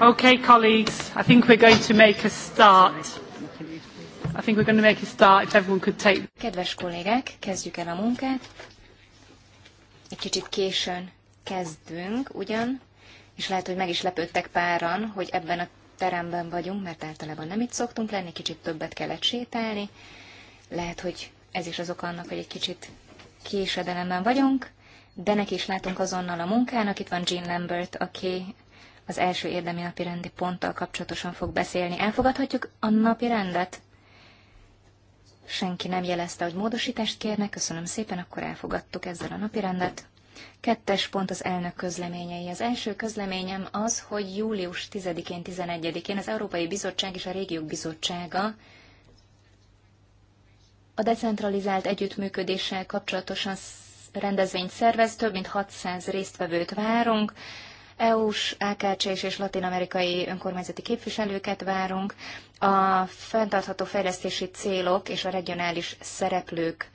Okay, colleagues, I think we're going to make a start. I think we're going to make a start if everyone could take... Kedves kollégák, kezdjük el a munkát. Egy kicsit későn kezdünk ugyan, és lehet, hogy meg is lepődtek páran, hogy ebben a teremben vagyunk, mert általában nem itt szoktunk lenni, kicsit többet kellett sétálni. Lehet, hogy ez is az oka annak, hogy egy kicsit késedelemben vagyunk, de neki is látunk azonnal a munkának. Itt van Jean Lambert, aki az első érdemi napi rendi ponttal kapcsolatosan fog beszélni. Elfogadhatjuk a napi rendet? Senki nem jelezte, hogy módosítást kérnek, köszönöm szépen, akkor elfogadtuk ezzel a napi rendet. Kettes pont az elnök közleményei. Az első közleményem az, hogy július 10-én, 11-én az Európai Bizottság és a Régiók Bizottsága a decentralizált együttműködéssel kapcsolatosan rendezvényt szervez, több mint 600 résztvevőt várunk. EU-s, AKC e és, és latin-amerikai önkormányzati képviselőket várunk, a fenntartható fejlesztési célok és a regionális szereplők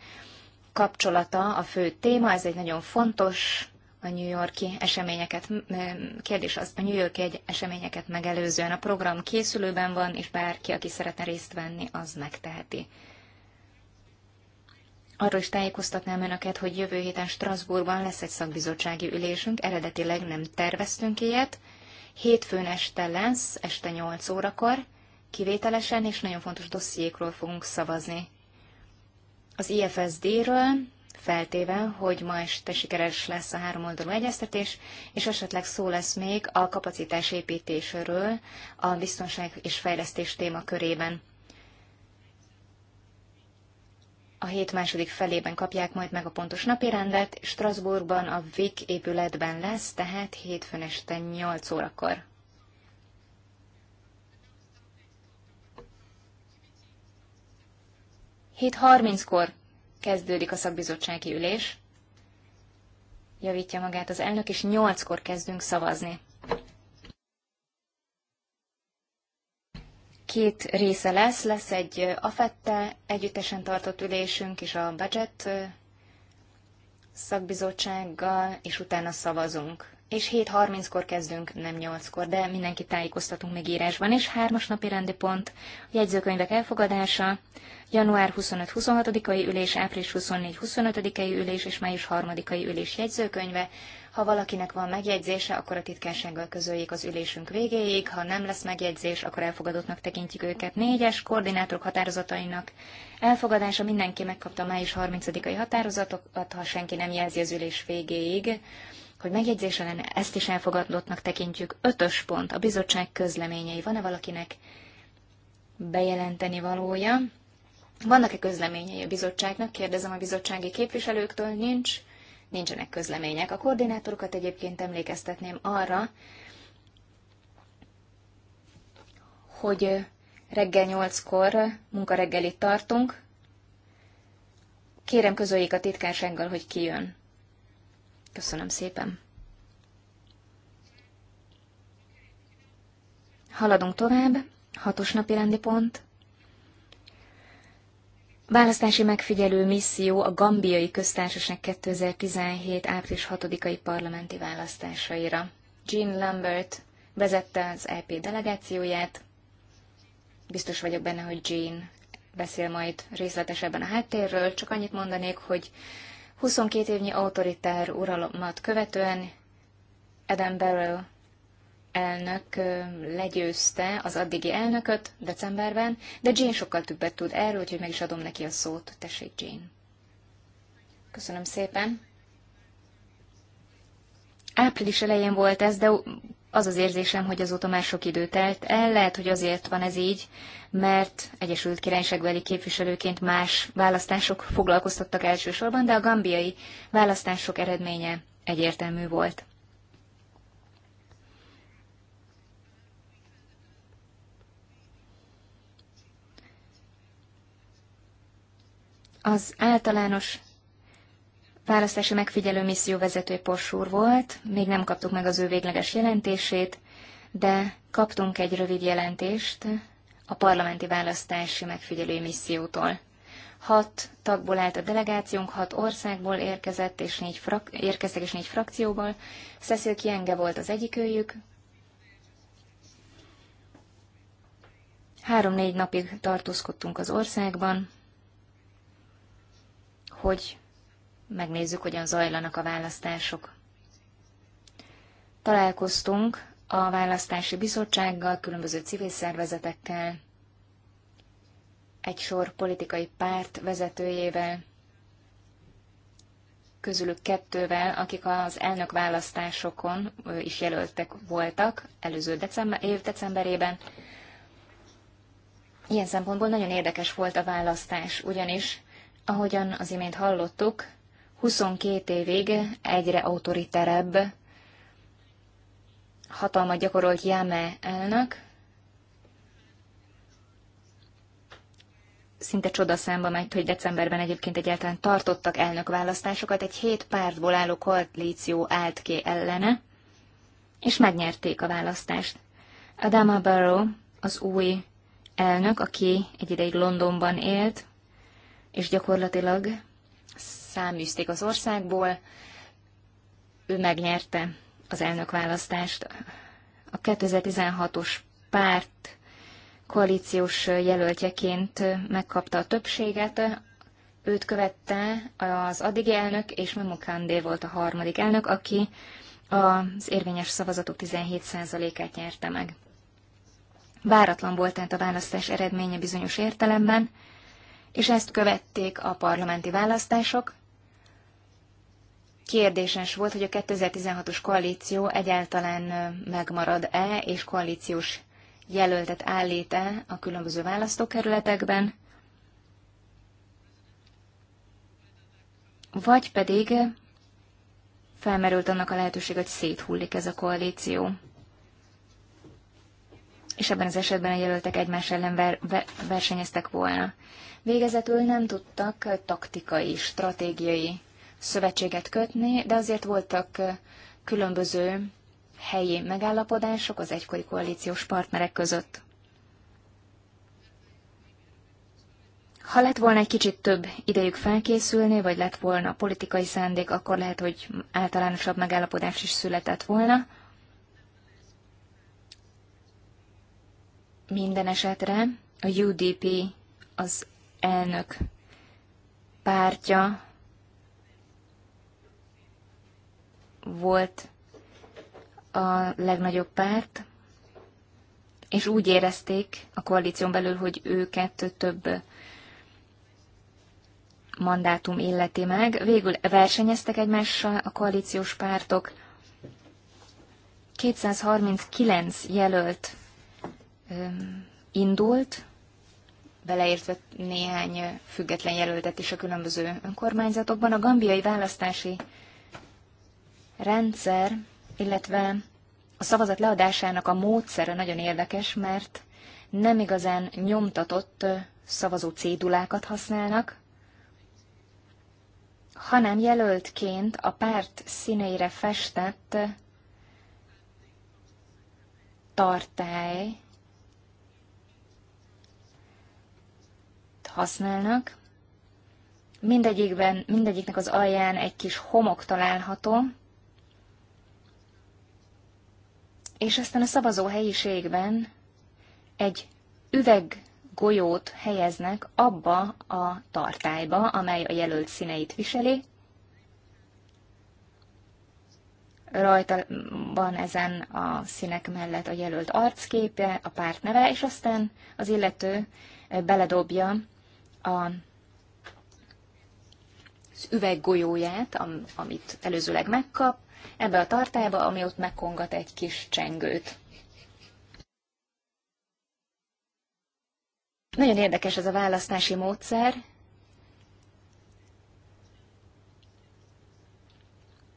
kapcsolata a fő téma, ez egy nagyon fontos a New Yorki eseményeket, kérdés az, a New Yorki eseményeket megelőzően a program készülőben van, és bárki, aki szeretne részt venni, az megteheti. Arról is tájékoztatnám önöket, hogy jövő héten Strasbourgban lesz egy szakbizottsági ülésünk, eredetileg nem terveztünk ilyet. Hétfőn este lesz, este 8 órakor, kivételesen és nagyon fontos dossziékról fogunk szavazni. Az IFSD-ről, feltéve, hogy ma este sikeres lesz a háromoldalú egyeztetés, és esetleg szó lesz még a kapacitás építésről a biztonság és fejlesztés témakörében. körében. a hét második felében kapják majd meg a pontos rendet, Strasbourgban a VIK épületben lesz, tehát hétfőn este 8 órakor. Hét kor kezdődik a szakbizottsági ülés, javítja magát az elnök, és 8 8-kor kezdünk szavazni. két része lesz, lesz egy AFETTE együttesen tartott ülésünk és a budget szakbizottsággal, és utána szavazunk. És 7.30-kor kezdünk, nem 8-kor, de mindenki tájékoztatunk még írásban. És hármas napi rendi pont, jegyzőkönyvek elfogadása, január 25-26-ai ülés, április 24-25-ai ülés és május 3-ai ülés jegyzőkönyve, ha valakinek van megjegyzése, akkor a titkársággal közöljék az ülésünk végéig, ha nem lesz megjegyzés, akkor elfogadottnak tekintjük őket. Négyes, koordinátorok határozatainak elfogadása, mindenki megkapta a május 30-ai határozatokat, ha senki nem jelzi az ülés végéig, hogy megjegyzése lenne, ezt is elfogadottnak tekintjük. Ötös pont, a bizottság közleményei. Van-e valakinek bejelenteni valója? Vannak-e közleményei a bizottságnak? Kérdezem a bizottsági képviselőktől, nincs nincsenek közlemények. A koordinátorokat egyébként emlékeztetném arra, hogy reggel 8-kor munkareggelit tartunk. Kérem, közöljék a titkársággal, hogy ki jön. Köszönöm szépen. Haladunk tovább. Hatos napi rendi pont. Választási megfigyelő misszió a Gambiai Köztársaság 2017. április 6-ai parlamenti választásaira. Jean Lambert vezette az EP delegációját. Biztos vagyok benne, hogy Jean beszél majd részletesebben a háttérről, csak annyit mondanék, hogy 22 évnyi autoritár uralomat követően Adam Barrow elnök legyőzte az addigi elnököt decemberben, de Jane sokkal többet tud erről, úgyhogy meg is adom neki a szót. Tessék, Jane. Köszönöm szépen. Április elején volt ez, de az az érzésem, hogy azóta már sok idő telt el. Lehet, hogy azért van ez így, mert Egyesült Királyságbeli képviselőként más választások foglalkoztattak elsősorban, de a gambiai választások eredménye egyértelmű volt. Az általános választási megfigyelő misszió vezető posúr volt, még nem kaptuk meg az ő végleges jelentését, de kaptunk egy rövid jelentést a parlamenti választási megfigyelő missziótól. Hat tagból állt a delegációnk, hat országból érkezett, és négy frak- érkeztek és négy frakcióból. Cecil Kienge volt az egyik őjük. Három-négy napig tartózkodtunk az országban, hogy megnézzük, hogyan zajlanak a választások. Találkoztunk a választási bizottsággal, különböző civil szervezetekkel, egy sor politikai párt vezetőjével, közülük kettővel, akik az elnök választásokon is jelöltek voltak előző december, év decemberében. Ilyen szempontból nagyon érdekes volt a választás, ugyanis ahogyan az imént hallottuk, 22 évig egyre autoriterebb hatalmat gyakorolt Jáme elnök, szinte számba megy, hogy decemberben egyébként egyáltalán tartottak elnökválasztásokat, egy hét pártból álló koalíció állt ki ellene, és megnyerték a választást. Adama Barrow, az új elnök, aki egy ideig Londonban élt, és gyakorlatilag száműzték az országból, ő megnyerte az elnökválasztást. A 2016-os párt koalíciós jelöltjeként megkapta a többséget, őt követte az addigi elnök, és Memo Kandé volt a harmadik elnök, aki az érvényes szavazatok 17%-át nyerte meg. Váratlan volt tehát a választás eredménye bizonyos értelemben, és ezt követték a parlamenti választások. Kérdéses volt, hogy a 2016-os koalíció egyáltalán megmarad-e, és koalíciós jelöltet állít-e a különböző választókerületekben, vagy pedig felmerült annak a lehetőség, hogy széthullik ez a koalíció. És ebben az esetben a jelöltek egymás ellen ver- ver- versenyeztek volna. Végezetül nem tudtak eh, taktikai, stratégiai szövetséget kötni, de azért voltak eh, különböző helyi megállapodások az egykori koalíciós partnerek között. Ha lett volna egy kicsit több idejük felkészülni, vagy lett volna politikai szándék, akkor lehet, hogy általánosabb megállapodás is született volna. Minden esetre a UDP az elnök pártja volt a legnagyobb párt, és úgy érezték a koalíción belül, hogy őket több mandátum illeti meg. Végül versenyeztek egymással a koalíciós pártok. 239 jelölt indult, beleértve néhány független jelöltet is a különböző önkormányzatokban. A gambiai választási rendszer, illetve a szavazat leadásának a módszere nagyon érdekes, mert nem igazán nyomtatott szavazó cédulákat használnak, hanem jelöltként a párt színeire festett tartály használnak. Mindegyikben, mindegyiknek az alján egy kis homok található, és aztán a szavazó helyiségben egy üveg golyót helyeznek abba a tartályba, amely a jelölt színeit viseli. Rajta van ezen a színek mellett a jelölt arcképe, a párt neve, és aztán az illető beledobja a, az üveggolyóját, am, amit előzőleg megkap, ebbe a tartályba, ami ott megkongat egy kis csengőt. Nagyon érdekes ez a választási módszer,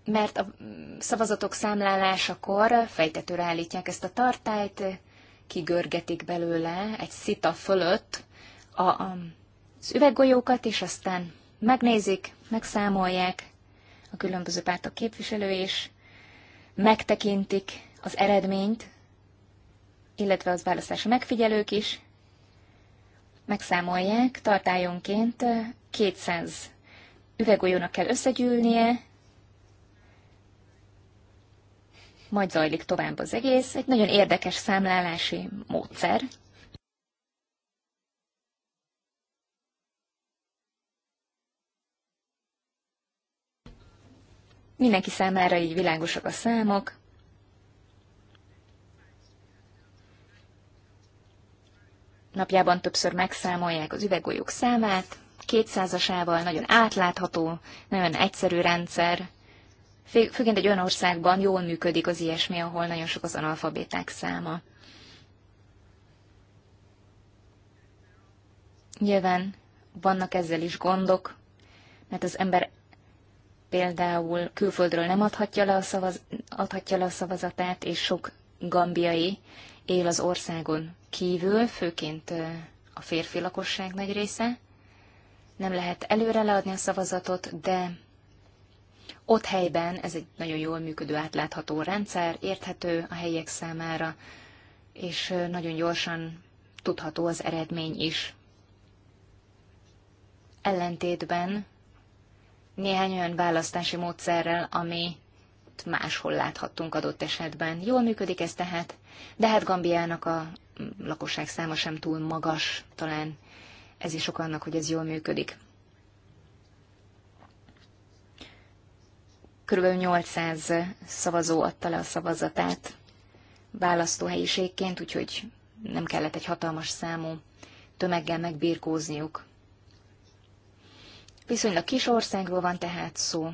mert a szavazatok számlálásakor fejtetőre állítják ezt a tartályt, kigörgetik belőle egy szita fölött a, a az üveggolyókat, és aztán megnézik, megszámolják a különböző pártok képviselői, és megtekintik az eredményt, illetve az választási megfigyelők is, megszámolják, tartályonként 200 üvegolyónak kell összegyűlnie, majd zajlik tovább az egész. Egy nagyon érdekes számlálási módszer, Mindenki számára így világosak a számok. Napjában többször megszámolják az üveggolyók számát, kétszázasával nagyon átlátható, nagyon egyszerű rendszer. Főként egy olyan országban jól működik az ilyesmi, ahol nagyon sok az analfabéták száma. Nyilván vannak ezzel is gondok, mert az ember például külföldről nem adhatja le a, szavaz, adhatja le a szavazatát, és sok gambiai él az országon kívül, főként a férfi lakosság nagy része. Nem lehet előre leadni a szavazatot, de ott helyben ez egy nagyon jól működő, átlátható rendszer, érthető a helyiek számára, és nagyon gyorsan tudható az eredmény is. Ellentétben néhány olyan választási módszerrel, ami máshol láthattunk adott esetben. Jól működik ez tehát, de hát Gambiának a lakosság száma sem túl magas, talán ez is sok annak, hogy ez jól működik. Körülbelül 800 szavazó adta le a szavazatát választóhelyiségként, úgyhogy nem kellett egy hatalmas számú tömeggel megbírkózniuk Viszonylag kis országról van tehát szó.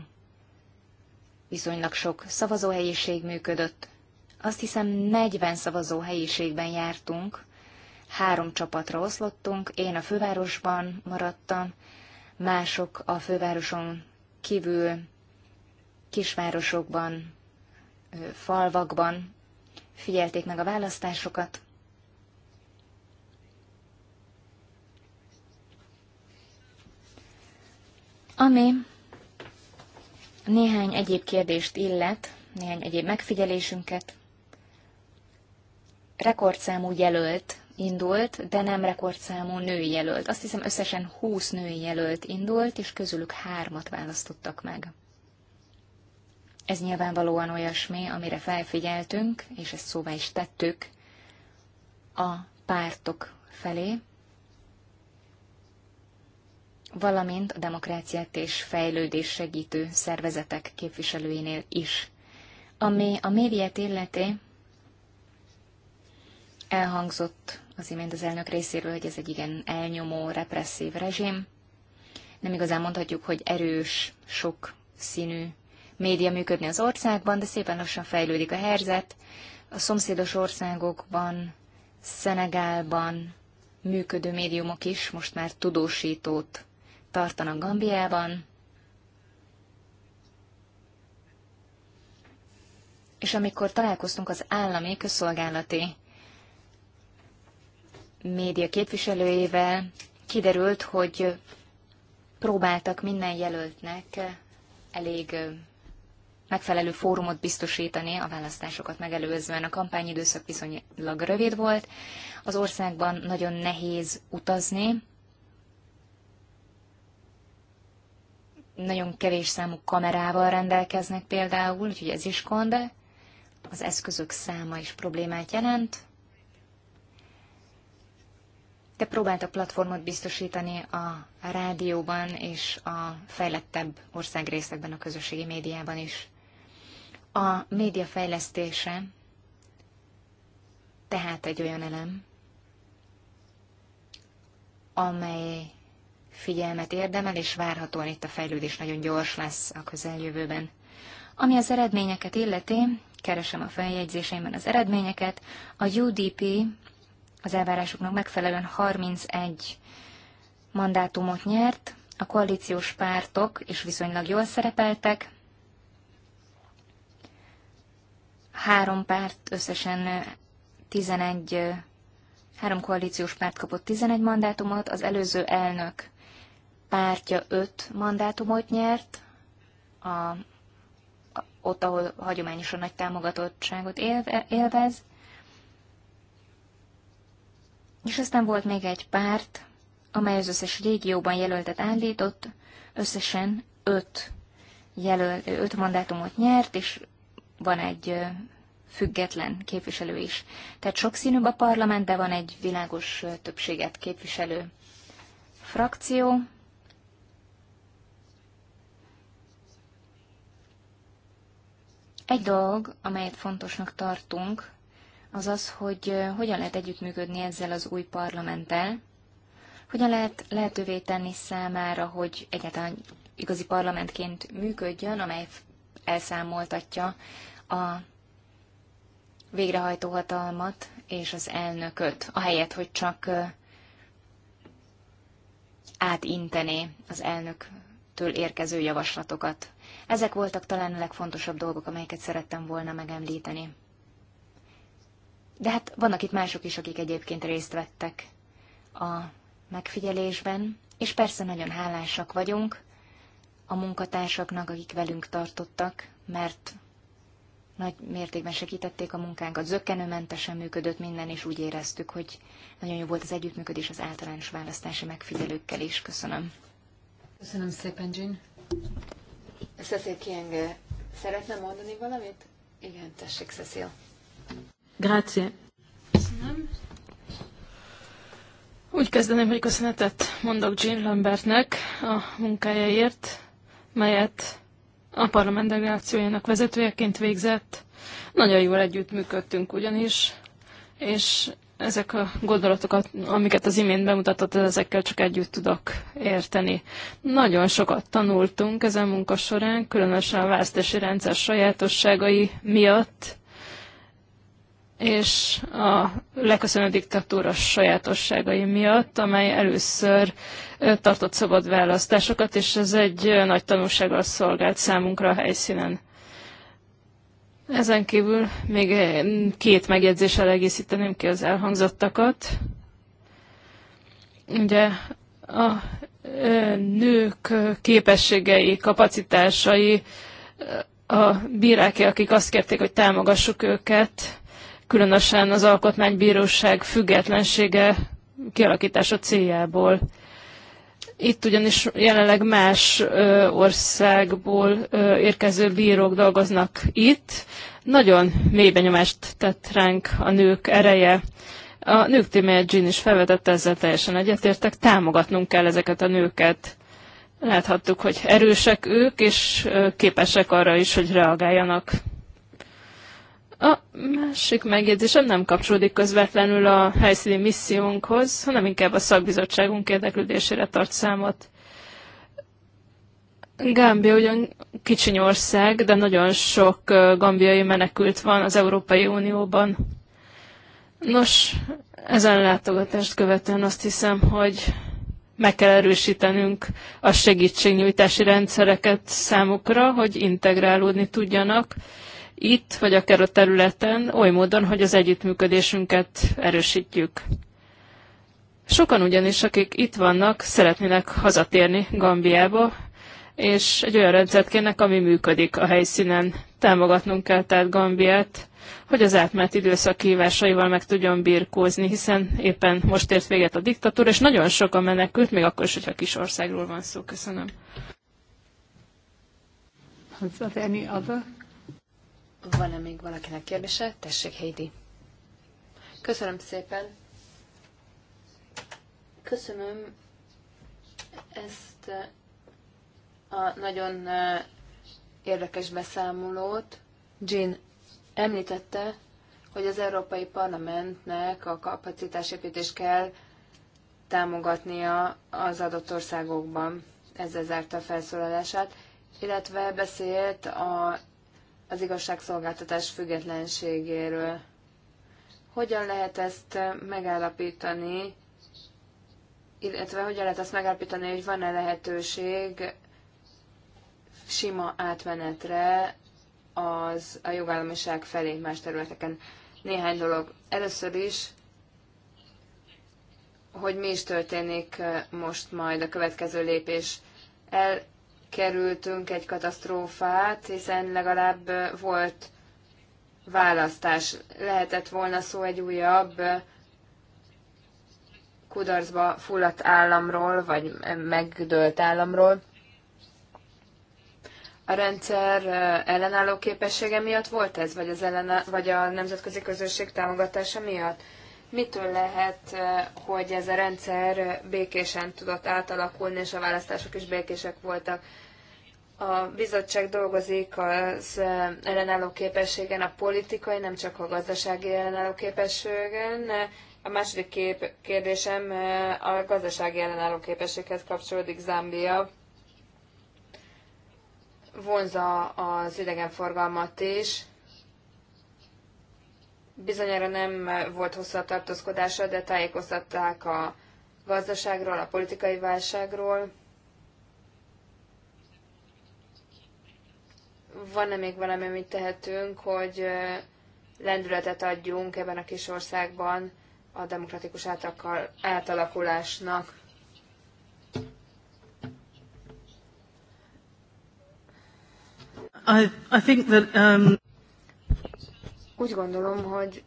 Viszonylag sok szavazóhelyiség működött. Azt hiszem 40 szavazóhelyiségben jártunk, három csapatra oszlottunk, én a fővárosban maradtam, mások a fővároson kívül kisvárosokban, falvakban figyelték meg a választásokat. Ami néhány egyéb kérdést illet, néhány egyéb megfigyelésünket, rekordszámú jelölt indult, de nem rekordszámú női jelölt. Azt hiszem összesen 20 női jelölt indult, és közülük hármat választottak meg. Ez nyilvánvalóan olyasmi, amire felfigyeltünk, és ezt szóvá is tettük a pártok felé valamint a demokráciát és fejlődés segítő szervezetek képviselőinél is. Ami a médiát illeti, elhangzott az imént az elnök részéről, hogy ez egy igen elnyomó, represszív rezsim. Nem igazán mondhatjuk, hogy erős, sok színű média működni az országban, de szépen lassan fejlődik a herzet. A szomszédos országokban, Szenegálban működő médiumok is most már tudósítót tartanak Gambiában, és amikor találkoztunk az állami közszolgálati média képviselőjével, kiderült, hogy próbáltak minden jelöltnek elég megfelelő fórumot biztosítani a választásokat megelőzően. A kampányidőszak viszonylag rövid volt, az országban nagyon nehéz utazni, nagyon kevés számú kamerával rendelkeznek például, úgyhogy ez is gond. Az eszközök száma is problémát jelent. De próbáltak platformot biztosítani a rádióban és a fejlettebb országrészekben, a közösségi médiában is. A média fejlesztése tehát egy olyan elem, amely figyelmet érdemel, és várhatóan itt a fejlődés nagyon gyors lesz a közeljövőben. Ami az eredményeket illeti, keresem a feljegyzéseimben az eredményeket, a UDP az elvárásoknak megfelelően 31 mandátumot nyert, a koalíciós pártok is viszonylag jól szerepeltek, három párt összesen 11, három koalíciós párt kapott 11 mandátumot, az előző elnök pártja öt mandátumot nyert, a, a, ott, ahol hagyományosan nagy támogatottságot élvez. És aztán volt még egy párt, amely az összes régióban jelöltet állított, összesen öt, jelöl, öt mandátumot nyert, és van egy független képviselő is. Tehát sokszínűbb a parlament, de van egy világos többséget képviselő frakció, Egy dolog, amelyet fontosnak tartunk, az az, hogy hogyan lehet együttműködni ezzel az új parlamenttel, hogyan lehet lehetővé tenni számára, hogy egyáltalán igazi parlamentként működjön, amely elszámoltatja a végrehajtó hatalmat és az elnököt, ahelyett, hogy csak átintené az elnöktől érkező javaslatokat. Ezek voltak talán a legfontosabb dolgok, amelyeket szerettem volna megemlíteni. De hát vannak itt mások is, akik egyébként részt vettek a megfigyelésben, és persze nagyon hálásak vagyunk a munkatársaknak, akik velünk tartottak, mert nagy mértékben segítették a munkánkat, zöggenőmentesen működött minden, és úgy éreztük, hogy nagyon jó volt az együttműködés az általános választási megfigyelőkkel is. Köszönöm. Köszönöm szépen, Jean. Cecil Kienge, szeretne mondani valamit? Igen, tessék, Cecil. Grazie. Köszönöm. Úgy kezdeném, hogy köszönetet mondok Jean Lambertnek a munkájáért, melyet a parlament delegációjának vezetőjeként végzett. Nagyon jól együttműködtünk ugyanis, és ezek a gondolatokat, amiket az imént bemutatott, ezekkel csak együtt tudok érteni. Nagyon sokat tanultunk ezen munka során, különösen a választási rendszer sajátosságai miatt, és a leköszönő diktatúra sajátosságai miatt, amely először tartott szabad választásokat, és ez egy nagy tanulsággal szolgált számunkra a helyszínen. Ezen kívül még eh, két megjegyzéssel egészíteném ki az elhangzottakat. Ugye a eh, nők képességei, kapacitásai, eh, a bíráké, akik azt kérték, hogy támogassuk őket, különösen az alkotmánybíróság függetlensége kialakítása céljából. Itt ugyanis jelenleg más országból érkező bírók dolgoznak itt. Nagyon mély benyomást tett ránk a nők ereje. A nők témáját Jean is felvetette, ezzel teljesen egyetértek. Támogatnunk kell ezeket a nőket. Láthattuk, hogy erősek ők, és képesek arra is, hogy reagáljanak. A másik megjegyzésem nem kapcsolódik közvetlenül a helyszíni missziónkhoz, hanem inkább a szakbizottságunk érdeklődésére tart számot. Gambia ugyan kicsi ország, de nagyon sok gambiai menekült van az Európai Unióban. Nos, ezen látogatást követően azt hiszem, hogy meg kell erősítenünk a segítségnyújtási rendszereket számukra, hogy integrálódni tudjanak, itt, vagy akár a területen, oly módon, hogy az együttműködésünket erősítjük. Sokan ugyanis, akik itt vannak, szeretnének hazatérni Gambiába, és egy olyan rendszert kérnek, ami működik a helyszínen. Támogatnunk kell tehát Gambiát, hogy az átmert időszak hívásaival meg tudjon birkózni, hiszen éppen most ért véget a diktatúra, és nagyon sokan menekült, még akkor is, hogyha kis országról van szó. Köszönöm. Is there any other van-e még valakinek kérdése? Tessék, Heidi. Köszönöm szépen. Köszönöm ezt eh, a nagyon eh, érdekes beszámolót. Jean említette, hogy az Európai Parlamentnek a kapacitásépítést kell támogatnia az adott országokban. Ezzel zárta a felszólalását, illetve beszélt a az igazságszolgáltatás függetlenségéről. Hogyan lehet ezt megállapítani, illetve hogyan lehet ezt megállapítani, hogy van-e lehetőség sima átmenetre az a jogállamiság felé más területeken. Néhány dolog. Először is, hogy mi is történik most majd a következő lépés. El kerültünk egy katasztrófát, hiszen legalább volt választás. Lehetett volna szó egy újabb kudarcba fulladt államról, vagy megdőlt államról. A rendszer ellenálló képessége miatt volt ez, vagy, az ellena, vagy a nemzetközi közösség támogatása miatt? mitől lehet, eh, hogy ez a rendszer békésen tudott átalakulni, és a választások is békések voltak. A bizottság dolgozik az eh, ellenálló képességen, a politikai, nem csak a gazdasági ellenálló képességen. A második kép kérdésem eh, a gazdasági ellenálló képességhez kapcsolódik zambia Vonza az idegenforgalmat is Bizonyára nem volt hosszú a tartózkodása, de tájékoztatták a gazdaságról, a politikai válságról. Van-e még valami, amit tehetünk, hogy lendületet adjunk ebben a kis országban a demokratikus átalakulásnak? I, I think that, um... Úgy gondolom, hogy,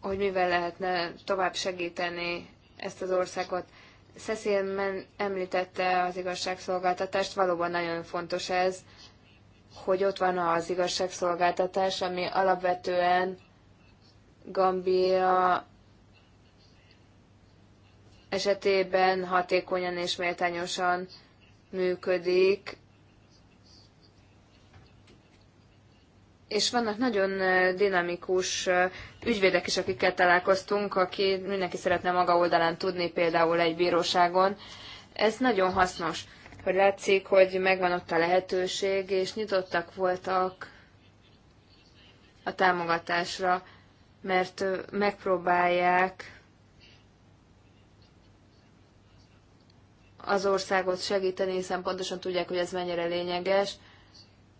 hogy mivel lehetne tovább segíteni ezt az országot. Cecil Men említette az igazságszolgáltatást, valóban nagyon fontos ez, hogy ott van az igazságszolgáltatás, ami alapvetően Gambia esetében hatékonyan és méltányosan működik, és vannak nagyon dinamikus ügyvédek is, akikkel találkoztunk, aki mindenki szeretne maga oldalán tudni, például egy bíróságon. Ez nagyon hasznos, hogy látszik, hogy megvan ott a lehetőség, és nyitottak voltak a támogatásra, mert megpróbálják az országot segíteni, hiszen pontosan tudják, hogy ez mennyire lényeges,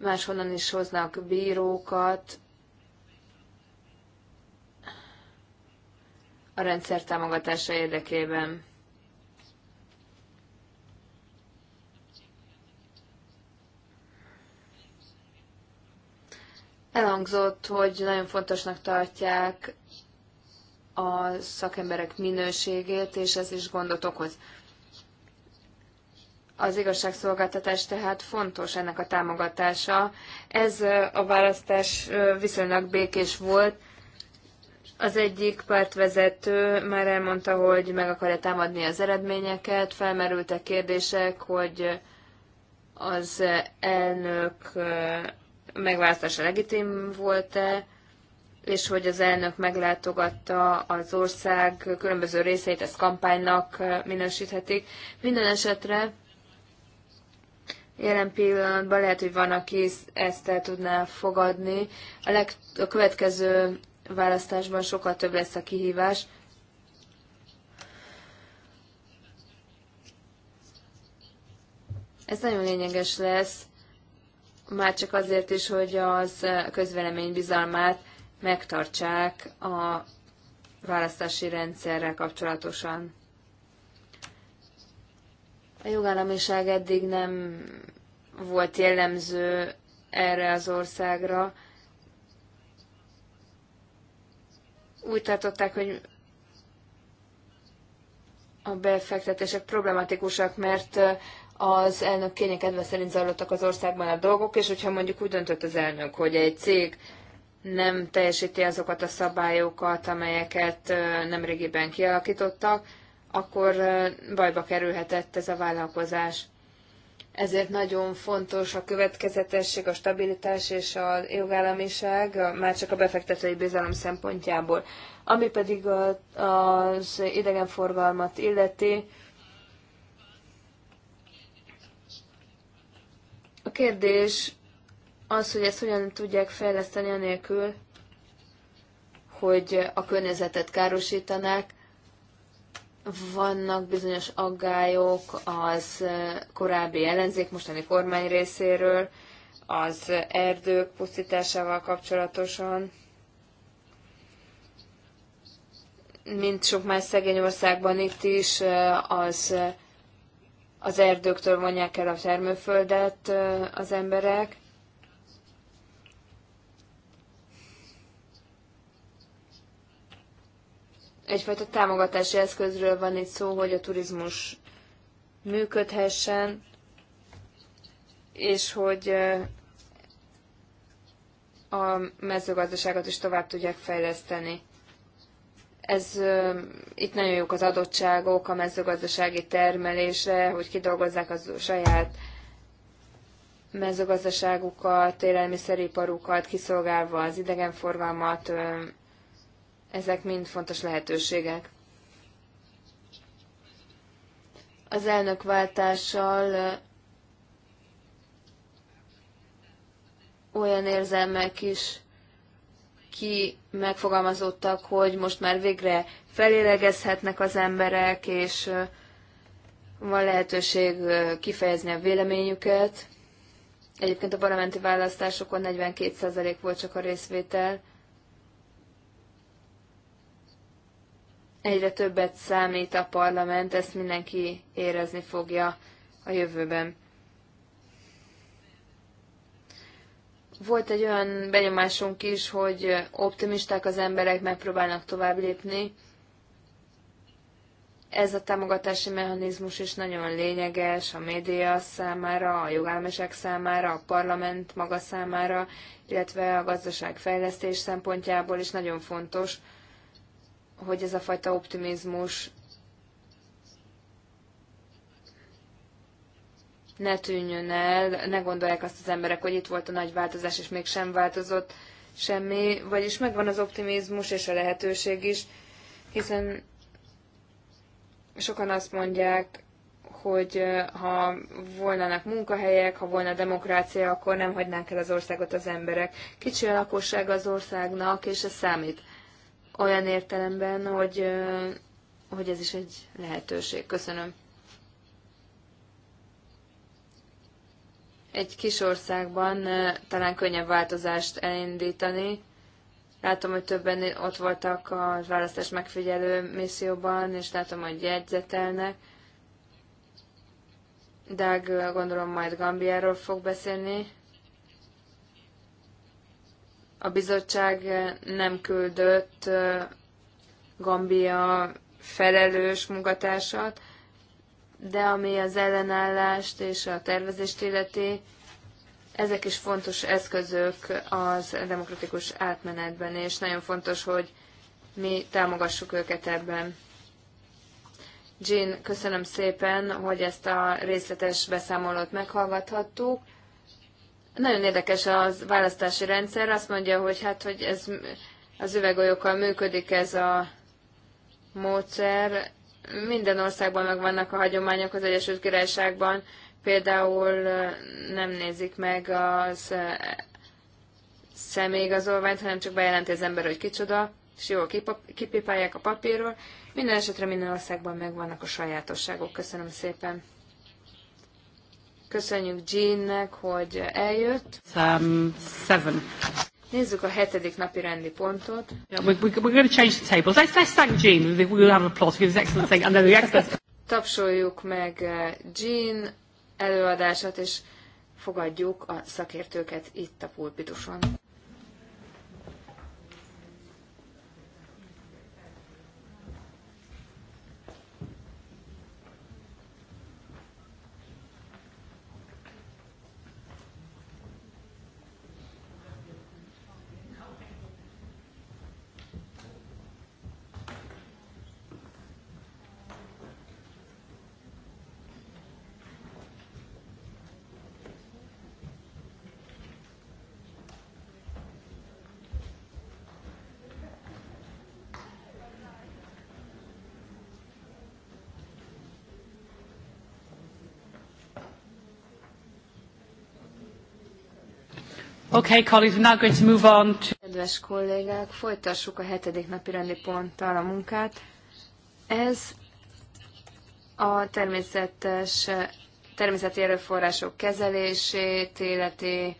máshonnan is hoznak bírókat, a rendszer támogatása érdekében. Elhangzott, hogy nagyon fontosnak tartják a szakemberek minőségét, és ez is gondot okoz. Az igazságszolgáltatás tehát fontos ennek a támogatása. Ez a választás viszonylag békés volt. Az egyik pártvezető már elmondta, hogy meg akarja támadni az eredményeket, felmerültek kérdések, hogy az elnök megválasztása legitim volt-e, és hogy az elnök meglátogatta az ország különböző részeit, ezt kampánynak minősíthetik. Minden esetre Jelen pillanatban lehet, hogy van, aki ezt el tudná fogadni. A, leg, a következő választásban sokkal több lesz a kihívás. Ez nagyon lényeges lesz, már csak azért is, hogy az közvelemény bizalmát megtartsák a választási rendszerrel kapcsolatosan. A jogállamiság eddig nem volt jellemző erre az országra. Úgy tartották, hogy a befektetések problematikusak, mert az elnök kényekedve szerint zajlottak az országban a dolgok, és hogyha mondjuk úgy döntött az elnök, hogy egy cég nem teljesíti azokat a szabályokat, amelyeket nemrégiben kialakítottak, akkor bajba kerülhetett ez a vállalkozás. Ezért nagyon fontos a következetesség, a stabilitás és a jogállamiság, már csak a befektetői bizalom szempontjából. Ami pedig az idegenforgalmat illeti, a kérdés az, hogy ezt hogyan tudják fejleszteni anélkül, hogy a környezetet károsítanák, vannak bizonyos aggályok az eh, korábbi ellenzék, mostani kormány részéről, az erdők pusztításával kapcsolatosan. Mint sok más szegény országban itt is, eh, az, eh, az erdőktől vonják el a termőföldet az emberek, egyfajta támogatási eszközről van itt szó, hogy a turizmus működhessen, és hogy a mezőgazdaságot is tovább tudják fejleszteni. Ez, itt nagyon jók az adottságok a mezőgazdasági termelésre, hogy kidolgozzák az saját mezőgazdaságukat, élelmiszeriparukat, kiszolgálva az idegenforgalmat, ezek mind fontos lehetőségek. Az elnökváltással olyan érzelmek is ki megfogalmazódtak, hogy most már végre felélegezhetnek az emberek, és van lehetőség kifejezni a véleményüket. Egyébként a parlamenti választásokon 42% volt csak a részvétel, egyre többet számít a parlament, ezt mindenki érezni fogja a jövőben. Volt egy olyan benyomásunk is, hogy optimisták az emberek megpróbálnak tovább lépni. Ez a támogatási mechanizmus is nagyon lényeges a média számára, a jogállamiság számára, a parlament maga számára, illetve a gazdaságfejlesztés szempontjából is nagyon fontos hogy ez a fajta optimizmus ne tűnjön el, ne gondolják azt az emberek, hogy itt volt a nagy változás, és még sem változott semmi, vagyis megvan az optimizmus és a lehetőség is, hiszen sokan azt mondják, hogy ha volnának munkahelyek, ha volna demokrácia, akkor nem hagynánk el az országot az emberek. Kicsi a lakosság az országnak, és ez számít olyan értelemben, hogy, hogy ez is egy lehetőség. Köszönöm. Egy kis országban talán könnyebb változást elindítani. Látom, hogy többen ott voltak a választás megfigyelő misszióban, és látom, hogy jegyzetelnek. Dág gondolom majd Gambiáról fog beszélni. A bizottság nem küldött Gambia felelős munkatársat, de ami az ellenállást és a tervezést illeti, ezek is fontos eszközök az demokratikus átmenetben, és nagyon fontos, hogy mi támogassuk őket ebben. Jean, köszönöm szépen, hogy ezt a részletes beszámolót meghallgathattuk. Nagyon érdekes az választási rendszer. Azt mondja, hogy hát, hogy ez az üvegolyokkal működik ez a módszer. Minden országban megvannak a hagyományok, az Egyesült Királyságban például nem nézik meg az személyigazolványt, hanem csak bejelenti az ember, hogy kicsoda, és jól kipipálják a papírról. Minden esetre minden országban megvannak a sajátosságok. Köszönöm szépen. Köszönjük Jeannek, hogy eljött. Um, seven. Nézzük a hetedik napi rendi pontot. Yeah, we, we, we're going to change the tables. Let's, let's thank Jean. We will have an applause for his excellent thing. And then the experts. Tapsoljuk meg uh, Jean előadását, és fogadjuk a szakértőket itt a pulpituson. Okay, colleagues, we're now going to move on to... Kedves kollégák, folytassuk a hetedik napi rendi ponttal a munkát. Ez a természetes, természeti erőforrások kezelését életi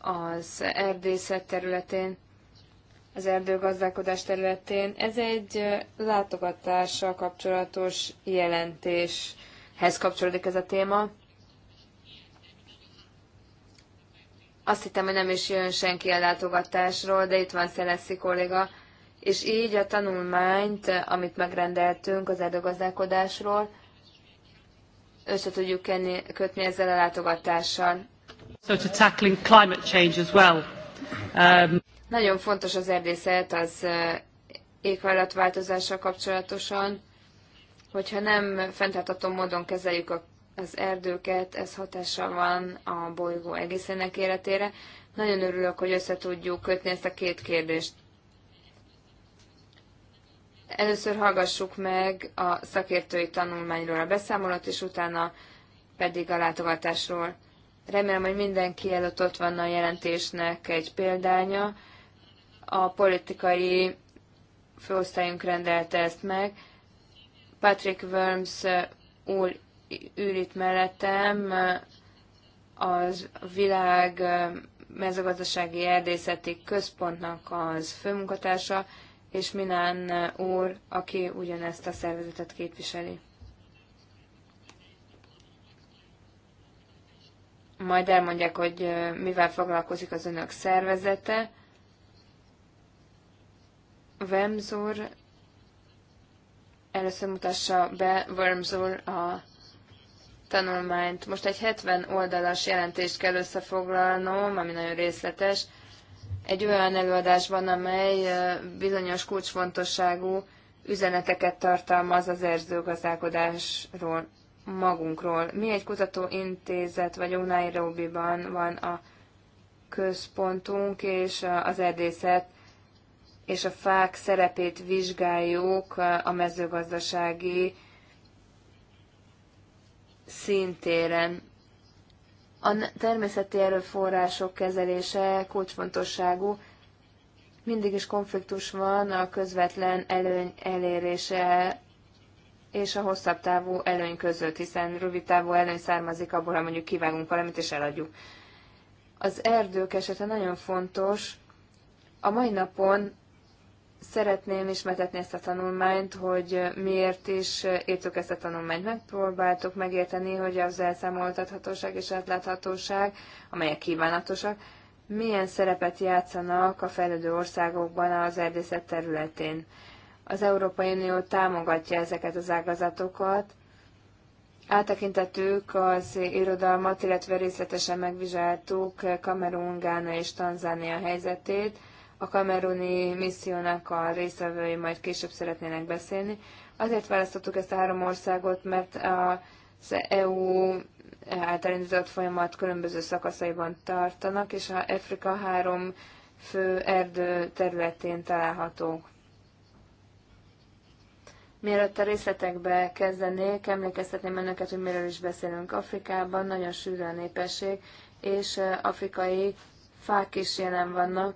az erdészet területén, az erdőgazdálkodás területén. Ez egy látogatással kapcsolatos jelentéshez kapcsolódik ez a téma. Azt hittem, hogy nem is jön senki a látogatásról, de itt van Szeleszi kolléga. És így a tanulmányt, amit megrendeltünk az erdőgazdálkodásról, össze tudjuk kötni ezzel a látogatással. So to tackling climate change as well. Um... Nagyon fontos az erdészet az uh, éghajlatváltozással kapcsolatosan, hogyha nem fenntartható módon kezeljük a az erdőket, ez hatása van a bolygó egészének életére. Nagyon örülök, hogy össze tudjuk kötni ezt a két kérdést. Először hallgassuk meg a szakértői tanulmányról a beszámolót, és utána pedig a látogatásról. Remélem, hogy mindenki előtt ott van a jelentésnek egy példánya. A politikai főosztályunk rendelte ezt meg. Patrick Worms eh, úr ül itt mellettem, az világ mezőgazdasági erdészeti központnak az főmunkatársa, és Minán úr, aki ugyanezt a szervezetet képviseli. Majd elmondják, hogy mivel foglalkozik az önök szervezete. Vemzor először mutassa be Wormzor a tanulmányt. Most egy 70 oldalas jelentést kell összefoglalnom, ami nagyon részletes, egy olyan előadásban, amely bizonyos kulcsfontosságú üzeneteket tartalmaz az erzőgazdálkodásról, magunkról. Mi egy kutatóintézet vagyunk, Nairobi-ban van a központunk, és az erdészet és a fák szerepét vizsgáljuk a mezőgazdasági szintéren. A természeti erőforrások kezelése kulcsfontosságú, mindig is konfliktus van a közvetlen előny elérése és a hosszabb távú előny között, hiszen rövid távú előny származik abból, ha mondjuk kivágunk valamit és eladjuk. Az erdők esete nagyon fontos. A mai napon Szeretném ismertetni ezt a tanulmányt, hogy miért is írtuk ezt a tanulmányt. Megpróbáltuk megérteni, hogy az elszámoltathatóság és átláthatóság, amelyek kívánatosak, milyen szerepet játszanak a fejlődő országokban az erdészet területén. Az Európai Unió támogatja ezeket az ágazatokat. Áttekintettük az irodalmat, illetve részletesen megvizsgáltuk Kamerun, Gána és Tanzánia helyzetét – a kameruni missziónak a részvevői majd később szeretnének beszélni. Azért választottuk ezt a három országot, mert az EU által indított folyamat különböző szakaszaiban tartanak, és a Afrika három fő erdő területén találhatók. Mielőtt a részletekbe kezdenék, emlékeztetném önöket, hogy miről is beszélünk. Afrikában nagyon sűrű a népesség, és eh, afrikai fák is jelen vannak,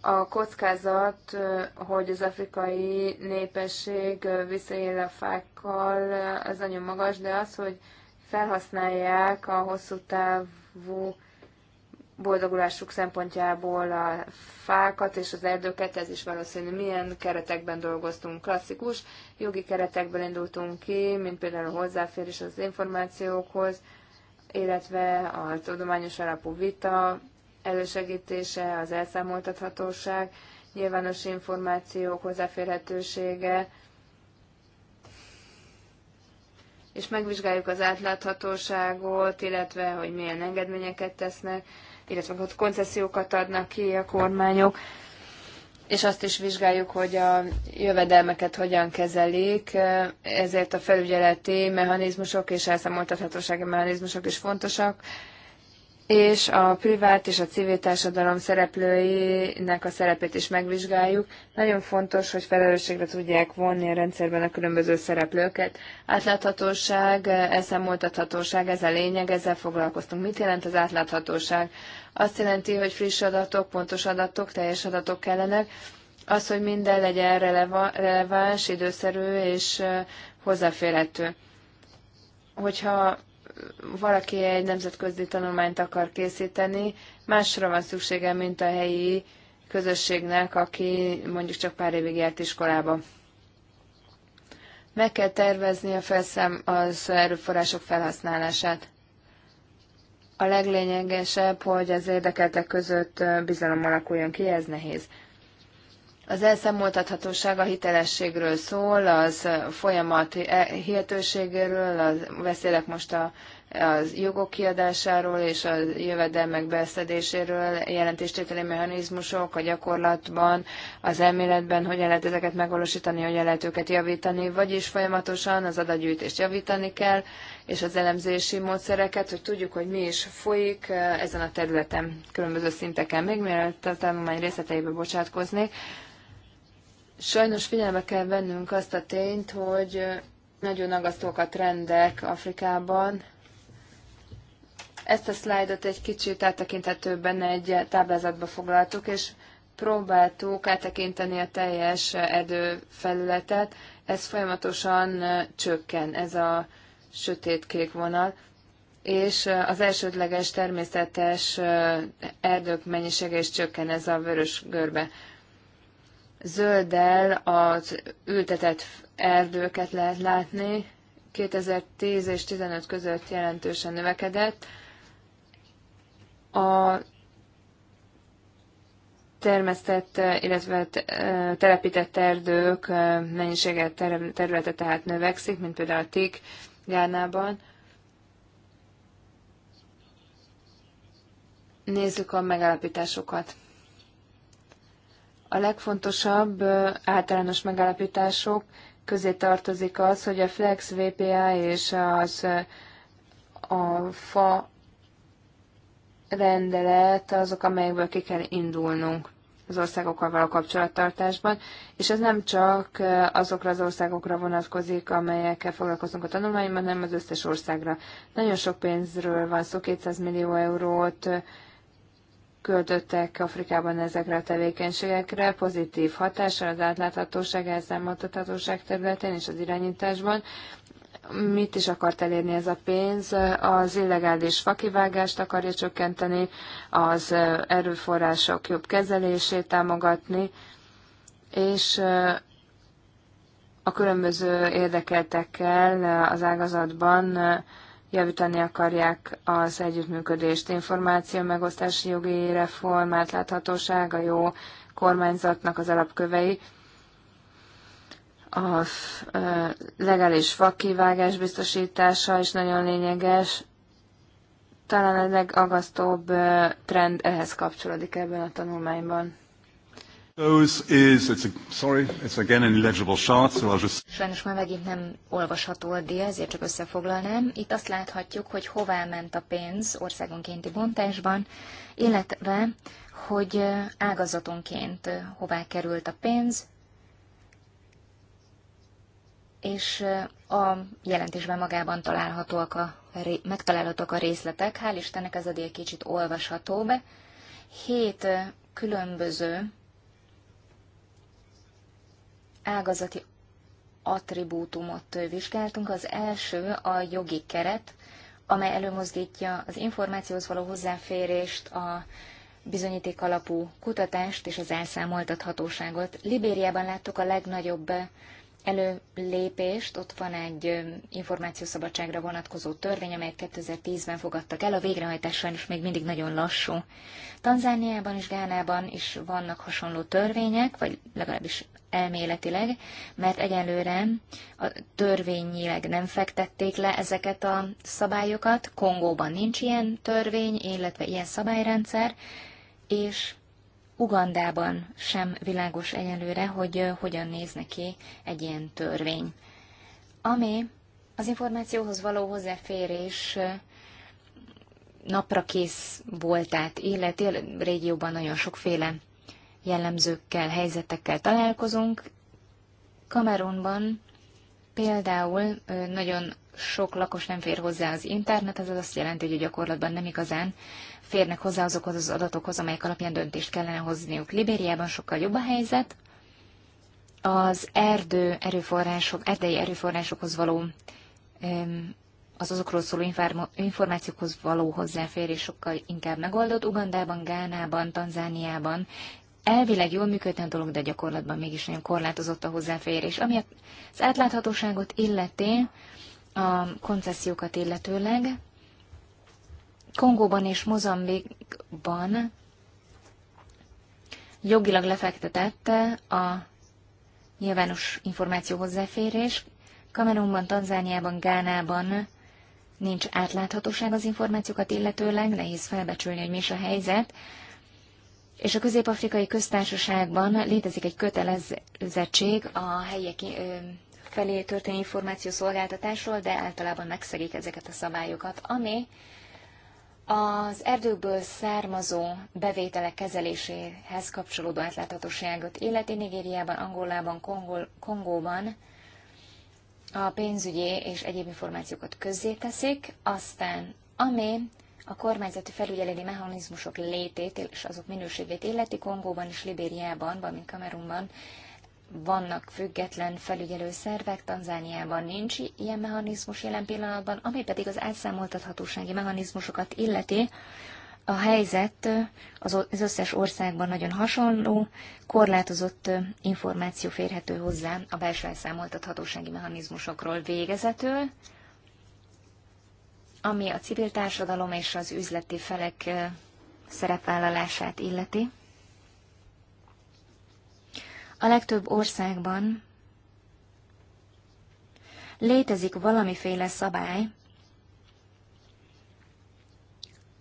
a kockázat, hogy az afrikai népesség visszaél a fákkal, az nagyon magas, de az, hogy felhasználják a hosszú távú boldogulásuk szempontjából a fákat és az erdőket, ez is valószínű. Milyen keretekben dolgoztunk? Klasszikus jogi keretekben indultunk ki, mint például a hozzáférés az információkhoz, illetve a tudományos alapú vita, elősegítése, az elszámoltathatóság, nyilvános információk hozzáférhetősége, és megvizsgáljuk az átláthatóságot, illetve hogy milyen engedményeket tesznek, illetve hogy koncesziókat adnak ki a kormányok, és azt is vizsgáljuk, hogy a jövedelmeket hogyan kezelik, ezért a felügyeleti mechanizmusok és elszámoltathatósági mechanizmusok is fontosak, és a privát és a civil társadalom szereplőinek a szerepét is megvizsgáljuk. Nagyon fontos, hogy felelősségre tudják vonni a rendszerben a különböző szereplőket. Átláthatóság, eszemoltathatóság, ez a lényeg, ezzel foglalkoztunk. Mit jelent az átláthatóság? Azt jelenti, hogy friss adatok, pontos adatok, teljes adatok kellenek, az, hogy minden legyen releva, releváns, időszerű és eh, hozzáférhető. Hogyha valaki egy nemzetközi tanulmányt akar készíteni, másra van szüksége, mint a helyi közösségnek, aki mondjuk csak pár évig járt iskolába. Meg kell tervezni a felszám az erőforrások felhasználását. A leglényegesebb, hogy az érdekeltek között bizalom alakuljon ki, ez nehéz. Az elszámoltathatóság a hitelességről szól, az folyamat e- hihetőségéről, az, beszélek most a, az jogok kiadásáról és a jövedelmek beszedéséről, jelentéstételi mechanizmusok a gyakorlatban, az elméletben, hogyan lehet ezeket megvalósítani, hogyan lehet őket javítani, vagyis folyamatosan az adatgyűjtést javítani kell, és az elemzési módszereket, hogy tudjuk, hogy mi is folyik eh, ezen a területen, különböző szinteken. Még mielőtt a tanulmány részleteibe bocsátkoznék, Sajnos figyelme kell vennünk azt a tényt, hogy nagyon agasztók a trendek Afrikában. Ezt a szlájdot egy kicsit áttekinthetőbben egy táblázatba foglaltuk, és próbáltuk áttekinteni a teljes erdőfelületet. Ez folyamatosan csökken, ez a sötétkék vonal és az elsődleges természetes erdők mennyisége is csökken ez a vörös görbe zölddel az ültetett erdőket lehet látni. 2010 és 15 között jelentősen növekedett. A termesztett, illetve telepített erdők mennyisége területe tehát növekszik, mint például a TIK gárnában. Nézzük a megállapításokat. A legfontosabb általános megállapítások közé tartozik az, hogy a Flex VPA és az a fa rendelet azok, amelyekből ki kell indulnunk az országokkal való kapcsolattartásban, és ez nem csak azokra az országokra vonatkozik, amelyekkel foglalkozunk a tanulmányban, hanem az összes országra. Nagyon sok pénzről van szó, 200 millió eurót költöttek Afrikában ezekre a tevékenységekre, pozitív hatással az átláthatóság, elszámoltathatóság területén és az irányításban. Mit is akart elérni ez a pénz? Az illegális fakivágást akarja csökkenteni, az erőforrások jobb kezelését támogatni, és a különböző érdekeltekkel az ágazatban javítani akarják az együttműködést, információ megosztási jogi reform, átláthatóság, a jó kormányzatnak az alapkövei, a legális fakivágás biztosítása is nagyon lényeges. Talán a legagasztóbb trend ehhez kapcsolódik ebben a tanulmányban. Sajnos már megint nem olvasható a díj, ezért csak összefoglalnám. Itt azt láthatjuk, hogy hová ment a pénz országonkénti bontásban, illetve, hogy ágazatonként hová került a pénz, és a jelentésben magában találhatóak a, megtalálhatók a részletek. Hál' Istennek ez a díj kicsit olvashatóbb. Hét különböző ágazati attribútumot vizsgáltunk. Az első a jogi keret, amely előmozdítja az információhoz való hozzáférést, a bizonyíték alapú kutatást és az elszámoltathatóságot. Libériában láttuk a legnagyobb előlépést. Ott van egy információszabadságra vonatkozó törvény, amelyet 2010-ben fogadtak el. A végrehajtás sajnos még mindig nagyon lassú. Tanzániában és Gánában is vannak hasonló törvények, vagy legalábbis elméletileg, mert egyelőre a törvényileg nem fektették le ezeket a szabályokat. Kongóban nincs ilyen törvény, illetve ilyen szabályrendszer, és Ugandában sem világos egyelőre, hogy hogyan néz neki egy ilyen törvény. Ami az információhoz való hozzáférés napra kész volt, illeti, a régióban nagyon sokféle jellemzőkkel, helyzetekkel találkozunk. Kamerunban például nagyon sok lakos nem fér hozzá az internethez, az azt jelenti, hogy a gyakorlatban nem igazán férnek hozzá azokhoz az adatokhoz, amelyek alapján döntést kellene hozniuk. Libériában sokkal jobb a helyzet. Az erdő erőforrások, erdei erőforrásokhoz való, az azokról szóló információkhoz való hozzáférés sokkal inkább megoldott. Ugandában, Gánában, Tanzániában elvileg jól működne a dolog, de gyakorlatban mégis nagyon korlátozott a hozzáférés. Ami az átláthatóságot illeti, a koncesziókat illetőleg. Kongóban és Mozambikban jogilag lefektetette a nyilvános információ hozzáférés. Kamerunban, Tanzániában, Gánában nincs átláthatóság az információkat illetőleg, nehéz felbecsülni, hogy mi is a helyzet. És a közép-afrikai köztársaságban létezik egy kötelezettség a helyiek felé történő szolgáltatásról, de általában megszegik ezeket a szabályokat, ami az erdőkből származó bevételek kezeléséhez kapcsolódó átláthatóságot illeti Nigériában, Angolában, Kongol, Kongóban a pénzügyi és egyéb információkat közzéteszik, aztán ami a kormányzati felügyeleti mechanizmusok létét és azok minőségét illeti Kongóban és Libériában, valamint Kamerunban vannak független felügyelő szervek, Tanzániában nincs ilyen mechanizmus jelen pillanatban, ami pedig az elszámoltathatósági mechanizmusokat illeti. A helyzet az összes országban nagyon hasonló, korlátozott információ férhető hozzá a belső elszámoltathatósági mechanizmusokról végezetül, ami a civil társadalom és az üzleti felek szerepvállalását illeti. A legtöbb országban létezik valamiféle szabály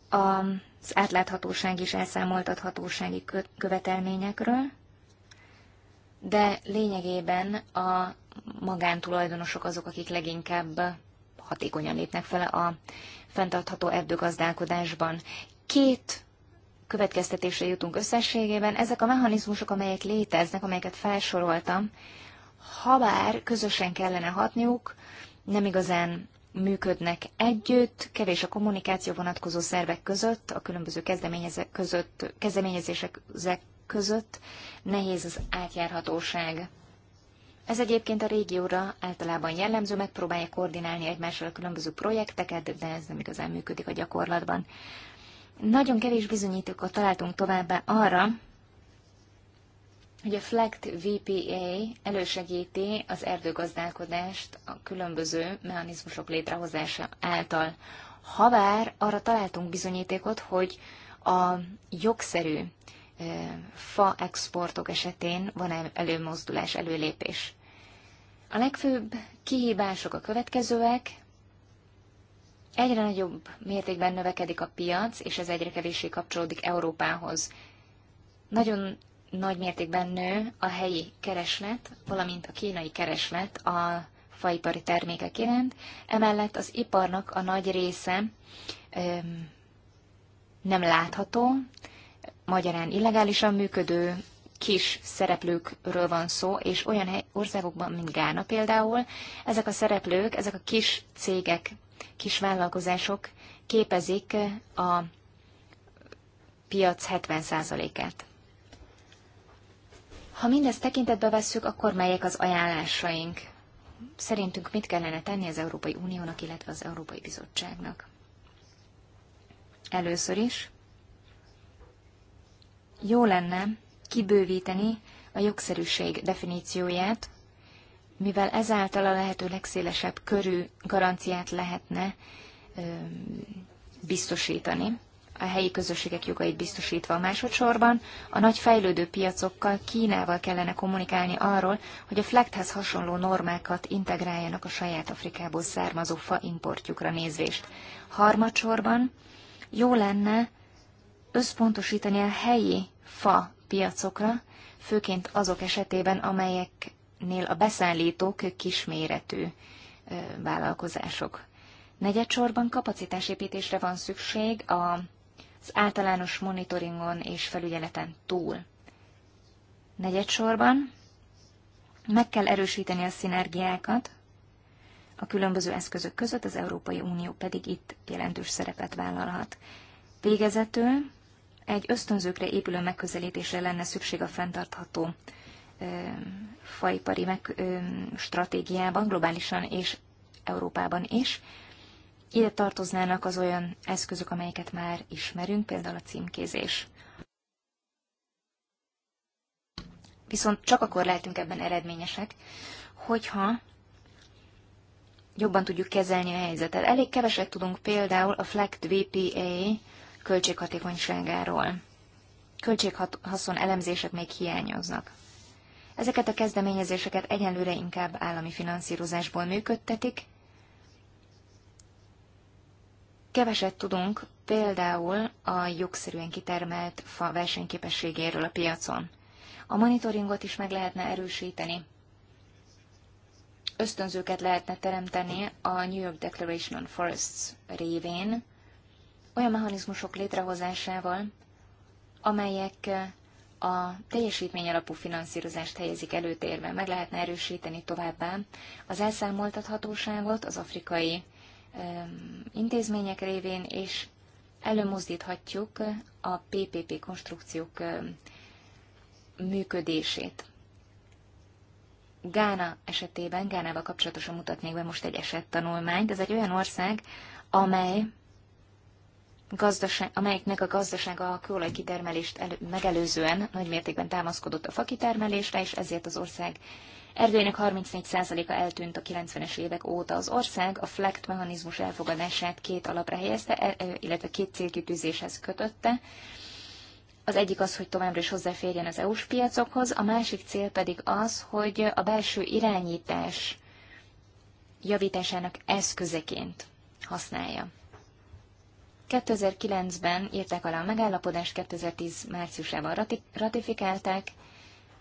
az átláthatóság és elszámoltathatósági követelményekről, de lényegében a magántulajdonosok azok, akik leginkább hatékonyan lépnek fel a fenntartható erdőgazdálkodásban. Két következtetésre jutunk összességében. Ezek a mechanizmusok, amelyek léteznek, amelyeket felsoroltam, habár közösen kellene hatniuk, nem igazán működnek együtt, kevés a kommunikáció vonatkozó szervek között, a különböző kezdeményezések között, kezdeményezések között nehéz az átjárhatóság. Ez egyébként a régióra általában jellemző, megpróbálja koordinálni egymással a különböző projekteket, de ez nem igazán működik a gyakorlatban. Nagyon kevés bizonyítékot találtunk továbbá arra, hogy a FLECT VPA elősegíti az erdőgazdálkodást a különböző mechanizmusok létrehozása által. Habár arra találtunk bizonyítékot, hogy a jogszerű fa exportok esetén van előmozdulás, előlépés. A legfőbb kihívások a következőek, Egyre nagyobb mértékben növekedik a piac, és ez egyre kevéssé kapcsolódik Európához. Nagyon nagy mértékben nő a helyi kereslet, valamint a kínai kereslet a faipari termékek iránt, emellett az iparnak a nagy része öm, nem látható, magyarán illegálisan működő kis szereplőkről van szó, és olyan országokban, mint Gána például, ezek a szereplők, ezek a kis cégek kis vállalkozások képezik a piac 70%-át. Ha mindezt tekintetbe vesszük, akkor melyek az ajánlásaink? Szerintünk mit kellene tenni az Európai Uniónak, illetve az Európai Bizottságnak? Először is jó lenne kibővíteni a jogszerűség definícióját, mivel ezáltal a lehető legszélesebb körű garanciát lehetne biztosítani, a helyi közösségek jogait biztosítva. Másodszorban a nagy fejlődő piacokkal, Kínával kellene kommunikálni arról, hogy a Flekthez hasonló normákat integráljanak a saját Afrikából származó fa importjukra nézvést. Harmadsorban jó lenne összpontosítani a helyi fa piacokra, főként azok esetében, amelyek nél a beszállítók kisméretű vállalkozások. Negyedsorban kapacitásépítésre van szükség az általános monitoringon és felügyeleten túl. Negyedsorban meg kell erősíteni a szinergiákat a különböző eszközök között, az Európai Unió pedig itt jelentős szerepet vállalhat. Végezetül egy ösztönzőkre épülő megközelítésre lenne szükség a fenntartható faipari meg, ö, stratégiában, globálisan és Európában is. Ide tartoznának az olyan eszközök, amelyeket már ismerünk, például a címkézés. Viszont csak akkor lehetünk ebben eredményesek, hogyha jobban tudjuk kezelni a helyzetet. Elég keveset tudunk például a FLECT VPA költséghatékonyságáról. Költséghaszon elemzések még hiányoznak. Ezeket a kezdeményezéseket egyenlőre inkább állami finanszírozásból működtetik. Keveset tudunk például a jogszerűen kitermelt fa versenyképességéről a piacon. A monitoringot is meg lehetne erősíteni. Ösztönzőket lehetne teremteni a New York Declaration on Forests révén, olyan mechanizmusok létrehozásával, amelyek a teljesítmény alapú finanszírozást helyezik előtérbe, Meg lehetne erősíteni továbbá az elszámoltathatóságot az afrikai intézmények révén, és előmozdíthatjuk a PPP konstrukciók működését. Gána esetében, Gánával kapcsolatosan mutatnék be most egy esettanulmányt. Ez egy olyan ország, amely gazdaság, amelyeknek a gazdasága a kőolajkitermelést elő, megelőzően nagy mértékben támaszkodott a fakitermelésre, és ezért az ország erdőjének 34%-a eltűnt a 90-es évek óta. Az ország a FLECT mechanizmus elfogadását két alapra helyezte, e, e, illetve két célkitűzéshez kötötte. Az egyik az, hogy továbbra is hozzáférjen az EU-s piacokhoz, a másik cél pedig az, hogy a belső irányítás javításának eszközeként használja 2009-ben írták alá a megállapodást, 2010 márciusában ratifikálták,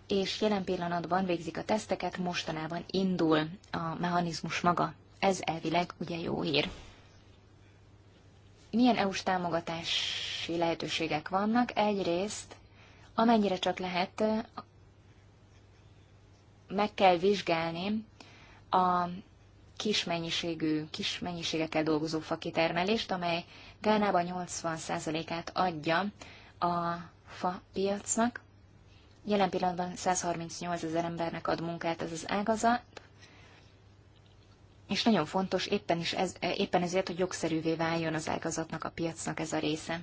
és jelen pillanatban végzik a teszteket, mostanában indul a mechanizmus maga. Ez elvileg ugye jó hír. Milyen EU-s támogatási lehetőségek vannak? Egyrészt, amennyire csak lehet, meg kell vizsgálni a kis mennyiségű, kis mennyiségekkel dolgozó fakitermelést, amely Gánában 80%-át adja a fa piacnak. Jelen pillanatban 138 ezer embernek ad munkát ez az ágazat, és nagyon fontos éppen, is ez, éppen ezért, hogy jogszerűvé váljon az ágazatnak, a piacnak ez a része.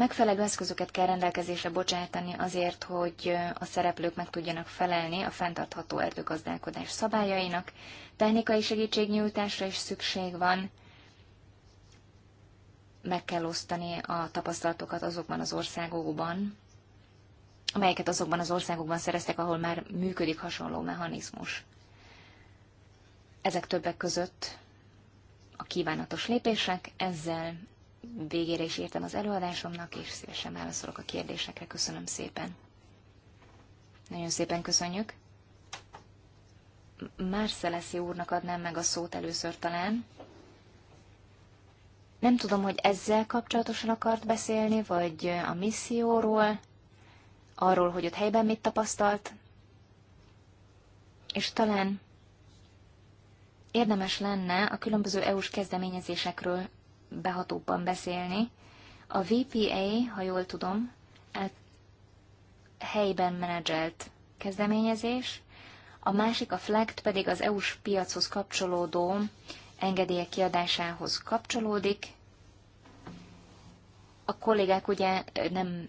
Megfelelő eszközöket kell rendelkezésre bocsátani azért, hogy a szereplők meg tudjanak felelni a fenntartható erdőgazdálkodás szabályainak. Technikai segítségnyújtásra is szükség van, meg kell osztani a tapasztalatokat azokban az országokban, amelyeket azokban az országokban szereztek, ahol már működik hasonló mechanizmus. Ezek többek között a kívánatos lépések, ezzel végére is értem az előadásomnak, és szívesen válaszolok a kérdésekre. Köszönöm szépen. Nagyon szépen köszönjük. Márceleszi úrnak adnám meg a szót először talán. Nem tudom, hogy ezzel kapcsolatosan akart beszélni, vagy a misszióról, arról, hogy ott helyben mit tapasztalt, és talán érdemes lenne a különböző EU-s kezdeményezésekről behatóbban beszélni. A VPA, ha jól tudom, egy helyben menedzselt kezdeményezés, a másik a FLECT pedig az EU-s piachoz kapcsolódó engedélyek kiadásához kapcsolódik. A kollégák ugye nem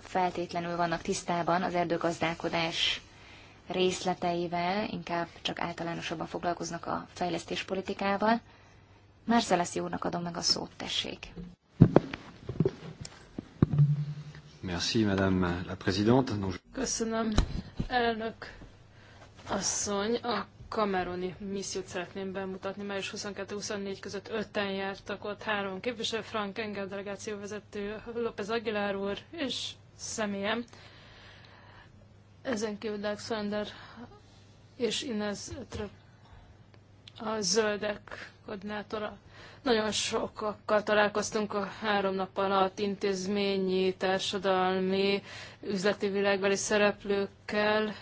feltétlenül vannak tisztában az erdőgazdálkodás részleteivel, inkább csak általánosabban foglalkoznak a fejlesztéspolitikával. politikával. Marceleszi jónak adom meg a szót, tessék. Merci, madame la présidente. Köszönöm, elnök asszony. A kameroni missziót szeretném bemutatni. Május 22-24 között öten jártak ott, három képviselő, Frank Engel delegáció vezető, López Aguilar úr és személyem. Ezen kívül Dag Sander és Inez Tröp a zöldek koordinátora. Nagyon sokakkal találkoztunk a három nap alatt intézményi, társadalmi, üzleti világbeli szereplőkkel,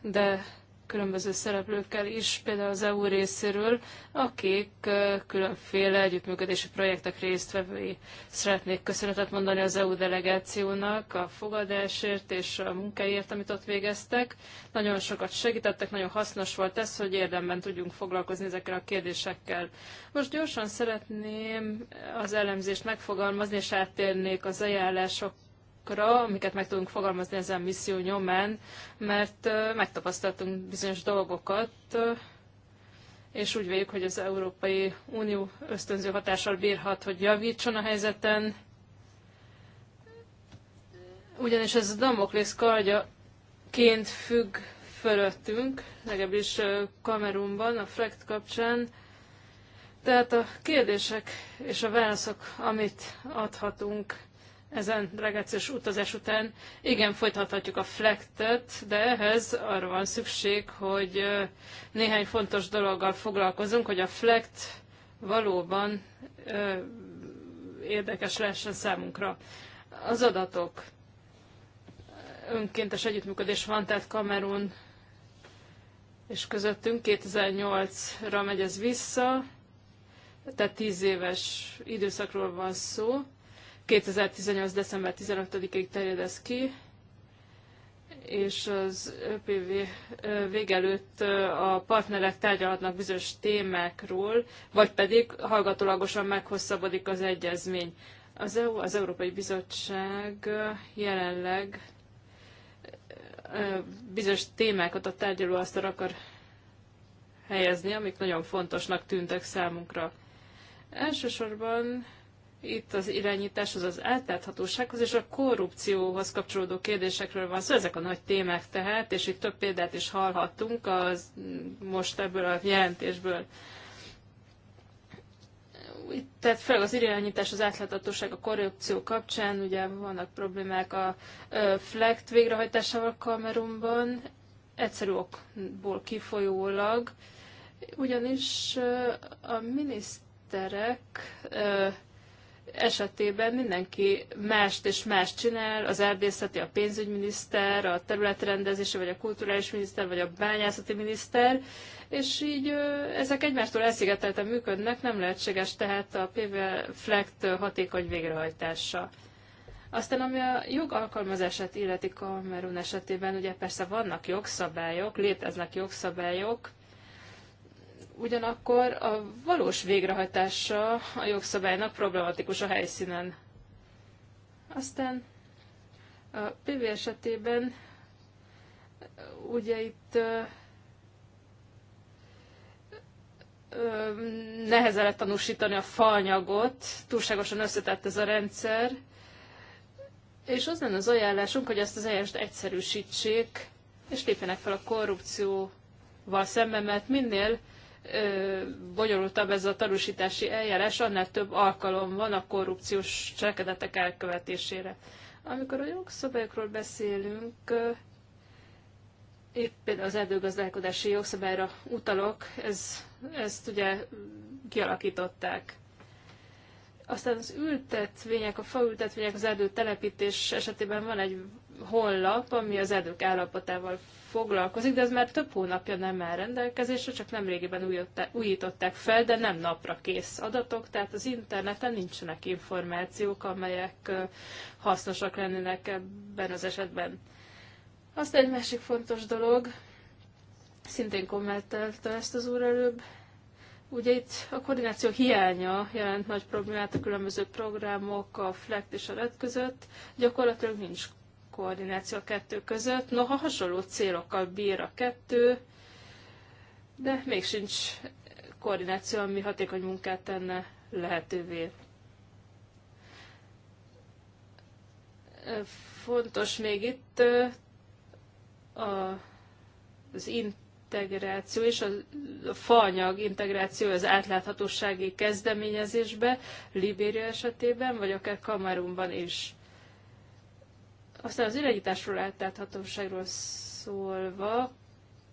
de különböző szereplőkkel is, például az EU részéről, akik különféle együttműködési projektek résztvevői. Szeretnék köszönetet mondani az EU delegációnak a fogadásért és a munkáért, amit ott végeztek. Nagyon sokat segítettek, nagyon hasznos volt ez, hogy érdemben tudjunk foglalkozni ezekkel a kérdésekkel. Most gyorsan szeretném az elemzést megfogalmazni, és áttérnék az ajánlások dolgokra, amiket meg tudunk fogalmazni ezen misszió nyomán, mert megtapasztaltunk bizonyos dolgokat, és úgy véljük, hogy az Európai Unió ösztönző hatással bírhat, hogy javítson a helyzeten, ugyanis ez a Damoklész kardjaként függ fölöttünk, legalábbis Kamerunban, a Frekt kapcsán. Tehát a kérdések és a válaszok, amit adhatunk ezen delegációs utazás után. Igen, folytathatjuk a flektet, de ehhez arra van szükség, hogy néhány fontos dologgal foglalkozunk, hogy a flekt valóban érdekes lehessen számunkra. Az adatok. Önkéntes együttműködés van, tehát Kamerun és közöttünk 2008-ra megy ez vissza, tehát 10 éves időszakról van szó. 2018. december 15-ig ez ki, és az ÖPV végelőtt a partnerek tárgyalhatnak bizonyos témákról, vagy pedig hallgatólagosan meghosszabbodik az egyezmény. Az, EU, az Európai Bizottság jelenleg bizonyos témákat a tárgyalóasztalra akar helyezni, amik nagyon fontosnak tűntek számunkra. Elsősorban itt az irányításhoz, az eltáthatósághoz és a korrupcióhoz kapcsolódó kérdésekről van szó. Szóval ezek a nagy témák tehát, és itt több példát is hallhattunk az, most ebből a jelentésből tehát fel az irányítás, az átláthatóság, a korrupció kapcsán, ugye vannak problémák a FLECT végrehajtásával Kamerunban, egyszerű okból kifolyólag, ugyanis a miniszterek esetében mindenki mást és mást csinál, az erdészeti, a pénzügyminiszter, a területrendezési, vagy a kulturális miniszter, vagy a bányászati miniszter, és így ezek egymástól elszigetelten működnek, nem lehetséges tehát a PVL Flect hatékony végrehajtása. Aztán ami a jogalkalmazását illeti Kamerun esetében, ugye persze vannak jogszabályok, léteznek jogszabályok, ugyanakkor a valós végrehajtása a jogszabálynak problematikus a helyszínen. Aztán a PV esetében ugye itt nehezen lehet tanúsítani a falnyagot, túlságosan összetett ez a rendszer, és az lenne az ajánlásunk, hogy ezt az eljárást egyszerűsítsék, és lépjenek fel a korrupcióval szemben, mert minél bonyolultabb ez a tanúsítási eljárás, annál több alkalom van a korrupciós cselekedetek elkövetésére. Amikor a jogszabályokról beszélünk, épp például az erdőgazdálkodási jogszabályra utalok, ez, ezt ugye kialakították. Aztán az ültetvények, a faültetvények, az erdő telepítés esetében van egy honlap, ami az erdők állapotával foglalkozik, de ez már több hónapja nem áll rendelkezésre, csak nemrégiben újították fel, de nem napra kész adatok, tehát az interneten nincsenek információk, amelyek hasznosak lennének ebben az esetben. Aztán egy másik fontos dolog, szintén kommentelte ezt az úr előbb, Ugye itt a koordináció hiánya jelent nagy problémát a különböző programok, a FLECT és a RED között. Gyakorlatilag nincs koordináció a kettő között. Noha hasonló célokkal bír a kettő, de még sincs koordináció, ami hatékony munkát tenne lehetővé. Fontos még itt az integráció és a faanyag integráció az átláthatósági kezdeményezésbe, Libéria esetében, vagy akár Kamerunban is. Aztán az irányításról átláthatóságról szólva,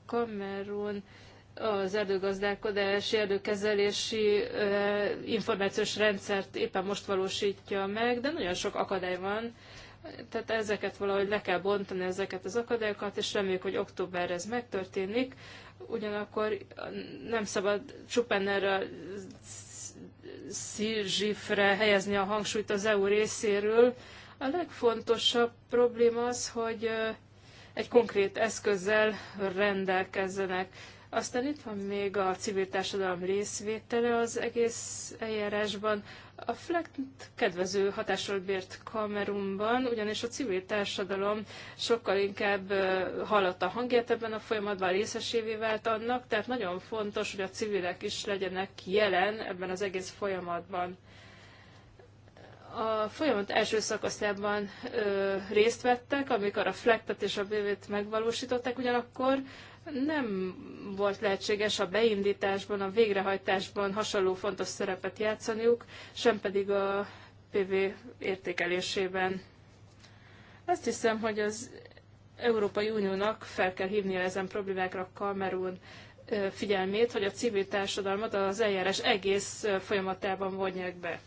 Kamerun az erdőgazdálkodási, erdőkezelési információs rendszert éppen most valósítja meg, de nagyon sok akadály van, tehát ezeket valahogy le kell bontani, ezeket az akadályokat, és reméljük, hogy októberre ez megtörténik. Ugyanakkor nem szabad csupán erre a szízsifre helyezni a hangsúlyt az EU részéről, a legfontosabb probléma az, hogy egy konkrét eszközzel rendelkezzenek. Aztán itt van még a civil társadalom részvétele az egész eljárásban. A FLECT kedvező hatásról bért Kamerunban, ugyanis a civil társadalom sokkal inkább hallotta a hangját ebben a folyamatban, részesévé vált annak, tehát nagyon fontos, hogy a civilek is legyenek jelen ebben az egész folyamatban a folyamat első szakaszában ö, részt vettek, amikor a flektet és a bővét megvalósították, ugyanakkor nem volt lehetséges a beindításban, a végrehajtásban hasonló fontos szerepet játszaniuk, sem pedig a PV értékelésében. Azt hiszem, hogy az Európai Uniónak fel kell hívnia ezen problémákra Kamerun figyelmét, hogy a civil társadalmat az eljárás egész folyamatában vonják be.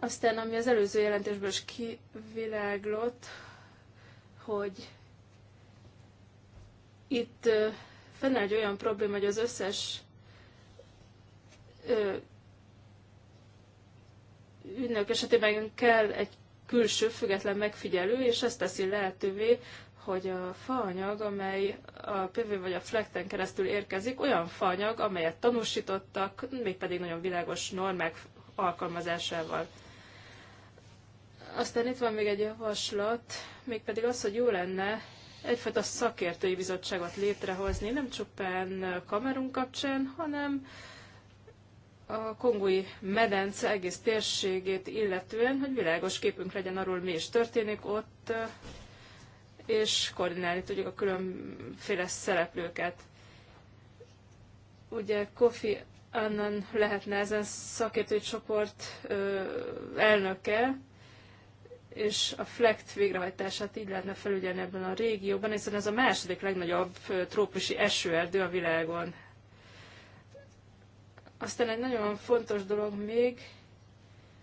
Aztán, ami az előző jelentésből is kiviláglott, hogy itt fennáll egy olyan probléma, hogy az összes ügynök esetében kell egy külső független megfigyelő, és ezt teszi lehetővé, hogy a faanyag, amely a PV vagy a flekten keresztül érkezik, olyan faanyag, amelyet tanúsítottak, mégpedig nagyon világos normák alkalmazásával. Aztán itt van még egy javaslat, mégpedig az, hogy jó lenne egyfajta szakértői bizottságot létrehozni, nem csupán Kamerun kapcsán, hanem a kongói medence egész térségét illetően, hogy világos képünk legyen arról, mi is történik ott, és koordinálni tudjuk a különféle szereplőket. Ugye Kofi Annan lehetne ezen szakértői csoport elnöke, és a FLECT végrehajtását így lehetne felügyelni ebben a régióban, hiszen ez a második legnagyobb trópusi esőerdő a világon. Aztán egy nagyon fontos dolog még,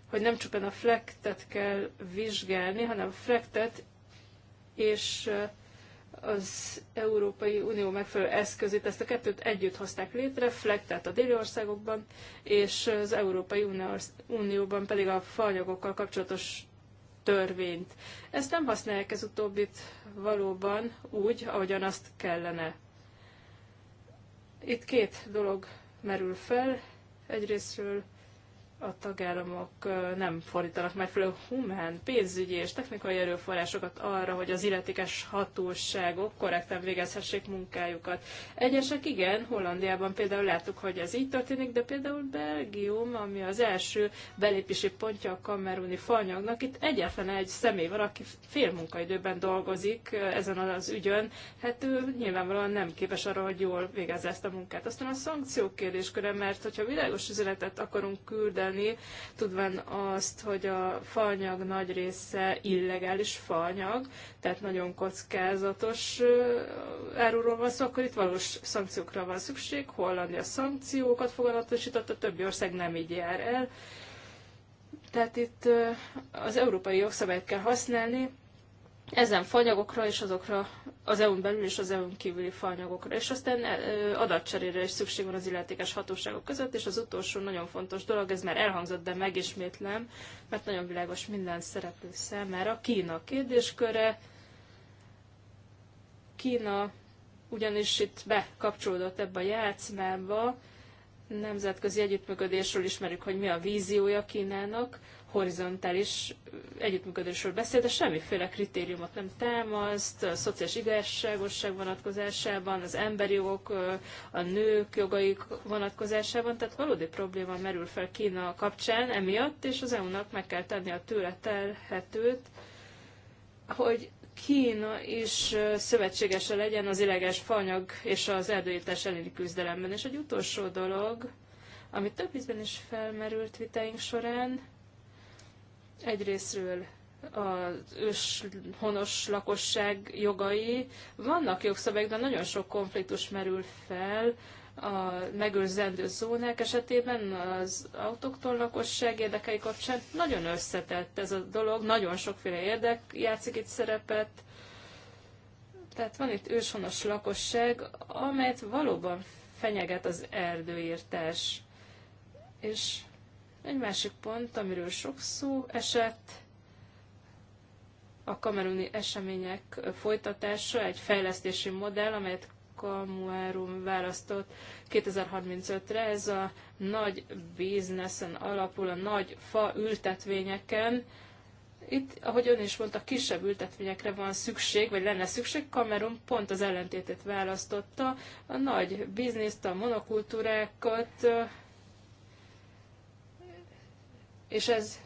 hogy nem csupán a flektet kell vizsgálni, hanem a flektet és az Európai Unió megfelelő eszközét, ezt a kettőt együtt hozták létre, flektet a déli országokban, és az Európai Unióban pedig a faanyagokkal kapcsolatos törvényt. Ezt nem használják ez utóbbit valóban úgy, ahogyan azt kellene. Itt két dolog merül fel. Egyrésztről a tagállamok nem fordítanak megfelelő humán, pénzügyi és technikai erőforrásokat arra, hogy az illetékes hatóságok korrektan végezhessék munkájukat. Egyesek igen, Hollandiában például láttuk, hogy ez így történik, de például Belgium, ami az első belépési pontja a kameruni fanyagnak, itt egyetlen egy személy van, aki fél munkaidőben dolgozik ezen az ügyön, hát ő nyilvánvalóan nem képes arra, hogy jól végezze ezt a munkát. Aztán a szankciók kérdésköre, mert hogyha világos üzenetet akarunk küldeni, kezelni, tudván azt, hogy a faanyag nagy része illegális faanyag, tehát nagyon kockázatos áruról van szó, akkor itt valós szankciókra van szükség. Hollandia szankciókat fogadatosított, a többi ország nem így jár el. Tehát itt az európai jogszabályt kell használni, ezen fanyagokra és azokra az EU-n belül és az EU-n kívüli fanyagokra. És aztán adatcserére is szükség van az illetékes hatóságok között, és az utolsó nagyon fontos dolog, ez már elhangzott, de megismétlem, mert nagyon világos minden szereplő számára. Kína kérdésköre, Kína ugyanis itt bekapcsolódott ebbe a játszmába, nemzetközi együttműködésről ismerjük, hogy mi a víziója Kínának, horizontális együttműködésről beszél, de semmiféle kritériumot nem támaszt, a szociális igazságosság vonatkozásában, az emberi jogok, a nők jogaik vonatkozásában, tehát valódi probléma merül fel Kína kapcsán emiatt, és az EU-nak meg kell tenni a tőle telhetőt, hogy Kína is szövetségese legyen az illegális fanyag és az erdőírtás elleni küzdelemben. És egy utolsó dolog, ami több ízben is felmerült vitáink során, Egyrésztről az őshonos lakosság jogai. Vannak jogszabályok, de nagyon sok konfliktus merül fel a megőrzendő zónák esetében az autoktól lakosság érdekei kapcsán. Nagyon összetett ez a dolog, nagyon sokféle érdek játszik itt szerepet. Tehát van itt őshonos lakosság, amelyet valóban fenyeget az erdőírtás. És egy másik pont, amiről sok szó esett, a kameruni események folytatása, egy fejlesztési modell, amelyet Kamuárum választott 2035-re. Ez a nagy bizneszen alapul, a nagy fa ültetvényeken. Itt, ahogy ön is mondta, kisebb ültetvényekre van szükség, vagy lenne szükség. Kamerun pont az ellentétét választotta. A nagy bizniszt, a monokultúrákat és ez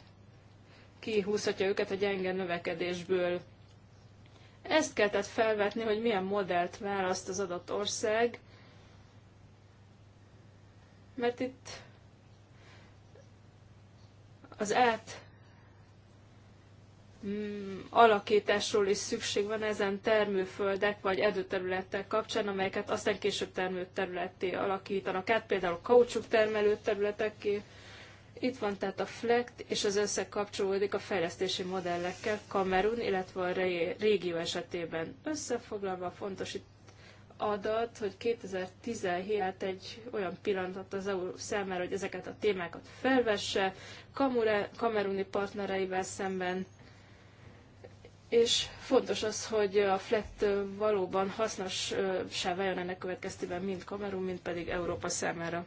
kihúzhatja őket a gyenge növekedésből. Ezt kell tehát felvetni, hogy milyen modellt választ az adott ország, mert itt az át mm, alakításról is szükség van ezen termőföldek vagy edőterületek kapcsán, amelyeket aztán később termőterületté alakítanak át, például kaucsuk termelő területekké, itt van tehát a FLECT, és az összekapcsolódik a fejlesztési modellekkel Kamerun, illetve a régió esetében. Összefoglalva fontos itt adat, hogy 2017 hát egy olyan pillanat az EU számára, hogy ezeket a témákat felvesse, Kamure, kameruni partnereivel szemben és fontos az, hogy a FLET valóban hasznossá váljon ennek következtében mind Kamerun, mind pedig Európa számára.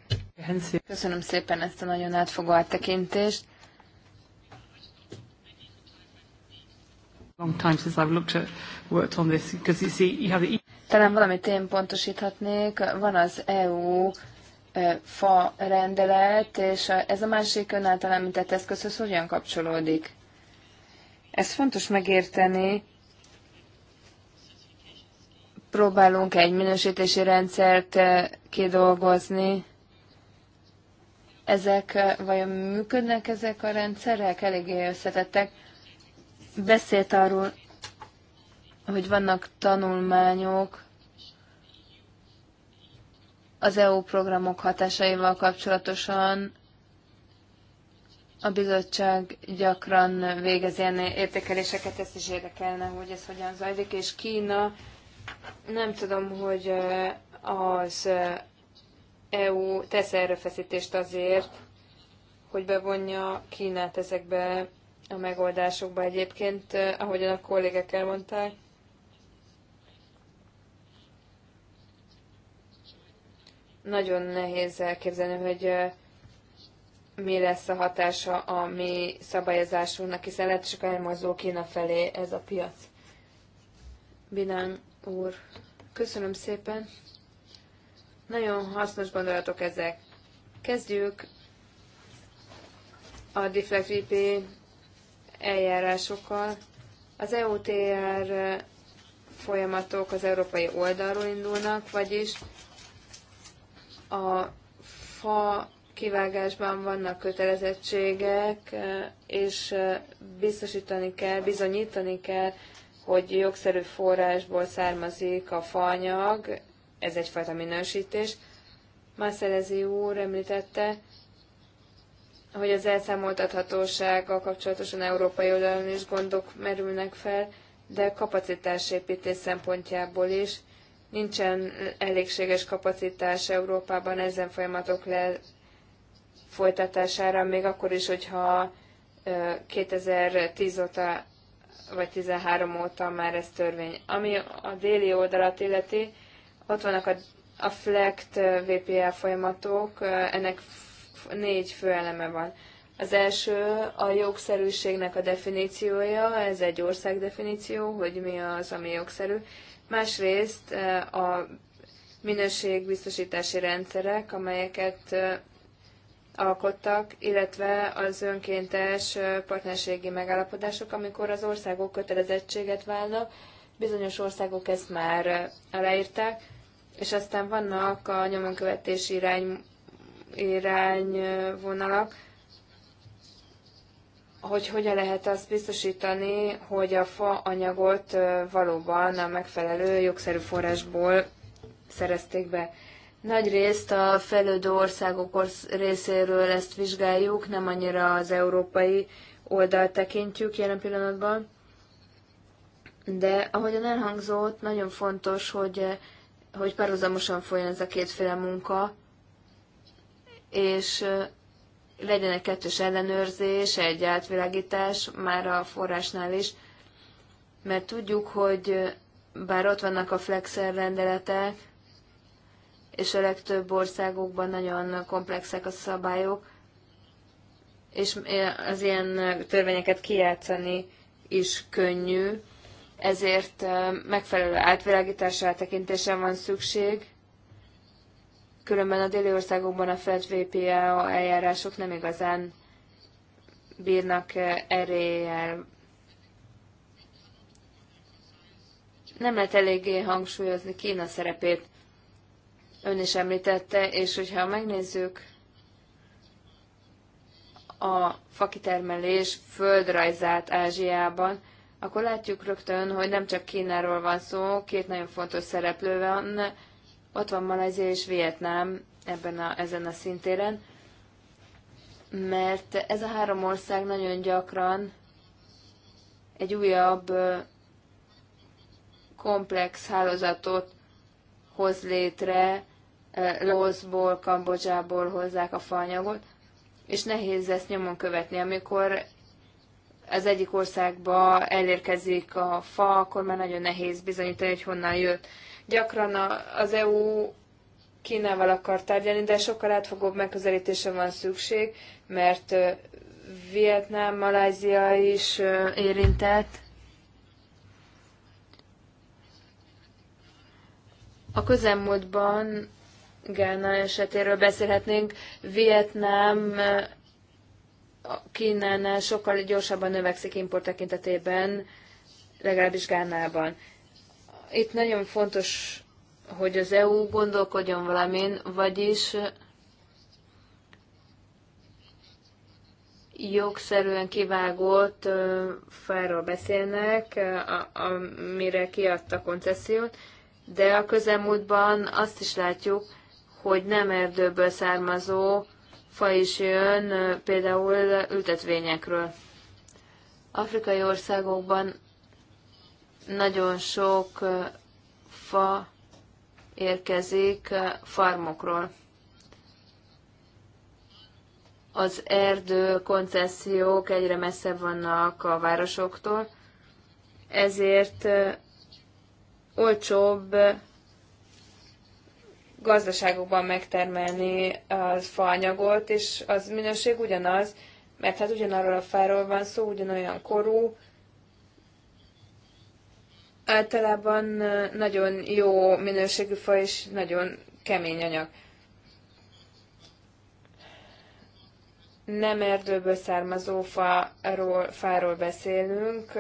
Köszönöm szépen ezt a nagyon átfogó áttekintést. Long time since I've looked at, worked on this, because you see, you have the... E- Talán valamit én pontosíthatnék. Van az EU fa rendelet, és ez a másik önáltal említett eszközhöz hogyan kapcsolódik? Ez fontos megérteni. Próbálunk egy minősítési rendszert eh, kidolgozni. Ezek eh, vajon működnek ezek a rendszerek? Eléggé összetettek. Beszélt arról, hogy vannak tanulmányok az EU programok hatásaival kapcsolatosan, a bizottság gyakran végez ilyen értékeléseket, ezt is érdekelne, hogy ez hogyan zajlik, és Kína, nem tudom, hogy az EU tesz erőfeszítést azért, hogy bevonja Kínát ezekbe a megoldásokba egyébként, ahogyan a kollégek elmondták. Nagyon nehéz elképzelni, hogy mi lesz a hatása a mi szabályozásunknak, hiszen lehet csak elmozdó Kína felé ez a piac. Binán úr, köszönöm szépen. Nagyon hasznos gondolatok ezek. Kezdjük a Deflect eljárásokkal. Az EUTR folyamatok az európai oldalról indulnak, vagyis a fa kivágásban vannak kötelezettségek, és biztosítani kell, bizonyítani kell, hogy jogszerű forrásból származik a faanyag, ez egyfajta minősítés. Mászelezi úr említette, hogy az elszámoltathatósággal kapcsolatosan európai oldalon is gondok merülnek fel, de kapacitásépítés szempontjából is nincsen elégséges kapacitás Európában ezen folyamatok folytatására, még akkor is, hogyha 2010 óta vagy 13 óta már ez törvény. Ami a déli oldalat illeti, ott vannak a, a FLECT VPL folyamatok, ennek négy fő eleme van. Az első a jogszerűségnek a definíciója, ez egy ország definíció, hogy mi az, ami jogszerű. Másrészt a minőségbiztosítási rendszerek, amelyeket alkottak, illetve az önkéntes partnerségi megállapodások, amikor az országok kötelezettséget válnak, bizonyos országok ezt már aláírták, és aztán vannak a nyomonkövetési irány, irányvonalak, hogy hogyan lehet azt biztosítani, hogy a fa anyagot valóban a megfelelő jogszerű forrásból szerezték be. Nagy részt a fejlődő országok részéről ezt vizsgáljuk, nem annyira az európai oldalt tekintjük jelen pillanatban. De ahogyan elhangzott, nagyon fontos, hogy, hogy párhuzamosan folyjon ez a kétféle munka, és legyen egy kettős ellenőrzés, egy átvilágítás már a forrásnál is, mert tudjuk, hogy bár ott vannak a flexer rendeletek, és a legtöbb országokban nagyon komplexek a szabályok, és e, az ilyen törvényeket kijátszani is könnyű, ezért e, megfelelő átvilágításra, tekintésen van szükség, különben a déli országokban a Fed VPA eljárások nem igazán bírnak e, eréllyel. Nem lehet eléggé hangsúlyozni Kína szerepét ön is említette, és hogyha megnézzük a fakitermelés földrajzát Ázsiában, akkor látjuk rögtön, hogy nem csak Kínáról van szó, két nagyon fontos szereplő van, ott van Malajzia és Vietnám ebben a, ezen a szintéren, mert ez a három ország nagyon gyakran egy újabb komplex hálózatot hoz létre Eh, Laosból, Kambodzsából hozzák a faanyagot, és nehéz ezt nyomon követni. Amikor az egyik országba elérkezik a fa, akkor már nagyon nehéz bizonyítani, hogy honnan jött. Gyakran az EU Kínával akar tárgyalni, de sokkal átfogóbb megközelítése van szükség, mert eh, Vietnám, Malázia is eh, érintett. A közelmúltban Gána esetéről beszélhetnénk. Vietnám Kínánál sokkal gyorsabban növekszik import tekintetében, legalábbis Gánában. Itt nagyon fontos, hogy az EU gondolkodjon valamin, vagyis jogszerűen kivágott fáról beszélnek, amire kiadta koncesziót, de a közelmúltban azt is látjuk, hogy nem erdőből származó fa is jön, például ültetvényekről. Afrikai országokban nagyon sok fa érkezik farmokról. Az erdő koncesziók egyre messzebb vannak a városoktól, ezért olcsóbb gazdaságokban megtermelni az faanyagot, és az minőség ugyanaz, mert hát ugyanarról a fáról van szó, ugyanolyan korú, általában nagyon jó minőségű fa és nagyon kemény anyag. Nem erdőből származó fáról, fáról beszélünk,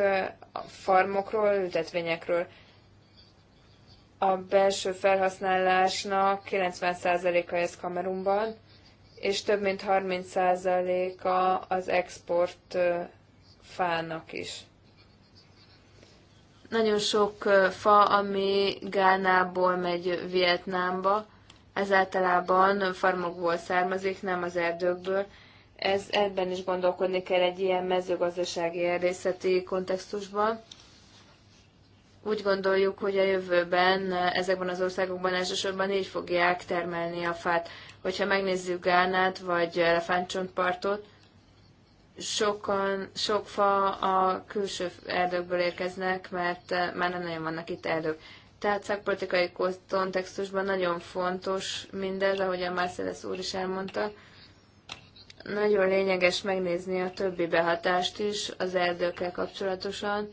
farmokról, ültetvényekről a belső felhasználásnak 90%-a ez Kamerunban, és több mint 30%-a az export fának is. Nagyon sok fa, ami Gánából megy Vietnámba, ez általában farmokból származik, nem az erdőkből. Ez ebben is gondolkodni kell egy ilyen mezőgazdasági erdészeti kontextusban. Úgy gondoljuk, hogy a jövőben ezekben az országokban elsősorban így fogják termelni a fát. Hogyha megnézzük Gánát vagy Elefántcsontpartot, sokan, sok fa a külső erdőkből érkeznek, mert eh, már nem nagyon vannak itt erdők. Tehát szakpolitikai kontextusban nagyon fontos mindez, ahogy a Marcellus úr is elmondta. Nagyon lényeges megnézni a többi behatást is az erdőkkel kapcsolatosan,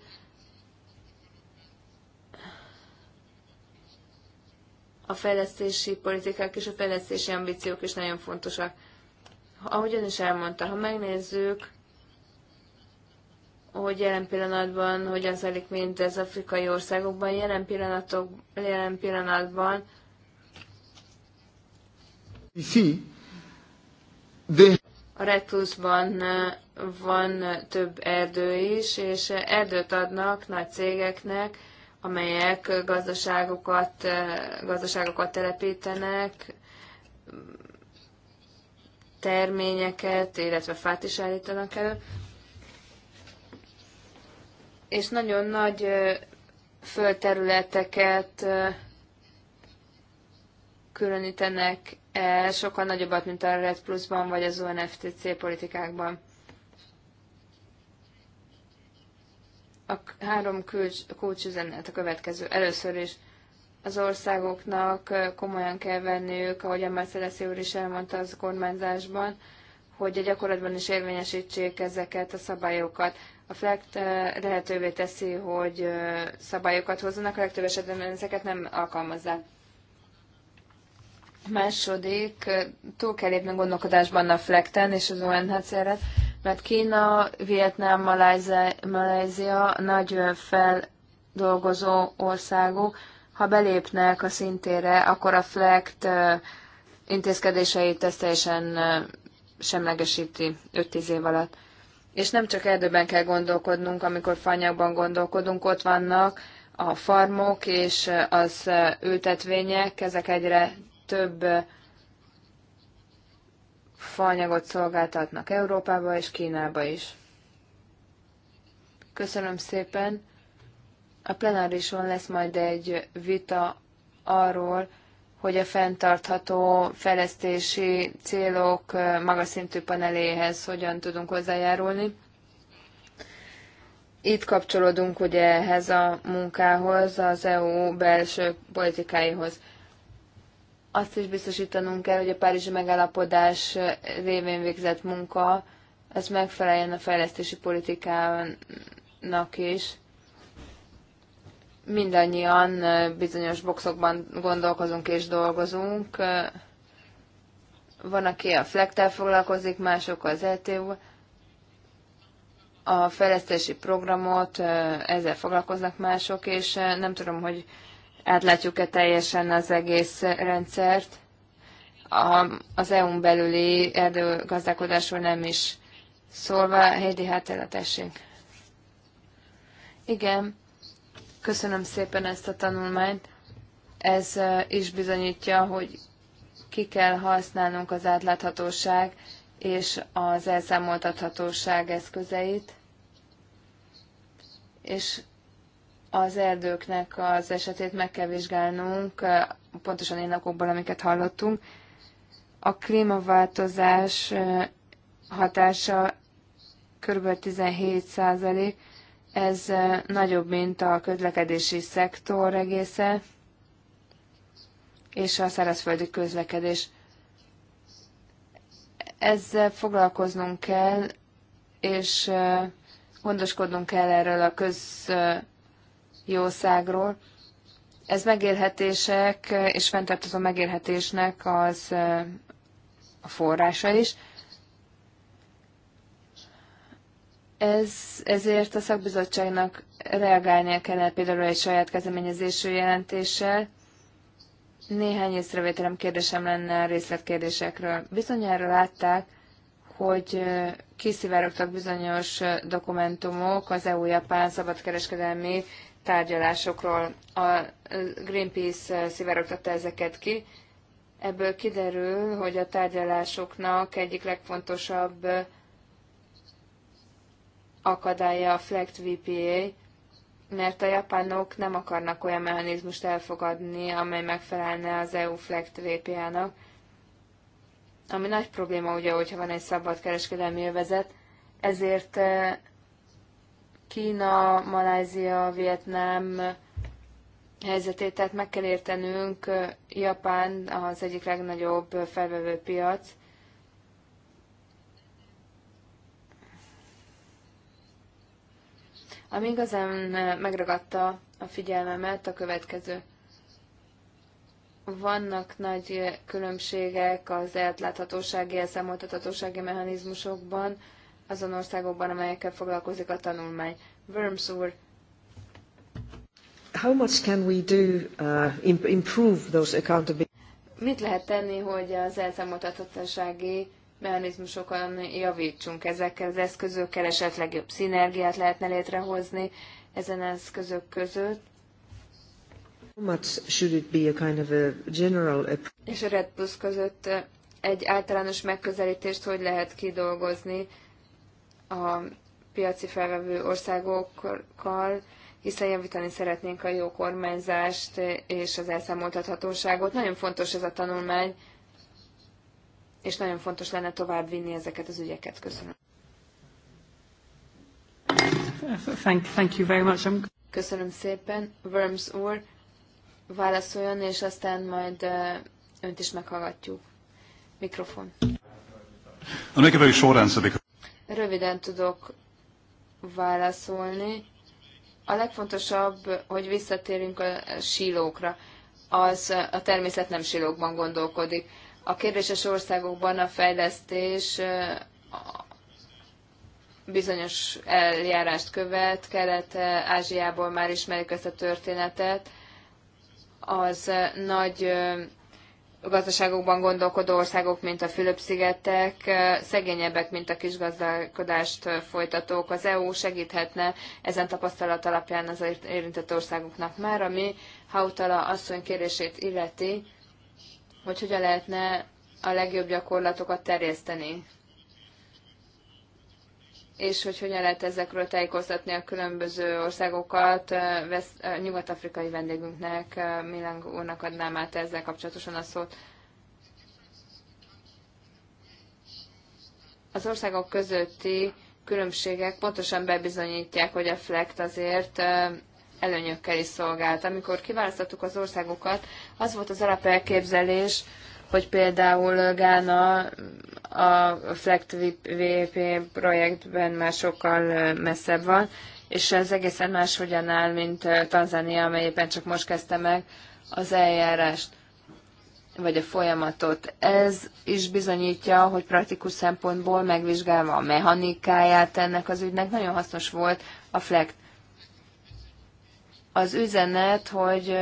a fejlesztési politikák és a fejlesztési ambíciók is nagyon fontosak. Ahogy Ön is elmondta, ha megnézzük, hogy jelen pillanatban hogyan zajlik mindez afrikai országokban, jelen, pillanatok, jelen pillanatban a Retusban eh, van több erdő is, és erdőt adnak nagy cégeknek, amelyek gazdaságokat, eh, gazdaságokat telepítenek, terményeket, illetve fát is állítanak elő. És nagyon nagy eh, földterületeket eh, különítenek el, sokkal nagyobbat, mint a Red Plusban vagy az UNFTC politikákban. a három kulcs, kulcsüzenet a következő. Először is az országoknak komolyan kell venniük, ahogy a Mercedes úr is elmondta az kormányzásban, hogy a gyakorlatban is érvényesítsék ezeket a szabályokat. A FLECT lehetővé teszi, hogy szabályokat hozzanak, a legtöbb esetben ezeket nem alkalmazzák. Második, túl kell lépni gondolkodásban a FLECT-en és az UNHCR-et, mert Kína, Vietnám, Malajzia nagy feldolgozó országok, ha belépnek a szintére, akkor a FLECT intézkedéseit ezt teljesen semlegesíti 5-10 év alatt. És nem csak erdőben kell gondolkodnunk, amikor fanyagban gondolkodunk, ott vannak a farmok és az ültetvények, ezek egyre több faanyagot szolgáltatnak Európába és Kínába is. Köszönöm szépen. A plenárison lesz majd egy vita arról, hogy a fenntartható fejlesztési célok magas szintű paneléhez hogyan tudunk hozzájárulni. Itt kapcsolódunk ugye ehhez a munkához, az EU belső politikáihoz. Azt is biztosítanunk kell, hogy a Párizsi megállapodás révén végzett munka, az megfeleljen a fejlesztési politikának is. Mindannyian bizonyos boxokban gondolkozunk és dolgozunk. Van, aki a flektel foglalkozik, mások az ETU. A fejlesztési programot ezzel foglalkoznak mások, és nem tudom, hogy átlátjuk-e teljesen az egész rendszert. A, az EU-n belüli erdőgazdálkodásról nem is szólva. Heidi hát tessék. Igen, köszönöm szépen ezt a tanulmányt. Ez is bizonyítja, hogy ki kell használnunk az átláthatóság és az elszámoltathatóság eszközeit, és az erdőknek az esetét meg kell vizsgálnunk, pontosan én napokból, amiket hallottunk. A klímaváltozás hatása kb. 17 százalék, ez nagyobb, mint a közlekedési szektor egésze, és a szárazföldi közlekedés. Ezzel foglalkoznunk kell, és gondoskodnunk kell erről a köz jószágról. Ez megélhetések és fenntartató megélhetésnek az a forrása is. Ez, ezért a szakbizottságnak reagálnia kellene például egy saját kezdeményezésű jelentéssel. Néhány észrevételem kérdésem lenne a részletkérdésekről. Bizonyára látták, hogy kiszivárogtak bizonyos dokumentumok az EU-Japán szabadkereskedelmi tárgyalásokról. A Greenpeace szivárogtatta ezeket ki. Ebből kiderül, hogy a tárgyalásoknak egyik legfontosabb akadálya a FLECT VPA, mert a japánok nem akarnak olyan mechanizmust elfogadni, amely megfelelne az EU FLECT VPA-nak, ami nagy probléma ugye, hogyha van egy szabad kereskedelmi övezet, ezért Kína, Malázia, Vietnám helyzetét, tehát meg kell értenünk, Japán az egyik legnagyobb felvevő piac, Ami igazán megragadta a figyelmemet a következő. Vannak nagy különbségek az eltláthatósági, elszámoltathatósági mechanizmusokban, azon országokban, amelyekkel foglalkozik a tanulmány. Worms úr, How much can we do uh, improve those accountability? Mit lehet tenni, hogy az elszámoltathatósági mechanizmusokon javítsunk ezekkel az eszközökkel, esetleg jobb szinergiát lehetne létrehozni ezen eszközök között? How much should it be a kind of a general... És a Red Plus között egy általános megközelítést hogy lehet kidolgozni a piaci felvevő országokkal, hiszen javítani szeretnénk a jó kormányzást és az elszámoltathatóságot. Nagyon fontos ez a tanulmány, és nagyon fontos lenne tovább vinni ezeket az ügyeket. Köszönöm. Thank, thank you very much. I'm... Köszönöm szépen. Worms úr, válaszoljon, és aztán majd önt is meghallgatjuk. Mikrofon. I'll make a very short answer because... Röviden tudok válaszolni. A legfontosabb, hogy visszatérünk a sílókra. Az a természet nem sílókban gondolkodik. A kérdéses országokban a fejlesztés bizonyos eljárást követ, Kelet-Ázsiából már ismerjük ezt a történetet, az nagy gazdaságokban gondolkodó országok, mint a Fülöp-szigetek, szegényebbek, mint a kisgazdálkodást folytatók. Az EU segíthetne ezen tapasztalat alapján az érintett országoknak már, ami Hautala asszony kérését illeti, hogy hogyan lehetne a legjobb gyakorlatokat terjeszteni és hogy hogyan lehet ezekről tájékoztatni a különböző országokat. Nyugat-afrikai vendégünknek, Milán úrnak adnám át ezzel kapcsolatosan a szót. Az országok közötti különbségek pontosan bebizonyítják, hogy a FLECT azért előnyökkel is szolgált. Amikor kiválasztottuk az országokat, az volt az alapelképzelés, hogy például Gána a Flect VP projektben már sokkal messzebb van, és ez egészen máshogyan áll, mint Tanzánia, amely éppen csak most kezdte meg az eljárást vagy a folyamatot. Ez is bizonyítja, hogy praktikus szempontból megvizsgálva a mechanikáját ennek az ügynek nagyon hasznos volt a FLECT. Az üzenet, hogy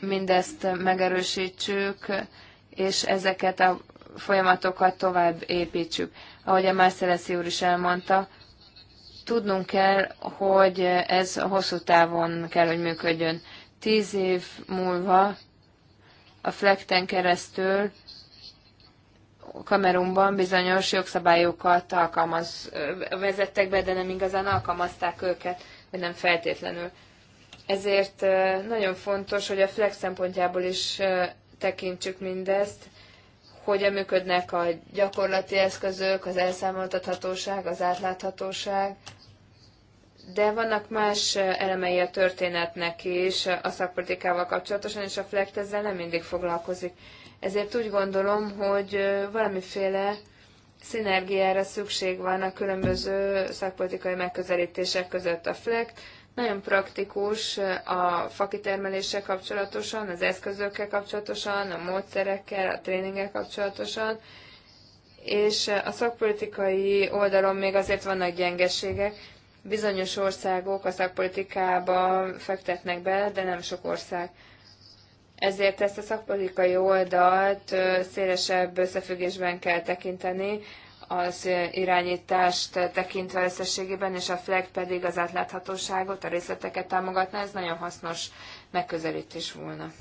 mindezt megerősítsük, és ezeket a folyamatokat tovább építsük. Ahogy a Mászereszi úr is elmondta, tudnunk kell, hogy ez a hosszú távon kell, hogy működjön. Tíz év múlva a flekten keresztül Kamerunban bizonyos jogszabályokat alkalmaz, vezettek be, de nem igazán alkalmazták őket, vagy nem feltétlenül. Ezért nagyon fontos, hogy a flex szempontjából is tekintsük mindezt, hogyan működnek a gyakorlati eszközök, az elszámoltathatóság, az átláthatóság, de vannak más elemei a történetnek is a szakpolitikával kapcsolatosan, és a FLECT ezzel nem mindig foglalkozik. Ezért úgy gondolom, hogy valamiféle szinergiára szükség van a különböző szakpolitikai megközelítések között. A FLECT nagyon praktikus a fakitermeléssel kapcsolatosan, az eszközökkel kapcsolatosan, a módszerekkel, a tréninggel kapcsolatosan, és a szakpolitikai oldalon még azért vannak gyengeségek. Bizonyos országok a szakpolitikába fektetnek bele, de nem sok ország. Ezért ezt a szakpolitikai oldalt szélesebb összefüggésben kell tekinteni az irányítást tekintve összességében, és a FLEG pedig az átláthatóságot, a részleteket támogatná, ez nagyon hasznos megközelítés volna.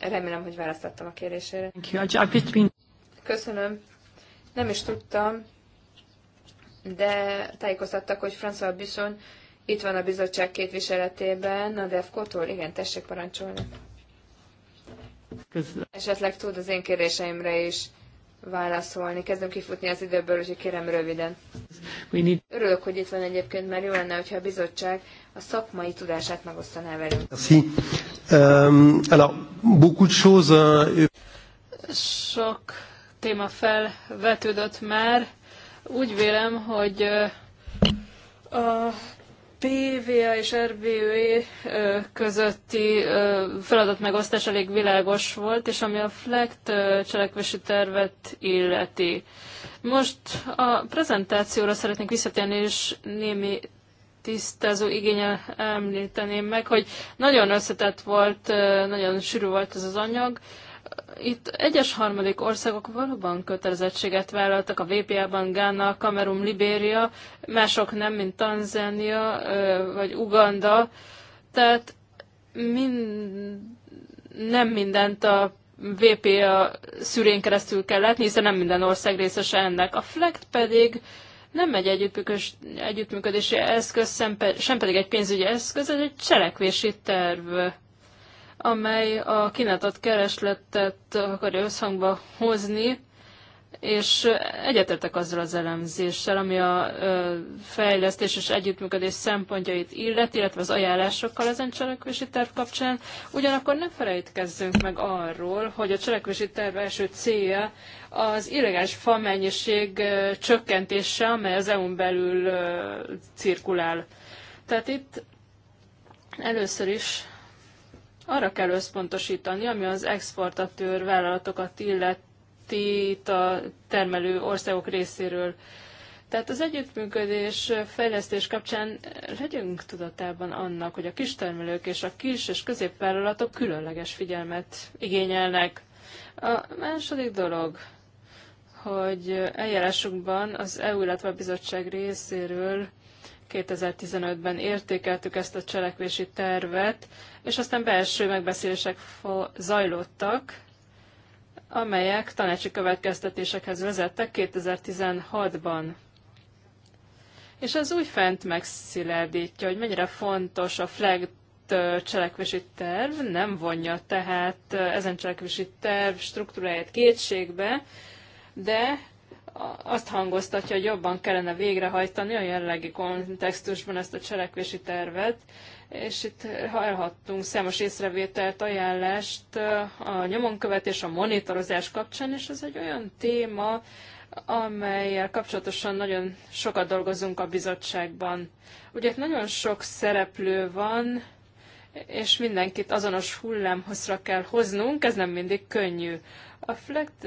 Remélem, hogy választottam a kérésére. Köszönöm. Nem is tudtam, de tájékoztattak, hogy François Bisson itt van a bizottság képviseletében, a DEFCO-tól. Igen, tessék parancsolni. Köszönöm. Esetleg tud az én kéréseimre is válaszolni. Kezdem kifutni az időből, úgyhogy kérem röviden. Örülök, hogy itt van egyébként, mert jó lenne, hogyha a bizottság a szakmai tudását megosztaná velünk. Merci. Um, alors, beaucoup de choses, euh, Sok téma felvetődött már. Úgy vélem, hogy a PVA és RBÖ közötti feladatmegosztás elég világos volt, és ami a FLECT cselekvési tervet illeti. Most a prezentációra szeretnék visszatérni, és némi tisztázó igényel említeném meg, hogy nagyon összetett volt, nagyon sűrű volt ez az anyag, itt egyes harmadik országok valóban kötelezettséget vállaltak a VPA-ban, Gána, Kamerun, Libéria, mások nem, mint Tanzánia vagy Uganda. Tehát mind, nem mindent a VPA szűrén keresztül kell látni, hiszen nem minden ország részese ennek. A FLECT pedig nem egy együttműködési eszköz, sem pedig egy pénzügyi eszköz, ez egy cselekvési terv amely a kínálatot keresletet akarja összhangba hozni, és egyetértek azzal az elemzéssel, ami a fejlesztés és együttműködés szempontjait illet, illetve az ajánlásokkal ezen cselekvési terv kapcsán. Ugyanakkor ne felejtkezzünk meg arról, hogy a cselekvési terv első célja az illegális fa mennyiség csökkentése, amely az EU-n belül cirkulál. Tehát itt először is arra kell összpontosítani, ami az exportatőr vállalatokat illeti a termelő országok részéről. Tehát az együttműködés fejlesztés kapcsán legyünk tudatában annak, hogy a kistermelők és a kis és középvállalatok különleges figyelmet igényelnek. A második dolog, hogy eljárásukban az EU, illetve a bizottság részéről 2015-ben értékeltük ezt a cselekvési tervet, és aztán belső megbeszélések zajlottak, amelyek tanácsi következtetésekhez vezettek 2016-ban. És ez úgy fent megszilárdítja, hogy mennyire fontos a flag cselekvési terv, nem vonja tehát ezen cselekvési terv struktúráját kétségbe, de azt hangoztatja, hogy jobban kellene végrehajtani a jelenlegi kontextusban ezt a cselekvési tervet, és itt hallhattunk számos észrevételt, ajánlást a nyomonkövetés, a monitorozás kapcsán, és ez egy olyan téma, amelyel kapcsolatosan nagyon sokat dolgozunk a bizottságban. Ugye itt nagyon sok szereplő van, és mindenkit azonos hullámhozra kell hoznunk, ez nem mindig könnyű. A FLECT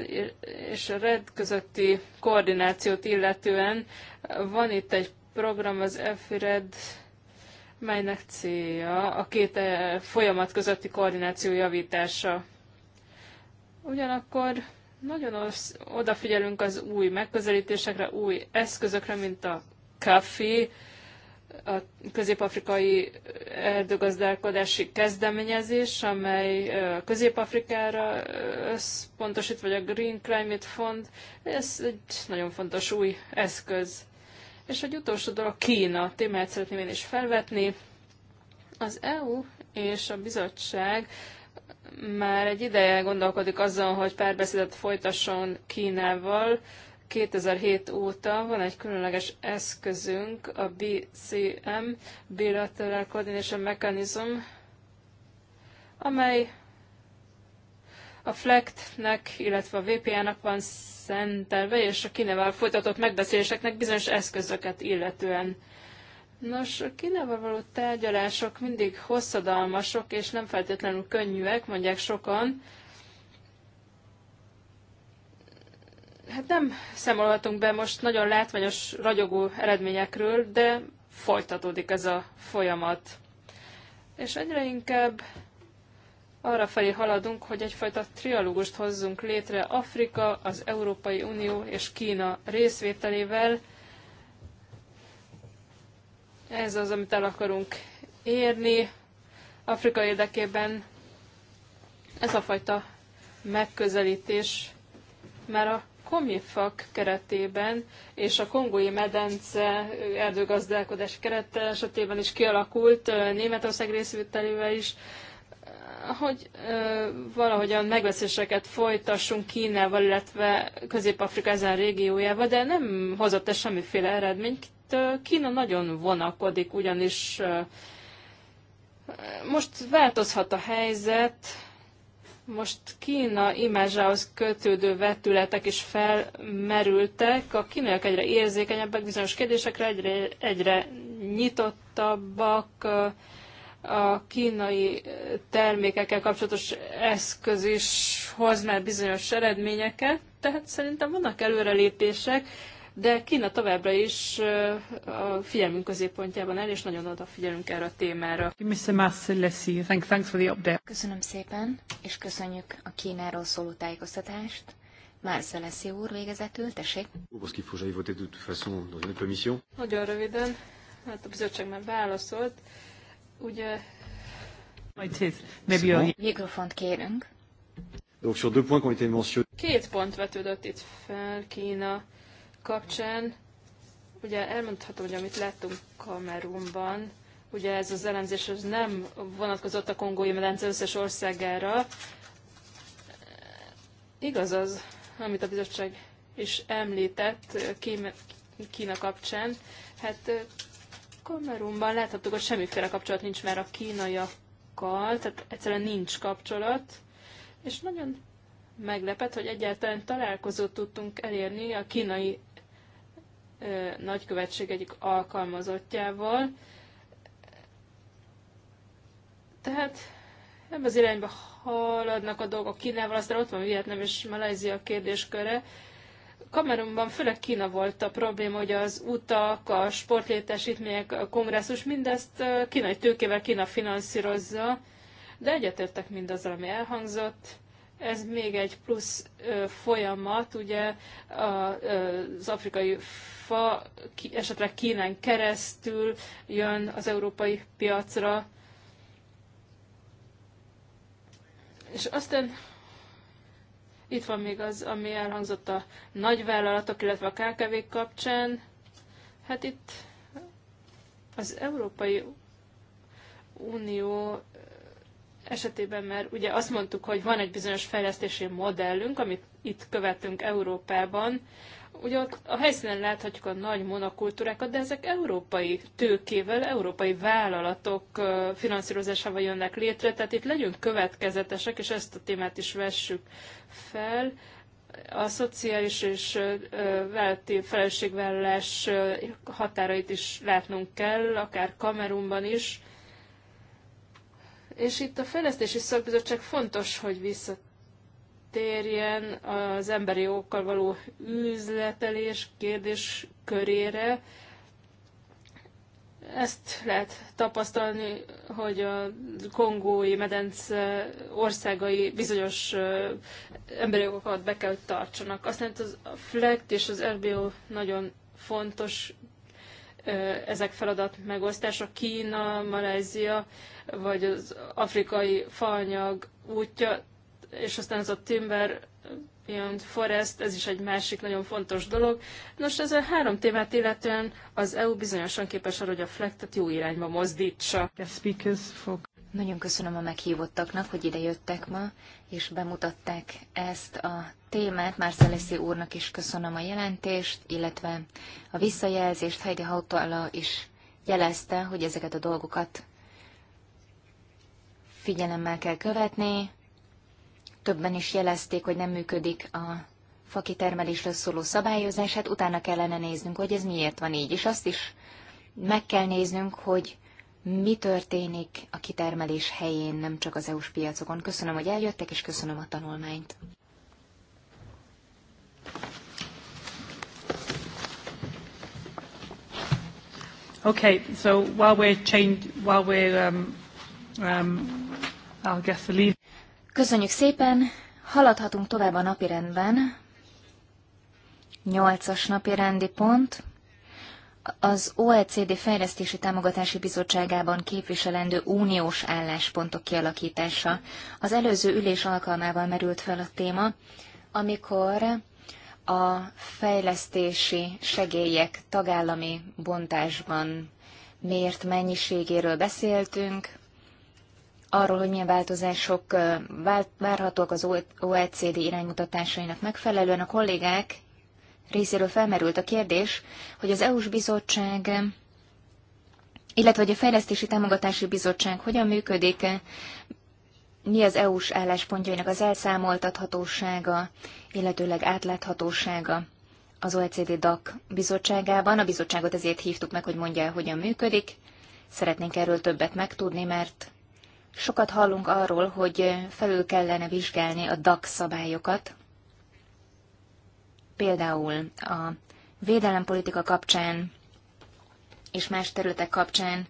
és a RED közötti koordinációt illetően van itt egy program, az FRED melynek célja a két eh, folyamat közötti koordináció javítása. Ugyanakkor nagyon odafigyelünk az új megközelítésekre, új eszközökre, mint a Kaffi a közép-afrikai erdőgazdálkodási kezdeményezés, amely eh, Közép-Afrikára eh, összpontosít, vagy a Green Climate Fund. Ez egy nagyon fontos új eszköz. És egy utolsó dolog, Kína témáját szeretném én is felvetni. Az EU és a bizottság már egy ideje gondolkodik azon, hogy párbeszédet folytasson Kínával. 2007 óta van egy különleges eszközünk, a BCM, Bilateral Coordination Mechanism, amely a FLECT-nek, illetve a VPN-nak van szentelve, és a Kinevel folytatott megbeszéléseknek bizonyos eszközöket illetően. Nos, a kinevel való tárgyalások mindig hosszadalmasok, és nem feltétlenül könnyűek, mondják sokan. Hát nem számolhatunk be most nagyon látványos, ragyogó eredményekről, de folytatódik ez a folyamat. És egyre inkább arra felé haladunk, hogy egyfajta trialógust hozzunk létre Afrika, az Európai Unió és Kína részvételével. Ez az, amit el akarunk érni Afrika érdekében. Ez a fajta megközelítés már a komifak keretében és a kongói medence erdőgazdálkodás keretében is kialakult Németország részvételével is hogy ö, valahogyan megbeszéseket folytassunk Kínával, illetve Közép-Afrika ezen régiójával, de nem hozott ez semmiféle eredményt. Kína nagyon vonakodik, ugyanis ö, most változhat a helyzet, most Kína imázsához kötődő vetületek is felmerültek, a kínaiak egyre érzékenyebbek bizonyos kérdésekre, egyre, egyre nyitottabbak, ö, a kínai eh, termékekkel kapcsolatos eszköz is hoz már bizonyos eredményeket, tehát szerintem vannak előrelépések, de Kína továbbra is eh, a figyelmünk középpontjában el, és nagyon odafigyelünk erre a témára. Köszönöm szépen, és köszönjük a Kínáról szóló tájékoztatást. Marcel Leszi úr végezetül, tessék. Nagyon röviden, hát a bizottság már válaszolt ugye... Mikrofont kérünk. Donc sur deux points qui ont été mentionnés. Két pont vetődött itt fel Kína kapcsán. Ugye elmondhatom, hogy amit láttunk Kamerunban, ugye ez az elemzés az nem vonatkozott a kongói medence összes országára. Igaz az, amit a bizottság is említett Kína kapcsán. Hát kamerumban láthattuk, hogy semmiféle kapcsolat nincs már a kínaiakkal, tehát egyszerűen nincs kapcsolat, és nagyon meglepett, hogy egyáltalán találkozót tudtunk elérni a kínai ö, nagykövetség egyik alkalmazottjával. Tehát ebbe az irányba haladnak a dolgok Kínával, aztán ott van Vietnam és Malajzia kérdésköre. Ö, Kamerunban főleg Kína volt a probléma, hogy az utak, a sportlétesítmények, a kongresszus, mindezt kínai tőkével Kína finanszírozza, de egyetértek mindazzal, ami elhangzott. Ez még egy plusz folyamat, ugye az afrikai fa esetleg Kínán keresztül jön az európai piacra. És aztán itt van még az, ami elhangzott a nagyvállalatok, illetve a kkv kapcsán. Hát itt az Európai Unió esetében, mert ugye azt mondtuk, hogy van egy bizonyos fejlesztési modellünk, amit itt követünk Európában, Ugye ott a helyszínen láthatjuk a nagy monokultúrákat, de ezek európai tőkével, európai vállalatok finanszírozásával jönnek létre, tehát itt legyünk következetesek, és ezt a témát is vessük fel. A szociális és vállalati felelősségvállalás határait is látnunk kell, akár Kamerunban is. És itt a fejlesztési szakbizottság fontos, hogy visszatérjen térjen az emberi jogokkal való üzletelés kérdés körére. Ezt lehet tapasztalni, hogy a kongói medence országai bizonyos emberi jogokat be kell, hogy tartsanak. jelenti, az a FLECT és az RBO nagyon fontos ezek feladat megosztása. Kína, Malázia, vagy az afrikai faanyag útja és aztán ez a Timber Beyond Forest, ez is egy másik nagyon fontos dolog. Nos, ez a három témát illetően az EU bizonyosan képes arra, hogy a flektet jó irányba mozdítsa. Nagyon köszönöm a meghívottaknak, hogy ide jöttek ma, és bemutatták ezt a témát. Marcelesi úrnak is köszönöm a jelentést, illetve a visszajelzést. Heidi Hautala is jelezte, hogy ezeket a dolgokat figyelemmel kell követni többen is jelezték, hogy nem működik a fakitermelésről szóló szabályozás, hát utána kellene néznünk, hogy ez miért van így, és azt is meg kell néznünk, hogy mi történik a kitermelés helyén, nem csak az EU-s piacokon. Köszönöm, hogy eljöttek, és köszönöm a tanulmányt. Okay, so while we're change, while we're, um, um, I'll guess the lead. Köszönjük szépen, haladhatunk tovább a napirendben. Nyolcas napirendi pont. Az OECD Fejlesztési Támogatási Bizottságában képviselendő uniós álláspontok kialakítása. Az előző ülés alkalmával merült fel a téma, amikor a fejlesztési segélyek tagállami bontásban mért mennyiségéről beszéltünk, arról, hogy milyen változások várhatók az OECD iránymutatásainak megfelelően, a kollégák részéről felmerült a kérdés, hogy az EU-s bizottság, illetve hogy a Fejlesztési Támogatási Bizottság hogyan működik, mi az EU-s álláspontjainak az elszámoltathatósága, illetőleg átláthatósága az OECD DAC bizottságában. A bizottságot ezért hívtuk meg, hogy mondja el, hogyan működik. Szeretnénk erről többet megtudni, mert Sokat hallunk arról, hogy felül kellene vizsgálni a DAC szabályokat. Például a védelempolitika kapcsán és más területek kapcsán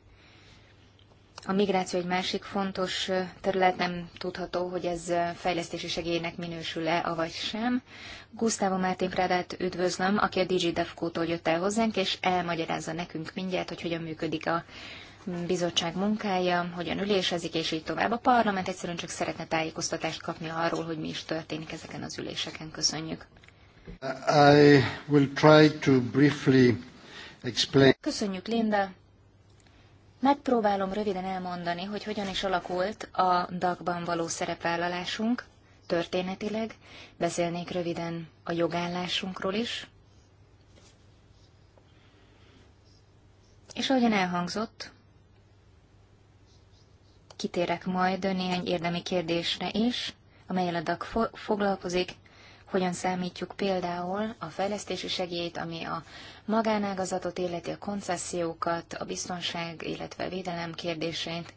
a migráció egy másik fontos terület, nem tudható, hogy ez fejlesztési segélynek minősül-e, avagy sem. Gustavo Mártin Prádát üdvözlöm, aki a DigiDefco-tól jött el hozzánk, és elmagyarázza nekünk mindjárt, hogy hogyan működik a bizottság munkája, hogyan ülésezik, és így tovább. A parlament egyszerűen csak szeretne tájékoztatást kapni arról, hogy mi is történik ezeken az üléseken. Köszönjük. I will try to briefly explain. Köszönjük, Linda. Megpróbálom röviden elmondani, hogy hogyan is alakult a DAC-ban való szerepvállalásunk történetileg. Beszélnék röviden a jogállásunkról is. És ahogyan elhangzott, kitérek majd néhány érdemi kérdésre is, amelyel a DAC fo- foglalkozik, hogyan számítjuk például a fejlesztési segélyt, ami a magánágazatot illeti, a koncesziókat, a biztonság, illetve a védelem kérdéseit.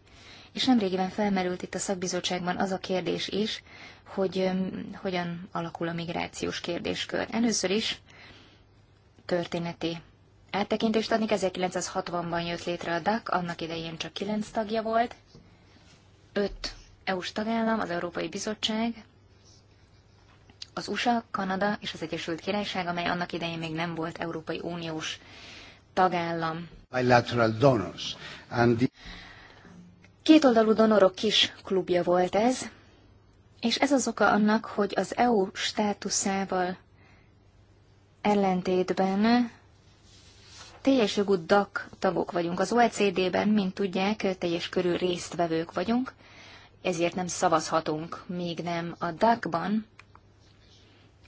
És nemrégiben felmerült itt a szakbizottságban az a kérdés is, hogy hogyan alakul a migrációs kérdéskör. Először is történeti áttekintést adni. 1960-ban jött létre a DAC, annak idején csak 9 tagja volt, öt EU-s tagállam, az Európai Bizottság, az USA, Kanada és az Egyesült Királyság, amely annak idején még nem volt Európai Uniós tagállam. Bilateral donors. Kétoldalú donorok kis klubja volt ez, és ez az oka annak, hogy az EU státuszával ellentétben teljes jogú DAC tagok vagyunk. Az OECD-ben, mint tudják, teljes körű résztvevők vagyunk, ezért nem szavazhatunk, még nem a DAC-ban,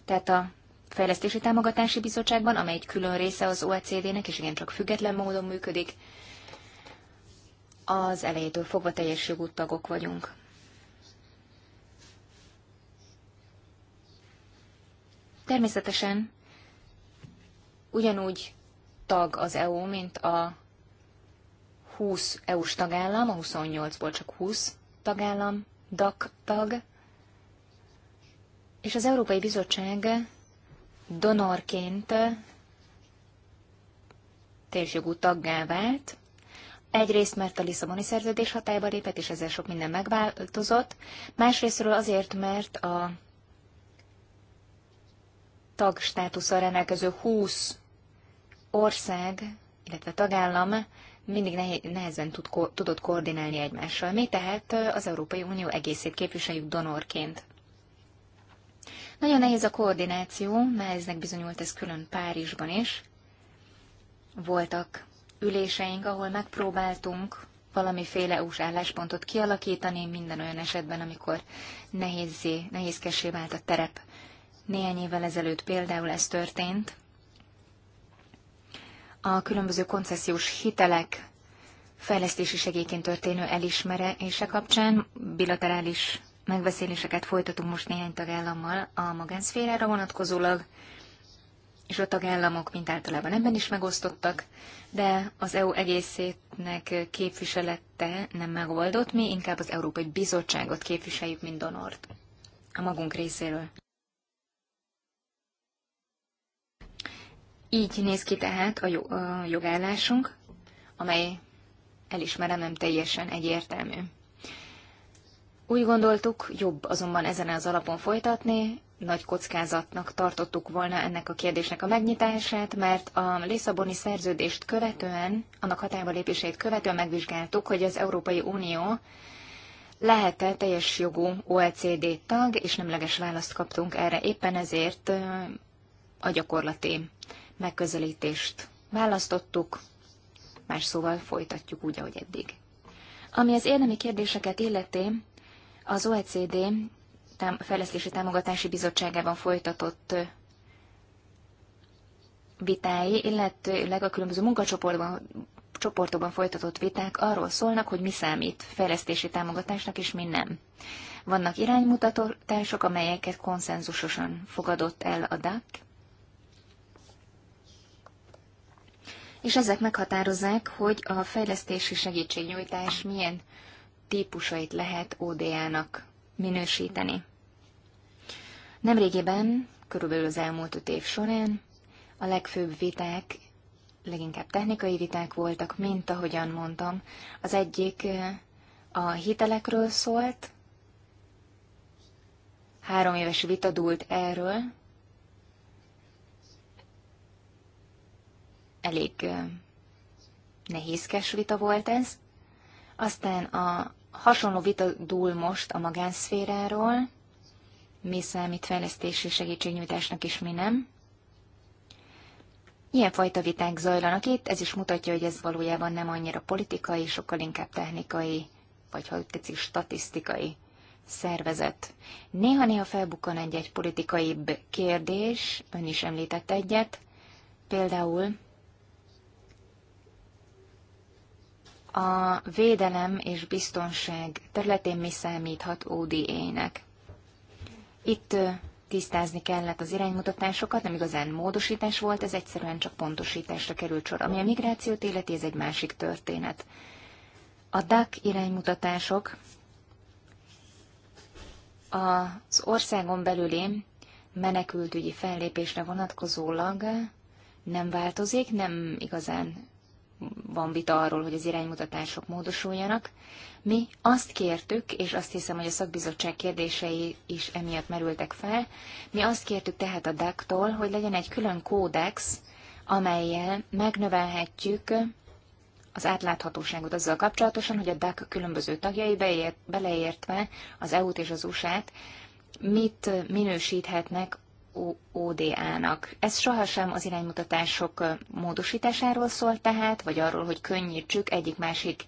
tehát a Fejlesztési Támogatási Bizottságban, amely egy külön része az OECD-nek, és igencsak független módon működik, az elejétől fogva teljes jogú tagok vagyunk. Természetesen ugyanúgy tag az EU, mint a 20 EU-s tagállam, a 28-ból csak 20 tagállam, DAC tag, és az Európai Bizottság donorként teljesjogú taggá vált, Egyrészt, mert a Lisszaboni szerződés hatályba lépett, és ezzel sok minden megváltozott. Másrésztről azért, mert a tag rendelkező 20 ország, illetve tagállam mindig nehezen tud, ko, tudott koordinálni egymással. Mi tehát az Európai Unió egészét képviseljük donorként. Nagyon nehéz a koordináció, neheznek bizonyult ez külön Párizsban is. Voltak üléseink, ahol megpróbáltunk valamiféle új álláspontot kialakítani minden olyan esetben, amikor nehézé, nehézkessé vált a terep. Néhány évvel ezelőtt például ez történt a különböző koncesziós hitelek fejlesztési segélyként történő elismerése kapcsán bilaterális megbeszéléseket folytatunk most néhány tagállammal a magánszférára vonatkozólag, és a tagállamok mint általában ebben is megosztottak, de az EU egészétnek képviselette nem megoldott, mi inkább az Európai Bizottságot képviseljük, mint donort a magunk részéről. Így néz ki tehát a jogállásunk, amely elismerem nem teljesen egyértelmű. Úgy gondoltuk, jobb azonban ezen az alapon folytatni, nagy kockázatnak tartottuk volna ennek a kérdésnek a megnyitását, mert a Lisszaboni szerződést követően, annak hatályba lépését követően megvizsgáltuk, hogy az Európai Unió lehet-e teljes jogú OECD tag, és nemleges választ kaptunk erre. Éppen ezért a gyakorlati megközelítést választottuk, más szóval folytatjuk úgy, ahogy eddig. Ami az érdemi kérdéseket illeti, az OECD Fejlesztési Támogatási Bizottságában folytatott vitái, illetőleg a különböző munkacsoportban csoportokban folytatott viták arról szólnak, hogy mi számít fejlesztési támogatásnak és mi nem. Vannak iránymutatások, amelyeket konszenzusosan fogadott el a DAC, és ezek meghatározzák, hogy a fejlesztési segítségnyújtás milyen típusait lehet ODA-nak minősíteni. Nemrégiben, körülbelül az elmúlt öt év során, a legfőbb viták, leginkább technikai viták voltak, mint ahogyan mondtam. Az egyik a hitelekről szólt, három éves vita dúlt erről, elég nehézkes vita volt ez. Aztán a hasonló vita dúl most a magánszféráról, mi számít fejlesztési segítségnyújtásnak is mi nem. fajta viták zajlanak itt, ez is mutatja, hogy ez valójában nem annyira politikai, sokkal inkább technikai, vagy ha tetszik, statisztikai szervezet. Néha-néha felbukkan egy-egy politikaibb kérdés, ön is említett egyet, például a védelem és biztonság területén mi számíthat ODA-nek. Itt tisztázni kellett az iránymutatásokat, nem igazán módosítás volt, ez egyszerűen csak pontosításra került sor. Ami a migrációt illeti, ez egy másik történet. A DAC iránymutatások az országon belüli menekültügyi fellépésre vonatkozólag nem változik, nem igazán van vita arról, hogy az iránymutatások módosuljanak. Mi azt kértük, és azt hiszem, hogy a szakbizottság kérdései is emiatt merültek fel, mi azt kértük tehát a DAC-tól, hogy legyen egy külön kódex, amelyel megnövelhetjük az átláthatóságot azzal kapcsolatosan, hogy a DAC különböző tagjai beleértve az EU-t és az USA-t mit minősíthetnek ODA-nak. Ez sohasem az iránymutatások módosításáról szól tehát, vagy arról, hogy könnyítsük egyik-másik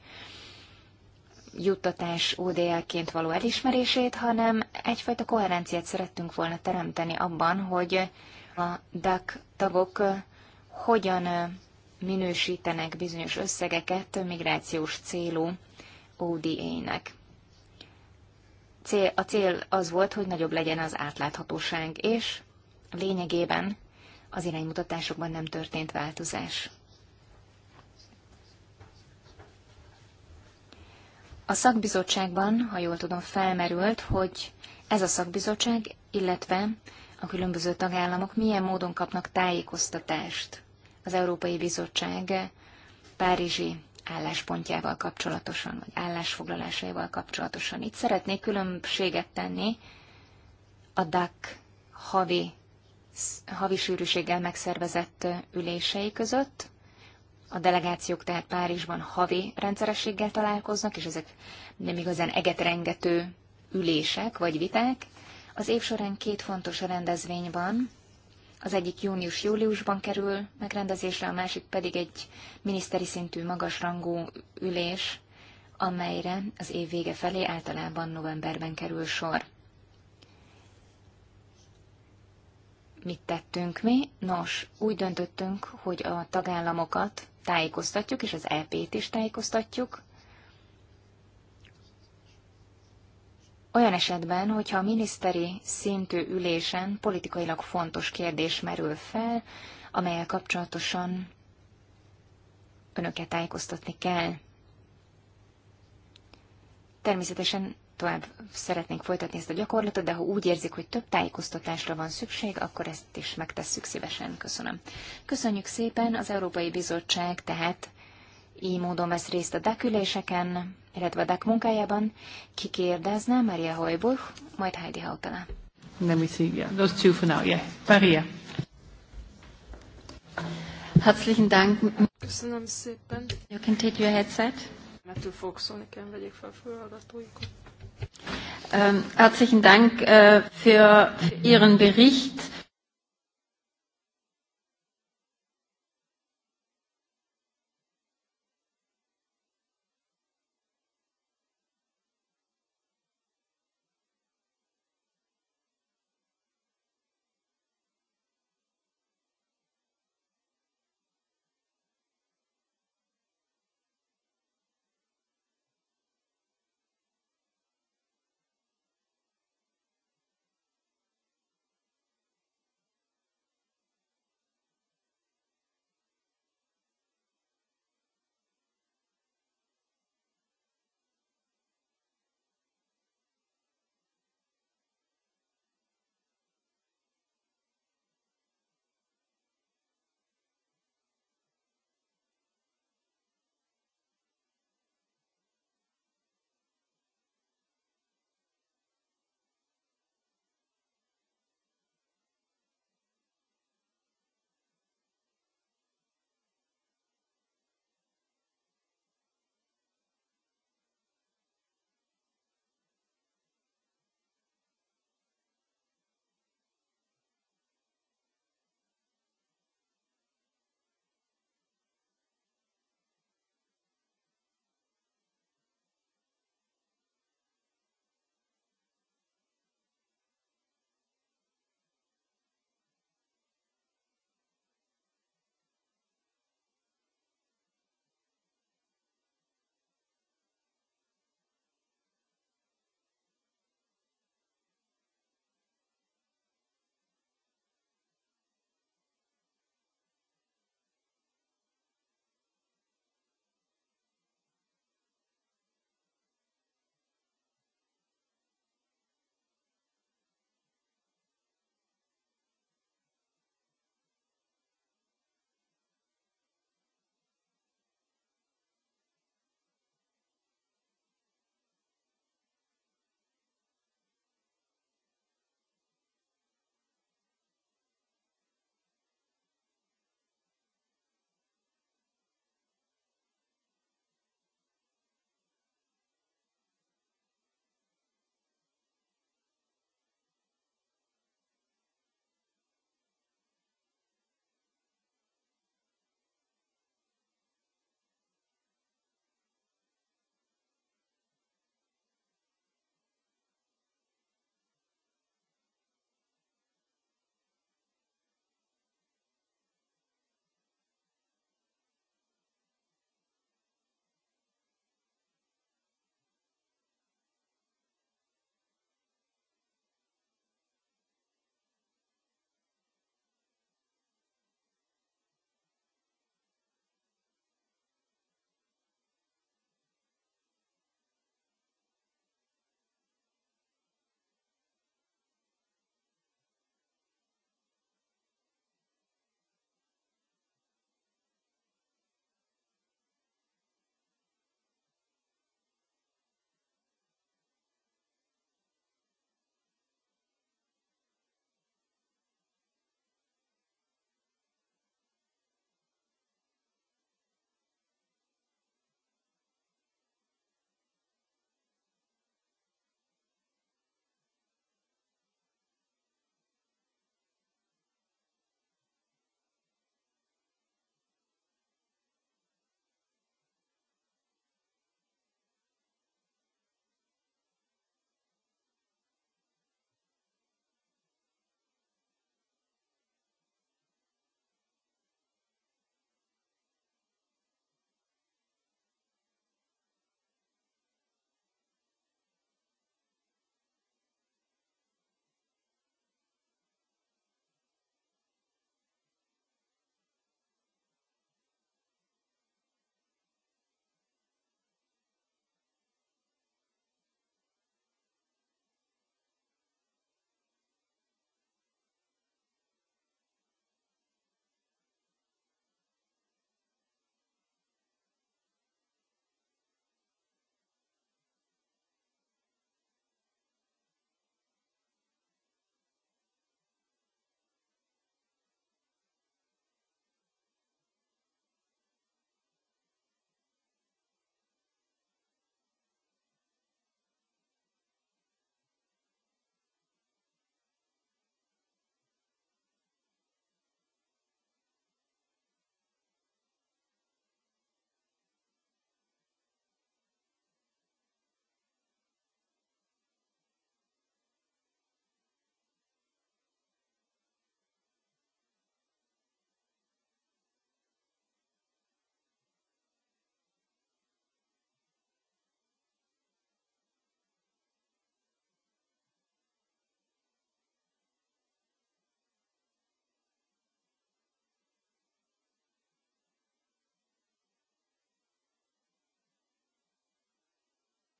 juttatás oda ként való elismerését, hanem egyfajta koherenciát szerettünk volna teremteni abban, hogy a DAC tagok hogyan minősítenek bizonyos összegeket migrációs célú ODA-nek. A cél az volt, hogy nagyobb legyen az átláthatóság, és Lényegében az iránymutatásokban nem történt változás. A szakbizottságban, ha jól tudom, felmerült, hogy ez a szakbizottság, illetve a különböző tagállamok milyen módon kapnak tájékoztatást az Európai Bizottság Párizsi álláspontjával kapcsolatosan, vagy állásfoglalásaival kapcsolatosan. Itt szeretnék különbséget tenni a DAC havi havi sűrűséggel megszervezett ülései között. A delegációk tehát Párizsban havi rendszerességgel találkoznak, és ezek nem igazán egetrengető ülések vagy viták. Az év során két fontos rendezvény van. Az egyik június-júliusban kerül megrendezésre, a másik pedig egy miniszteri szintű magasrangú ülés, amelyre az év vége felé általában novemberben kerül sor. mit tettünk mi? Nos, úgy döntöttünk, hogy a tagállamokat tájékoztatjuk, és az EP-t is tájékoztatjuk. Olyan esetben, hogyha a miniszteri szintű ülésen politikailag fontos kérdés merül fel, amelyel kapcsolatosan önöket tájékoztatni kell. Természetesen tovább szeretnénk folytatni ezt a gyakorlatot, de ha úgy érzik, hogy több tájékoztatásra van szükség, akkor ezt is megtesszük szívesen. Köszönöm. Köszönjük szépen. Az Európai Bizottság tehát így módon vesz részt a DAC illetve a DAC munkájában. Ki kérdezne? Maria Hojburg, majd Heidi Hautala. Nem is így, yeah. those two for now, yeah. Maria. Herzlichen Dank. Köszönöm szépen. You can take your headset. Mert fogok szólni, kell vegyék fel a fülhallgatóikat. Ähm, herzlichen Dank äh, für Ihren Bericht.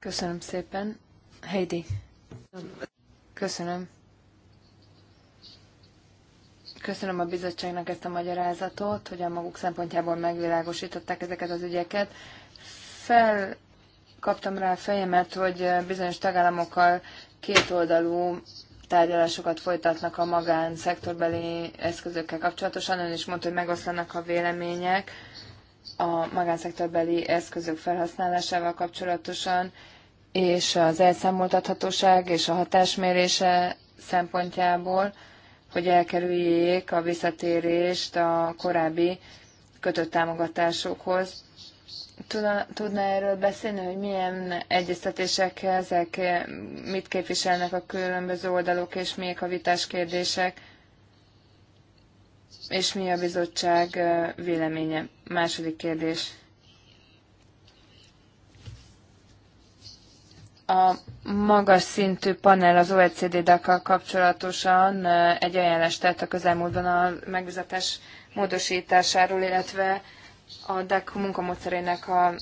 Köszönöm szépen. Heidi. Köszönöm. Köszönöm a bizottságnak ezt a magyarázatot, hogy a maguk szempontjából megvilágosították ezeket az ügyeket. Felkaptam rá a fejemet, hogy bizonyos tagállamokkal kétoldalú tárgyalásokat folytatnak a magánszektorbeli eszközökkel kapcsolatosan. Ön is mondta, hogy megoszlanak a vélemények a magánszektorbeli eszközök felhasználásával kapcsolatosan, és az elszámoltathatóság és a hatásmérése szempontjából, hogy elkerüljék a visszatérést a korábbi kötött támogatásokhoz. Tudna erről beszélni, hogy milyen egyeztetések ezek, mit képviselnek a különböző oldalok, és miek a vitás kérdések, és mi a bizottság véleménye? Második kérdés. a magas szintű panel az OECD-dakkal kapcsolatosan egy ajánlást tett a közelmúltban a megbizatás módosításáról, illetve a DAC munkamódszerének a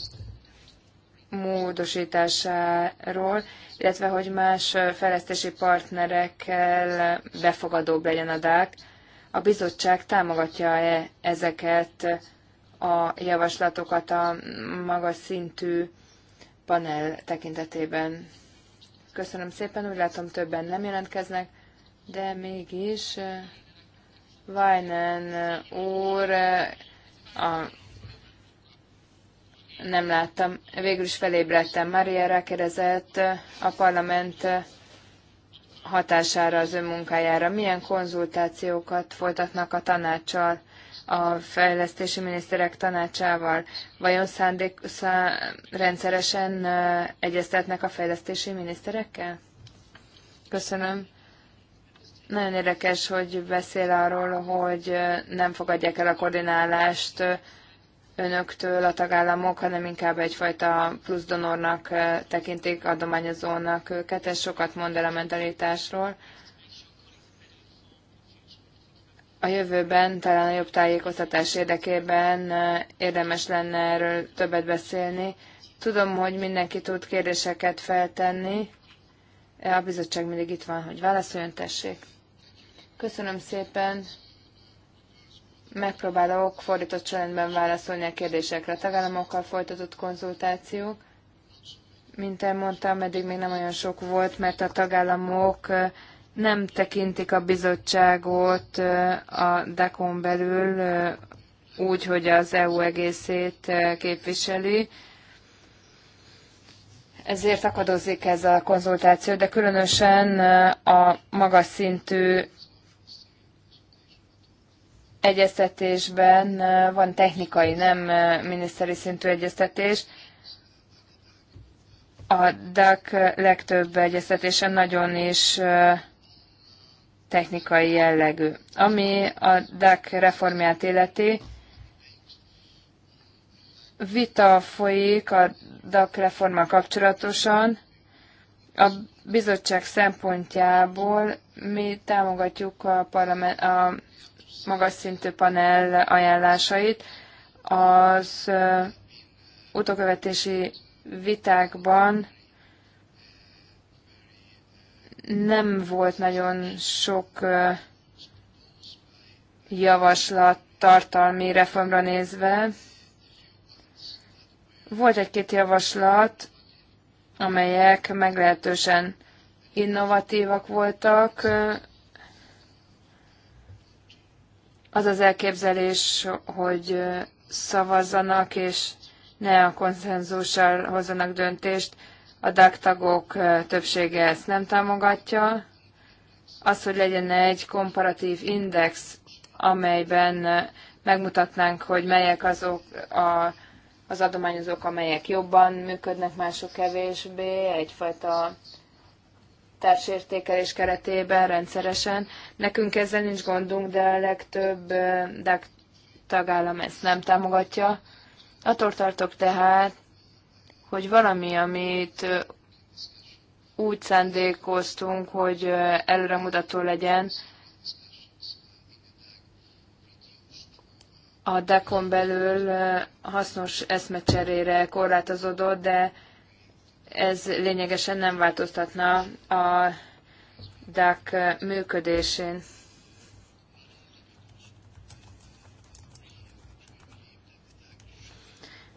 módosításáról, illetve hogy más fejlesztési partnerekkel befogadóbb legyen a DAC. A bizottság támogatja-e ezeket a javaslatokat a magas szintű panel tekintetében. Köszönöm szépen, úgy látom többen nem jelentkeznek, de mégis eh, Vajnen eh, úr, eh, a, nem láttam, végül is felébredtem. Maria rákérdezett a parlament hatására, az ön munkájára. Milyen konzultációkat folytatnak a tanácssal? a fejlesztési miniszterek tanácsával. Vajon szándék, szá, rendszeresen egyeztetnek a fejlesztési miniszterekkel? Köszönöm. Nagyon érdekes, hogy beszél arról, hogy nem fogadják el a koordinálást önöktől a tagállamok, hanem inkább egyfajta plusz donornak tekintik, adományozónak őket. Ez sokat mond el a mentalitásról a jövőben talán a jobb tájékoztatás érdekében érdemes lenne erről többet beszélni. Tudom, hogy mindenki tud kérdéseket feltenni. A bizottság mindig itt van, hogy válaszoljon, tessék. Köszönöm szépen. Megpróbálok fordított sorrendben válaszolni a kérdésekre. A tagállamokkal folytatott konzultáció. Mint elmondtam, eddig még nem olyan sok volt, mert a tagállamok nem tekintik a bizottságot a DACON belül úgy, hogy az EU egészét képviseli. Ezért akadozik ez a konzultáció, de különösen a magas szintű egyeztetésben van technikai, nem miniszteri szintű egyeztetés. A DAC legtöbb egyeztetésen nagyon is technikai jellegű. Ami a DAC reformját illeti, vita folyik a DAC reforma kapcsolatosan. A bizottság szempontjából mi támogatjuk a, parlament, a magas szintű panel ajánlásait. Az utókövetési vitákban nem volt nagyon sok javaslat tartalmi reformra nézve. Volt egy-két javaslat, amelyek meglehetősen innovatívak voltak. Az az elképzelés, hogy szavazzanak és ne a konszenzussal hozzanak döntést, a DAG tagok többsége ezt nem támogatja. Az, hogy legyen egy komparatív index, amelyben megmutatnánk, hogy melyek azok a, az adományozók, amelyek jobban működnek, mások kevésbé, egyfajta társértékelés keretében rendszeresen. Nekünk ezzel nincs gondunk, de a legtöbb DAG tagállam ezt nem támogatja. Attól tartok tehát, hogy valami, amit úgy szándékoztunk, hogy előremutató legyen, a dekon belül hasznos eszmecserére korlátozódott, de ez lényegesen nem változtatna a DAC működésén.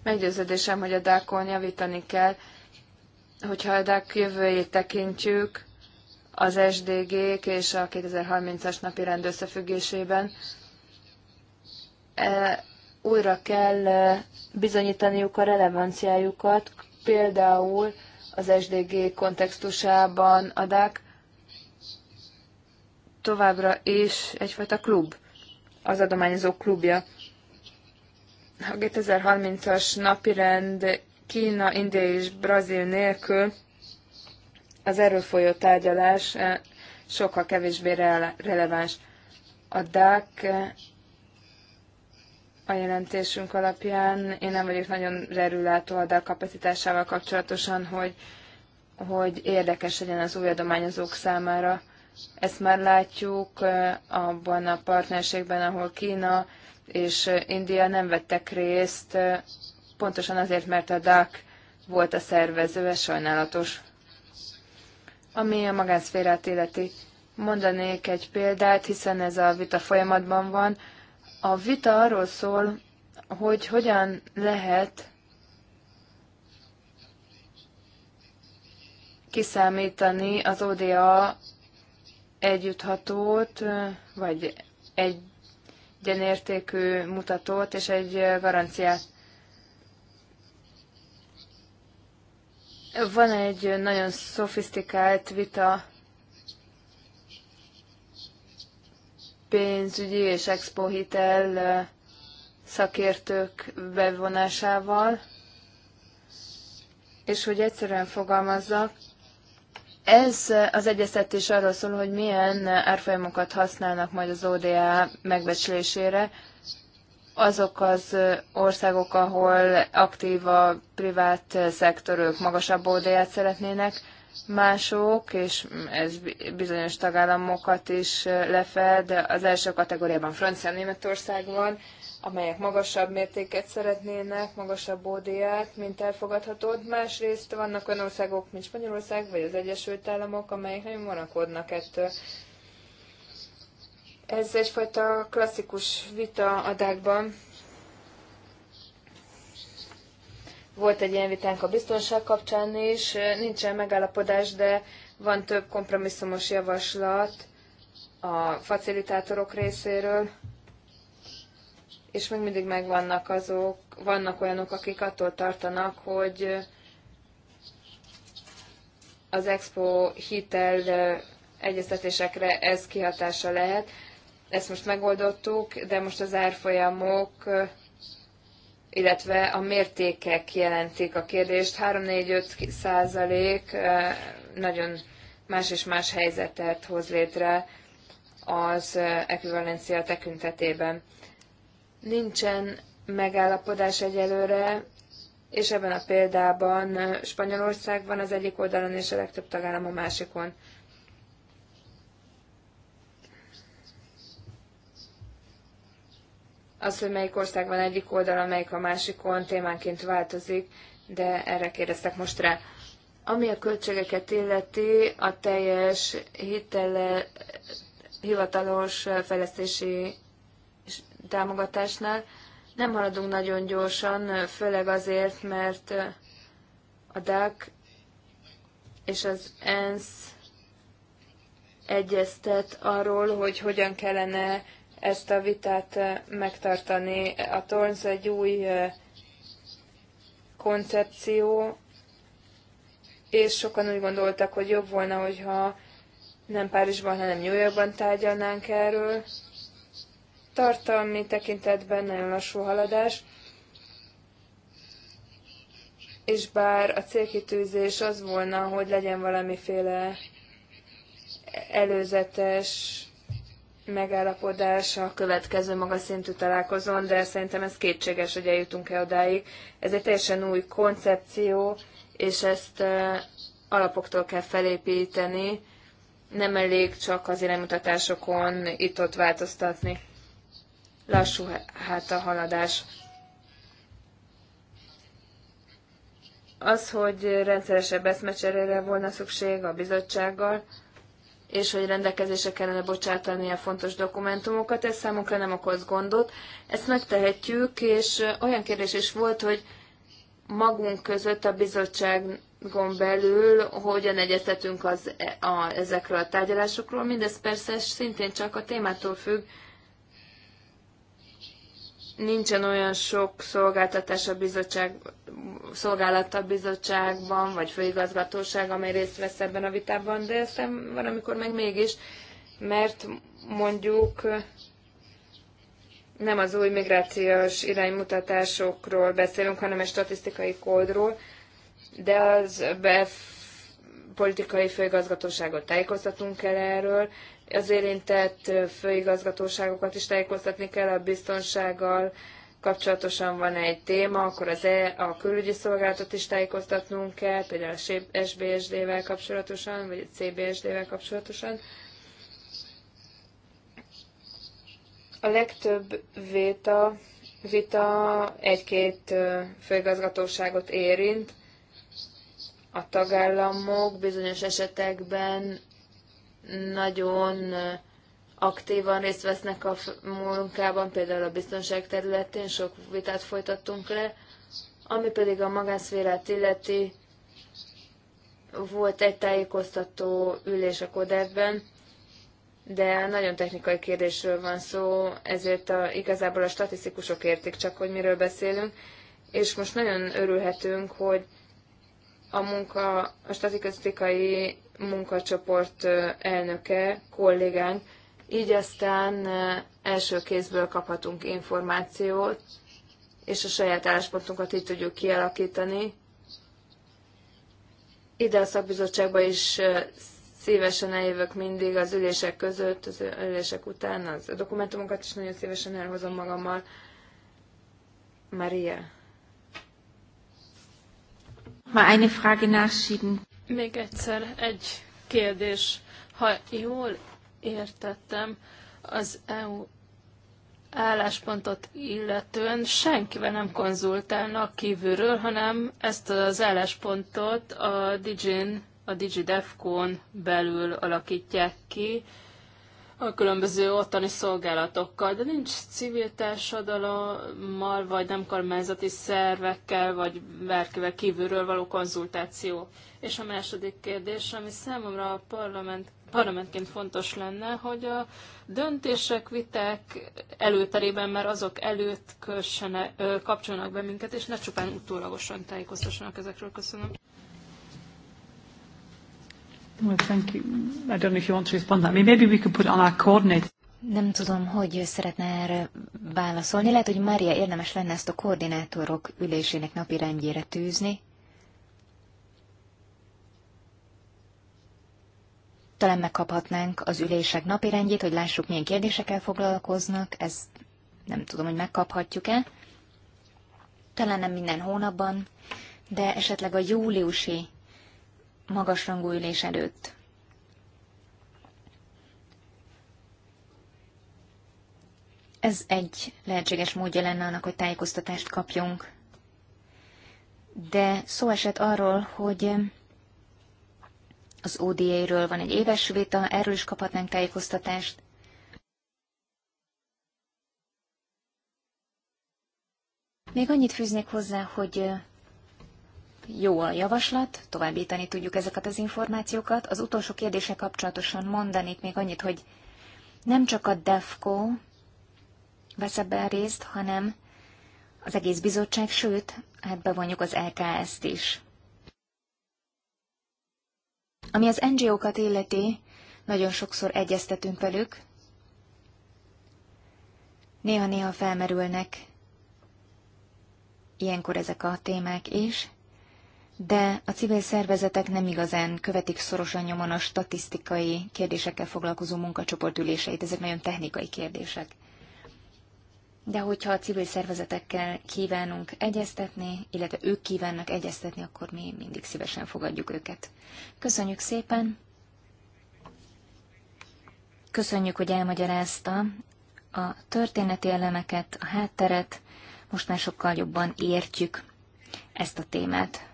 Meggyőződésem, hogy a dákon javítani kell, hogyha a dák jövőjét tekintjük, az SDG-k és a 2030-as napi rend összefüggésében, e, újra kell e, bizonyítaniuk a relevanciájukat, például az SDG kontextusában a DAC továbbra is egyfajta klub, az adományozó klubja a 2030-as napirend Kína, India és Brazil nélkül az erőfolyó tárgyalás eh, sokkal kevésbé releváns. A DAC eh, a jelentésünk alapján én nem vagyok nagyon rerülátó a DAC kapacitásával kapcsolatosan, hogy, hogy érdekes legyen az új adományozók számára. Ezt már látjuk eh, abban a partnerségben, ahol Kína, és India nem vettek részt, pontosan azért, mert a DAC volt a szervező, ez sajnálatos. Ami a magánszférát illeti, mondanék egy példát, hiszen ez a vita folyamatban van. A vita arról szól, hogy hogyan lehet kiszámítani az ODA együtthatót, vagy egy egyenértékű mutatót és egy garanciát. Van egy nagyon szofisztikált vita pénzügyi és expohitel szakértők bevonásával, és hogy egyszerűen fogalmazzak, ez az egyeztetés arról szól, hogy milyen árfolyamokat használnak majd az ODA megbecslésére, azok az országok, ahol aktív a privát szektorok magasabb ODA-t szeretnének, mások, és ez bizonyos tagállamokat is lefed, az első kategóriában Francia, Németország van, amelyek magasabb mértéket szeretnének, magasabb ódiát, mint elfogadhatót. Másrészt vannak olyan országok, mint Spanyolország vagy az Egyesült Államok, amelyek nagyon vonakodnak ettől. Ez egyfajta klasszikus vita adákban. Volt egy ilyen vitánk a biztonság kapcsán is, nincsen megállapodás, de van több kompromisszumos javaslat a facilitátorok részéről és még mindig megvannak azok, vannak olyanok, akik attól tartanak, hogy az Expo hitel egyeztetésekre ez kihatása lehet. Ezt most megoldottuk, de most az árfolyamok, illetve a mértékek jelentik a kérdést. 3-4-5 százalék nagyon más és más helyzetet hoz létre az ekvivalencia tekintetében. Nincsen megállapodás egyelőre, és ebben a példában Spanyolország van az egyik oldalon, és a legtöbb tagállam a másikon. Az, hogy melyik ország van egyik oldalon, melyik a másikon, témánként változik, de erre kérdeztek most rá. Ami a költségeket illeti, a teljes hitele, hivatalos fejlesztési támogatásnál nem haladunk nagyon gyorsan, főleg azért, mert a DAC és az ENSZ egyeztet arról, hogy hogyan kellene ezt a vitát eh, megtartani. A TORNS egy új eh, koncepció, és sokan úgy gondoltak, hogy jobb volna, hogyha nem Párizsban, hanem New Yorkban tárgyalnánk erről. Tartalmi tekintetben nagyon lassú haladás, és bár a célkitűzés az volna, hogy legyen valamiféle előzetes megállapodás a következő magas szintű találkozón, de szerintem ez kétséges, hogy eljutunk-e odáig. Ez egy teljesen új koncepció, és ezt alapoktól kell felépíteni, nem elég csak az iránymutatásokon itt-ott változtatni lassú hát a haladás. Az, hogy rendszeresebb eszmecserére volna szükség a bizottsággal, és hogy rendelkezésre kellene bocsátani a fontos dokumentumokat, ez számunkra nem okoz gondot. Ezt megtehetjük, és olyan kérdés is volt, hogy magunk között a bizottságon belül hogyan egyeztetünk az, e- a, ezekről a tárgyalásokról. Mindez persze szintén csak a témától függ, nincsen olyan sok szolgáltatás a bizottság, szolgálata a bizottságban, vagy főigazgatóság, amely részt vesz ebben a vitában, de aztán van, amikor meg mégis, mert mondjuk nem az új migrációs iránymutatásokról beszélünk, hanem egy statisztikai kódról, de az bef politikai főigazgatóságot tájékoztatunk el erről, az érintett főigazgatóságokat is tájékoztatni kell a biztonsággal, kapcsolatosan van egy téma, akkor az e, a külügyi szolgálatot is tájékoztatnunk kell, például a SBSD-vel kapcsolatosan, vagy a CBSD-vel kapcsolatosan. A legtöbb véta, vita egy-két főigazgatóságot érint, a tagállamok bizonyos esetekben nagyon eh, aktívan részt vesznek a munkában, például a biztonság területén sok vitát folytattunk le, ami pedig a magánszférát illeti, volt egy tájékoztató ülés a Koderben, de nagyon technikai kérdésről van szó, ezért a, igazából a statisztikusok értik csak, hogy miről beszélünk, és most nagyon örülhetünk, hogy a munka, a statisztikai munkacsoport elnöke, kollégánk, így aztán első kézből kaphatunk információt, és a saját álláspontunkat így tudjuk kialakítani. Ide a szakbizottságba is szívesen eljövök mindig az ülések között, az ülések után, az dokumentumokat is nagyon szívesen elhozom magammal. Maria. Mal eine Frage nachschieben. Még egyszer egy kérdés. Ha jól értettem, az EU álláspontot illetően senkivel nem konzultálnak kívülről, hanem ezt az álláspontot a Digin, a DigiDefcon belül alakítják ki, a különböző ottani szolgálatokkal, de nincs civil társadalommal, vagy nem kormányzati szervekkel, vagy bárkivel kívülről való konzultáció. És a második kérdés, ami számomra a parlament, parlamentként fontos lenne, hogy a döntések, viták előterében már azok előtt kössene, kapcsolnak be minket, és ne csupán utólagosan tájékoztassanak ezekről. Köszönöm. Well, thank you. I don't know if you want to respond that. maybe we could put on our Nem tudom, hogy szeretne erre válaszolni. Lehet, hogy Mária érdemes lenne ezt a koordinátorok ülésének napi rendjére tűzni. Talán megkaphatnánk az ülések napi rendjét, hogy lássuk, milyen kérdésekkel foglalkoznak. Ez nem tudom, hogy megkaphatjuk-e. Talán nem minden hónapban, de esetleg a júliusi magasrangú ülés előtt. Ez egy lehetséges módja lenne annak, hogy tájékoztatást kapjunk. De szó esett arról, hogy az ODA-ről van egy éves vita, erről is kaphatnánk tájékoztatást. Még annyit fűznék hozzá, hogy jó a javaslat, továbbítani tudjuk ezeket az információkat. Az utolsó kérdése kapcsolatosan mondanék még annyit, hogy nem csak a DEFCO vesz ebben részt, hanem az egész bizottság, sőt, hát bevonjuk az LKS-t is. Ami az NGO-kat illeti, nagyon sokszor egyeztetünk velük. Néha-néha felmerülnek ilyenkor ezek a témák is de a civil szervezetek nem igazán követik szorosan nyomon a statisztikai kérdésekkel foglalkozó munkacsoport üléseit, ezek nagyon technikai kérdések. De hogyha a civil szervezetekkel kívánunk egyeztetni, illetve ők kívánnak egyeztetni, akkor mi mindig szívesen fogadjuk őket. Köszönjük szépen! Köszönjük, hogy elmagyarázta a történeti elemeket, a hátteret, most már sokkal jobban értjük ezt a témát.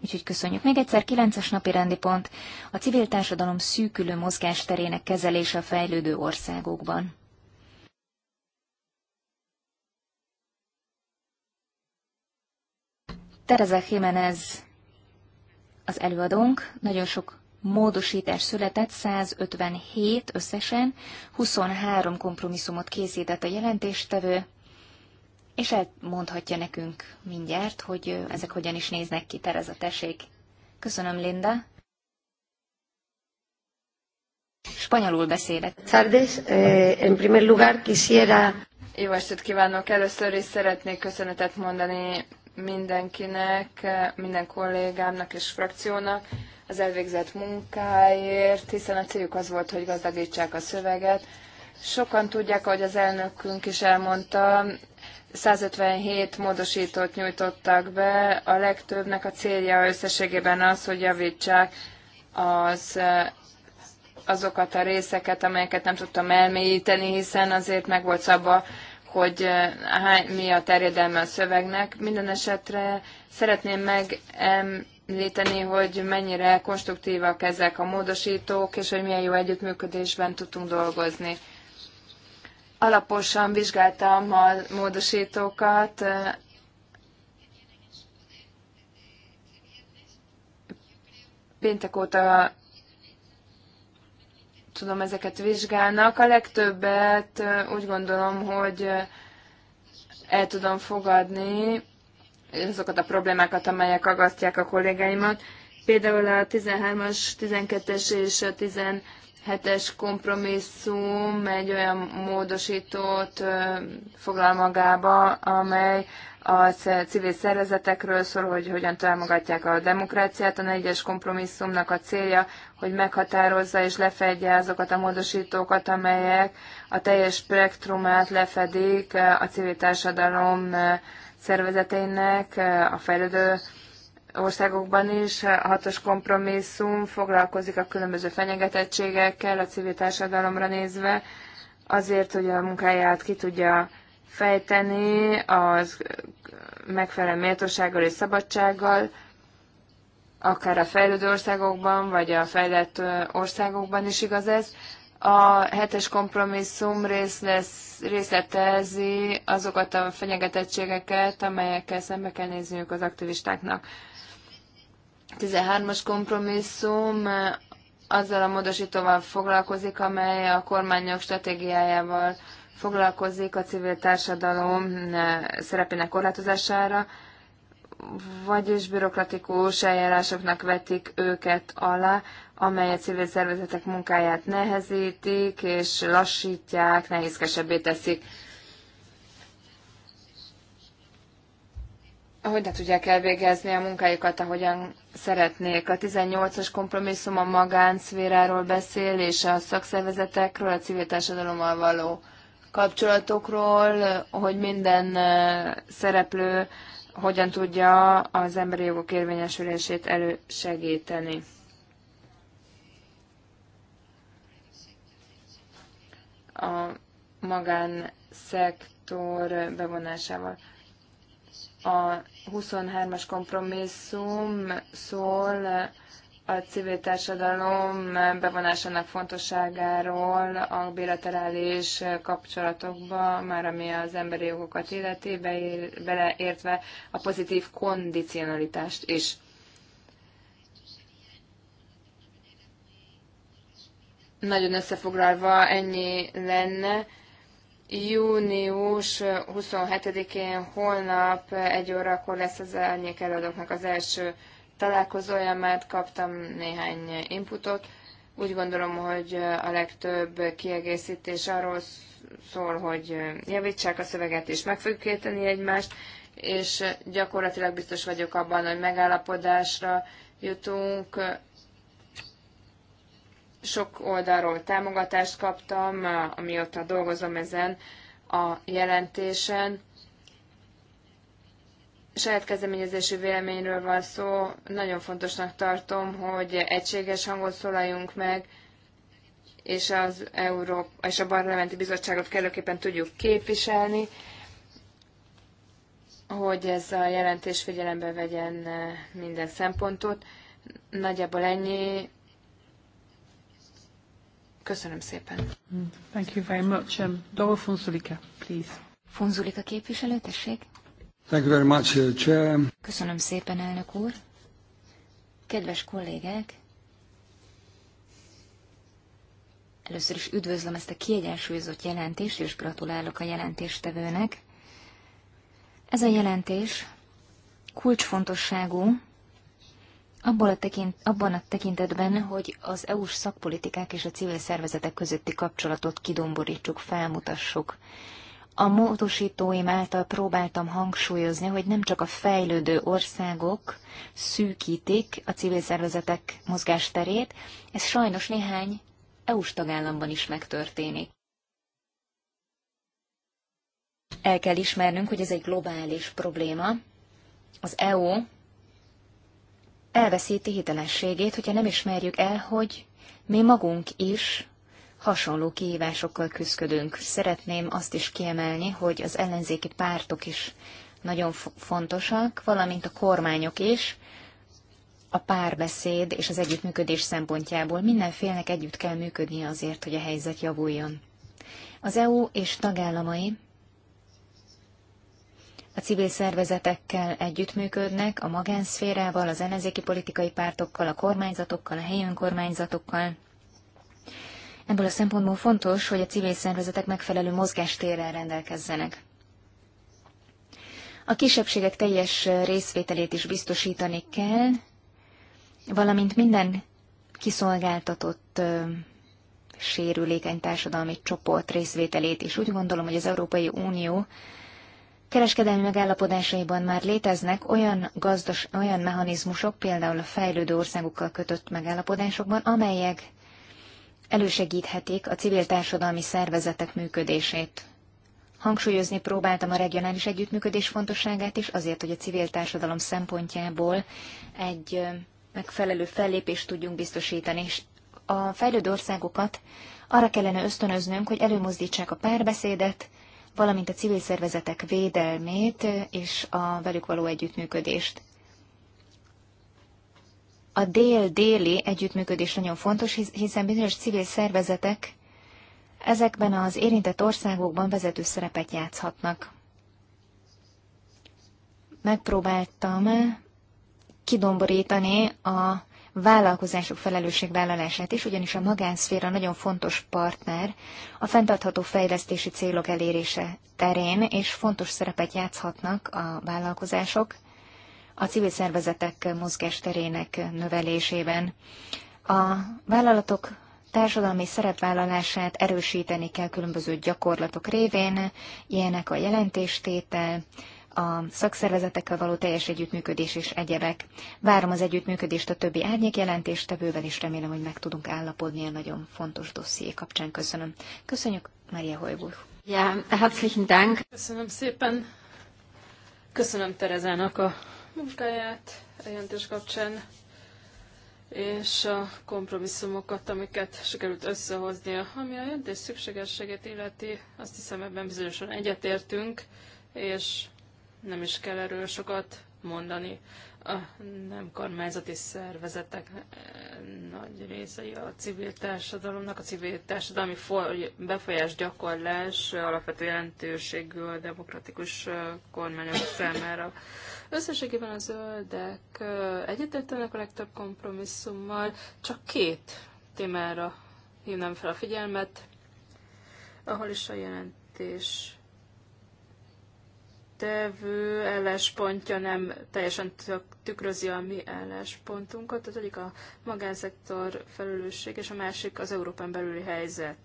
Úgyhogy köszönjük még egyszer. Kilences napi rendi pont a civil társadalom szűkülő mozgásterének kezelése a fejlődő országokban. Tereza Jiménez az előadónk, nagyon sok módosítás született, 157 összesen, 23 kompromisszumot készített a jelentéstevő, és elmondhatja nekünk mindjárt, hogy ezek hogyan is néznek ki, Tereza, tessék. Köszönöm, Linda. Spanyolul beszélek. Tardes, eh, en primer lugar quisiera... Jó estét kívánok! Először is szeretnék köszönetet mondani mindenkinek, minden kollégámnak és frakciónak az elvégzett munkáért, hiszen a céljuk az volt, hogy gazdagítsák a szöveget. Sokan tudják, ahogy az elnökünk is elmondta, 157 módosítót nyújtottak be, a legtöbbnek a célja összességében az, hogy javítsák az azokat a részeket, amelyeket nem tudtam elmélyíteni, hiszen azért meg volt szabva, hogy eh, hány, mi a terjedelme a szövegnek. Minden esetre szeretném megemlíteni, hogy mennyire konstruktívak ezek a módosítók, és hogy milyen jó együttműködésben tudtunk dolgozni. Alaposan vizsgáltam a módosítókat, péntek óta tudom, ezeket vizsgálnak. A legtöbbet úgy gondolom, hogy el tudom fogadni azokat a problémákat, amelyek agasztják a kollégáimat. Például a 13-as, 12-es és a hetes kompromisszum egy olyan módosítót foglal magába, amely a civil szervezetekről szól, hogy hogyan támogatják a demokráciát. A negyes kompromisszumnak a célja, hogy meghatározza és lefedje azokat a módosítókat, amelyek a teljes spektrumát lefedik a civil társadalom szervezeteinek, a fejlődő országokban is. hatos kompromisszum foglalkozik a különböző fenyegetettségekkel a civil társadalomra nézve, azért, hogy a munkáját ki tudja fejteni az megfelelő méltósággal és szabadsággal, akár a fejlődő országokban, vagy a fejlett országokban is igaz ez. A hetes kompromisszum rész lesz, részletezi azokat a fenyegetettségeket, amelyekkel szembe kell nézniük az aktivistáknak. 13-as kompromisszum azzal a módosítóval foglalkozik, amely a kormányok stratégiájával foglalkozik a civil társadalom szerepének korlátozására, vagyis bürokratikus eljárásoknak vetik őket alá, amely a civil szervezetek munkáját nehezítik és lassítják, nehézkesebbé teszik. hogy ne tudják elvégezni a munkájukat, ahogyan szeretnék. A 18-as kompromisszum a magánszféráról beszél, és a szakszervezetekről, a civil társadalommal való kapcsolatokról, hogy minden szereplő hogyan tudja az emberi jogok érvényesülését elősegíteni. A magánszektor bevonásával. A 23-as kompromisszum szól a civil társadalom bevonásának fontosságáról a bilaterális kapcsolatokba, már ami az emberi jogokat illeti, beleértve a pozitív kondicionalitást is. Nagyon összefoglalva ennyi lenne Június 27-én holnap egy órakor lesz az elnyék előadóknak az első találkozója, mert kaptam néhány inputot. Úgy gondolom, hogy a legtöbb kiegészítés arról szól, hogy javítsák a szöveget és meg fogjuk érteni egymást, és gyakorlatilag biztos vagyok abban, hogy megállapodásra jutunk sok oldalról támogatást kaptam, eh, amióta dolgozom ezen a jelentésen. Saját kezdeményezésű véleményről van szó. Nagyon fontosnak tartom, hogy egységes hangot szólaljunk meg, és, az Európa, és a Parlamenti Bizottságot kellőképpen tudjuk képviselni, hogy ez a jelentés figyelembe vegyen eh, minden szempontot. Nagyjából ennyi. Köszönöm szépen. Thank you very much. Um, Dora Fonsulika, please. Fonsulika képviselő, tessék. Thank you very much, uh, Chair. Köszönöm szépen, elnök úr. Kedves kollégák, először is üdvözlöm ezt a kiegyensúlyozott jelentést, és gratulálok a jelentéstevőnek. Ez a jelentés kulcsfontosságú abból a tekint, abban a tekintetben, hogy az EU-s szakpolitikák és a civil szervezetek közötti kapcsolatot kidomborítsuk, felmutassuk. A módosítóim által próbáltam hangsúlyozni, hogy nem csak a fejlődő országok szűkítik a civil szervezetek mozgásterét, ez sajnos néhány EU-s tagállamban is megtörténik. El kell ismernünk, hogy ez egy globális probléma. Az EU elveszíti hitelességét, hogyha nem ismerjük el, hogy mi magunk is hasonló kihívásokkal küzdködünk. Szeretném azt is kiemelni, hogy az ellenzéki pártok is nagyon fontosak, valamint a kormányok is, a párbeszéd és az együttműködés szempontjából mindenfélnek együtt kell működnie azért, hogy a helyzet javuljon. Az EU és tagállamai a civil szervezetekkel együttműködnek, a magánszférával, az ellenzéki politikai pártokkal, a kormányzatokkal, a helyi önkormányzatokkal. Ebből a szempontból fontos, hogy a civil szervezetek megfelelő mozgástérrel rendelkezzenek. A kisebbségek teljes részvételét is biztosítani kell, valamint minden kiszolgáltatott sérülékeny társadalmi csoport részvételét is. Úgy gondolom, hogy az Európai Unió kereskedelmi megállapodásaiban már léteznek olyan, gazdas, olyan mechanizmusok, például a fejlődő országokkal kötött megállapodásokban, amelyek elősegíthetik a civil társadalmi szervezetek működését. Hangsúlyozni próbáltam a regionális együttműködés fontosságát is, azért, hogy a civil társadalom szempontjából egy megfelelő fellépést tudjunk biztosítani, és a fejlődő országokat arra kellene ösztönöznünk, hogy előmozdítsák a párbeszédet, valamint a civil szervezetek védelmét és a velük való együttműködést. A dél-déli együttműködés nagyon fontos, hiszen bizonyos civil szervezetek ezekben az érintett országokban vezető szerepet játszhatnak. Megpróbáltam kidomborítani a vállalkozások felelősségvállalását is, ugyanis a magánszféra nagyon fontos partner a fenntartható fejlesztési célok elérése terén, és fontos szerepet játszhatnak a vállalkozások a civil szervezetek mozgásterének növelésében. A vállalatok társadalmi szerepvállalását erősíteni kell különböző gyakorlatok révén, ilyenek a jelentéstétel, a szakszervezetekkel való teljes együttműködés és egyebek. Várom az együttműködést a többi árnyék jelentéstevővel, és remélem, hogy meg tudunk állapodni a nagyon fontos dosszié kapcsán. Köszönöm. Köszönjük, Maria Hojbúr. Ja, herzlichen Dank. Köszönöm szépen. Köszönöm Terezának a munkáját a jelentés kapcsán és a kompromisszumokat, amiket sikerült összehoznia, ami a jelentés szükségességet illeti, azt hiszem ebben bizonyosan egyetértünk, és nem is kell erről sokat mondani. A nem kormányzati szervezetek eh, nagy részei a civil társadalomnak, a civil társadalmi befolyás gyakorlás alapvető jelentőségű a demokratikus eh, kormányok számára. Összességében a zöldek eh, egyetértenek a legtöbb kompromisszummal, csak két témára hívnám fel a figyelmet, ahol is a jelentés tevő álláspontja nem teljesen tükrözi a mi álláspontunkat. Az egyik a magánszektor felelősség, és a másik az Európán belüli helyzet.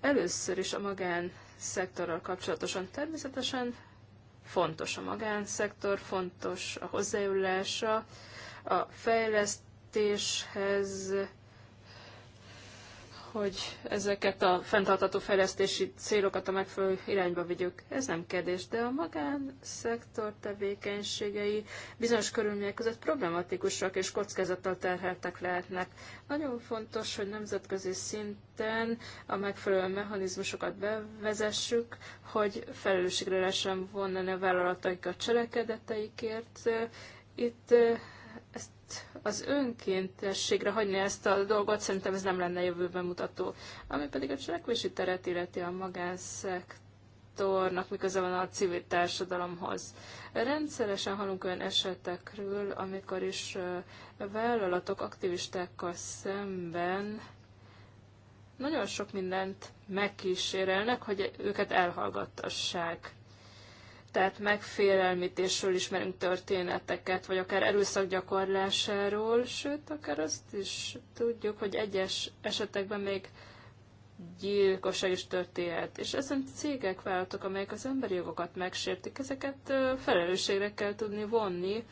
Először is a magánszektorral kapcsolatosan természetesen fontos a magánszektor, fontos a hozzájárulása a fejlesztéshez, hogy ezeket a fenntartató fejlesztési célokat a megfelelő irányba vigyük. Ez nem kérdés, de a magánszektor tevékenységei bizonyos körülmények között problematikusak és kockázattal terheltek lehetnek. Nagyon fontos, hogy nemzetközi szinten a megfelelő mechanizmusokat bevezessük, hogy felelősségre lehessen vonni a vállalataik a cselekedeteikért. Itt az önkéntességre hagyni ezt a dolgot, szerintem ez nem lenne jövőben mutató. Ami pedig a cselekvési teret illeti a magánszektornak, miközben van a civil társadalomhoz. Rendszeresen hallunk olyan esetekről, amikor is vállalatok aktivistákkal szemben nagyon sok mindent megkísérelnek, hogy őket elhallgattassák tehát megfélelmítésről ismerünk történeteket, vagy akár erőszak gyakorlásáról, sőt, akár azt is tudjuk, hogy egyes esetekben még gyilkosság is történhet. És ezen cégek, vállalatok, amelyek az emberi jogokat megsértik, ezeket felelősségre kell tudni vonni,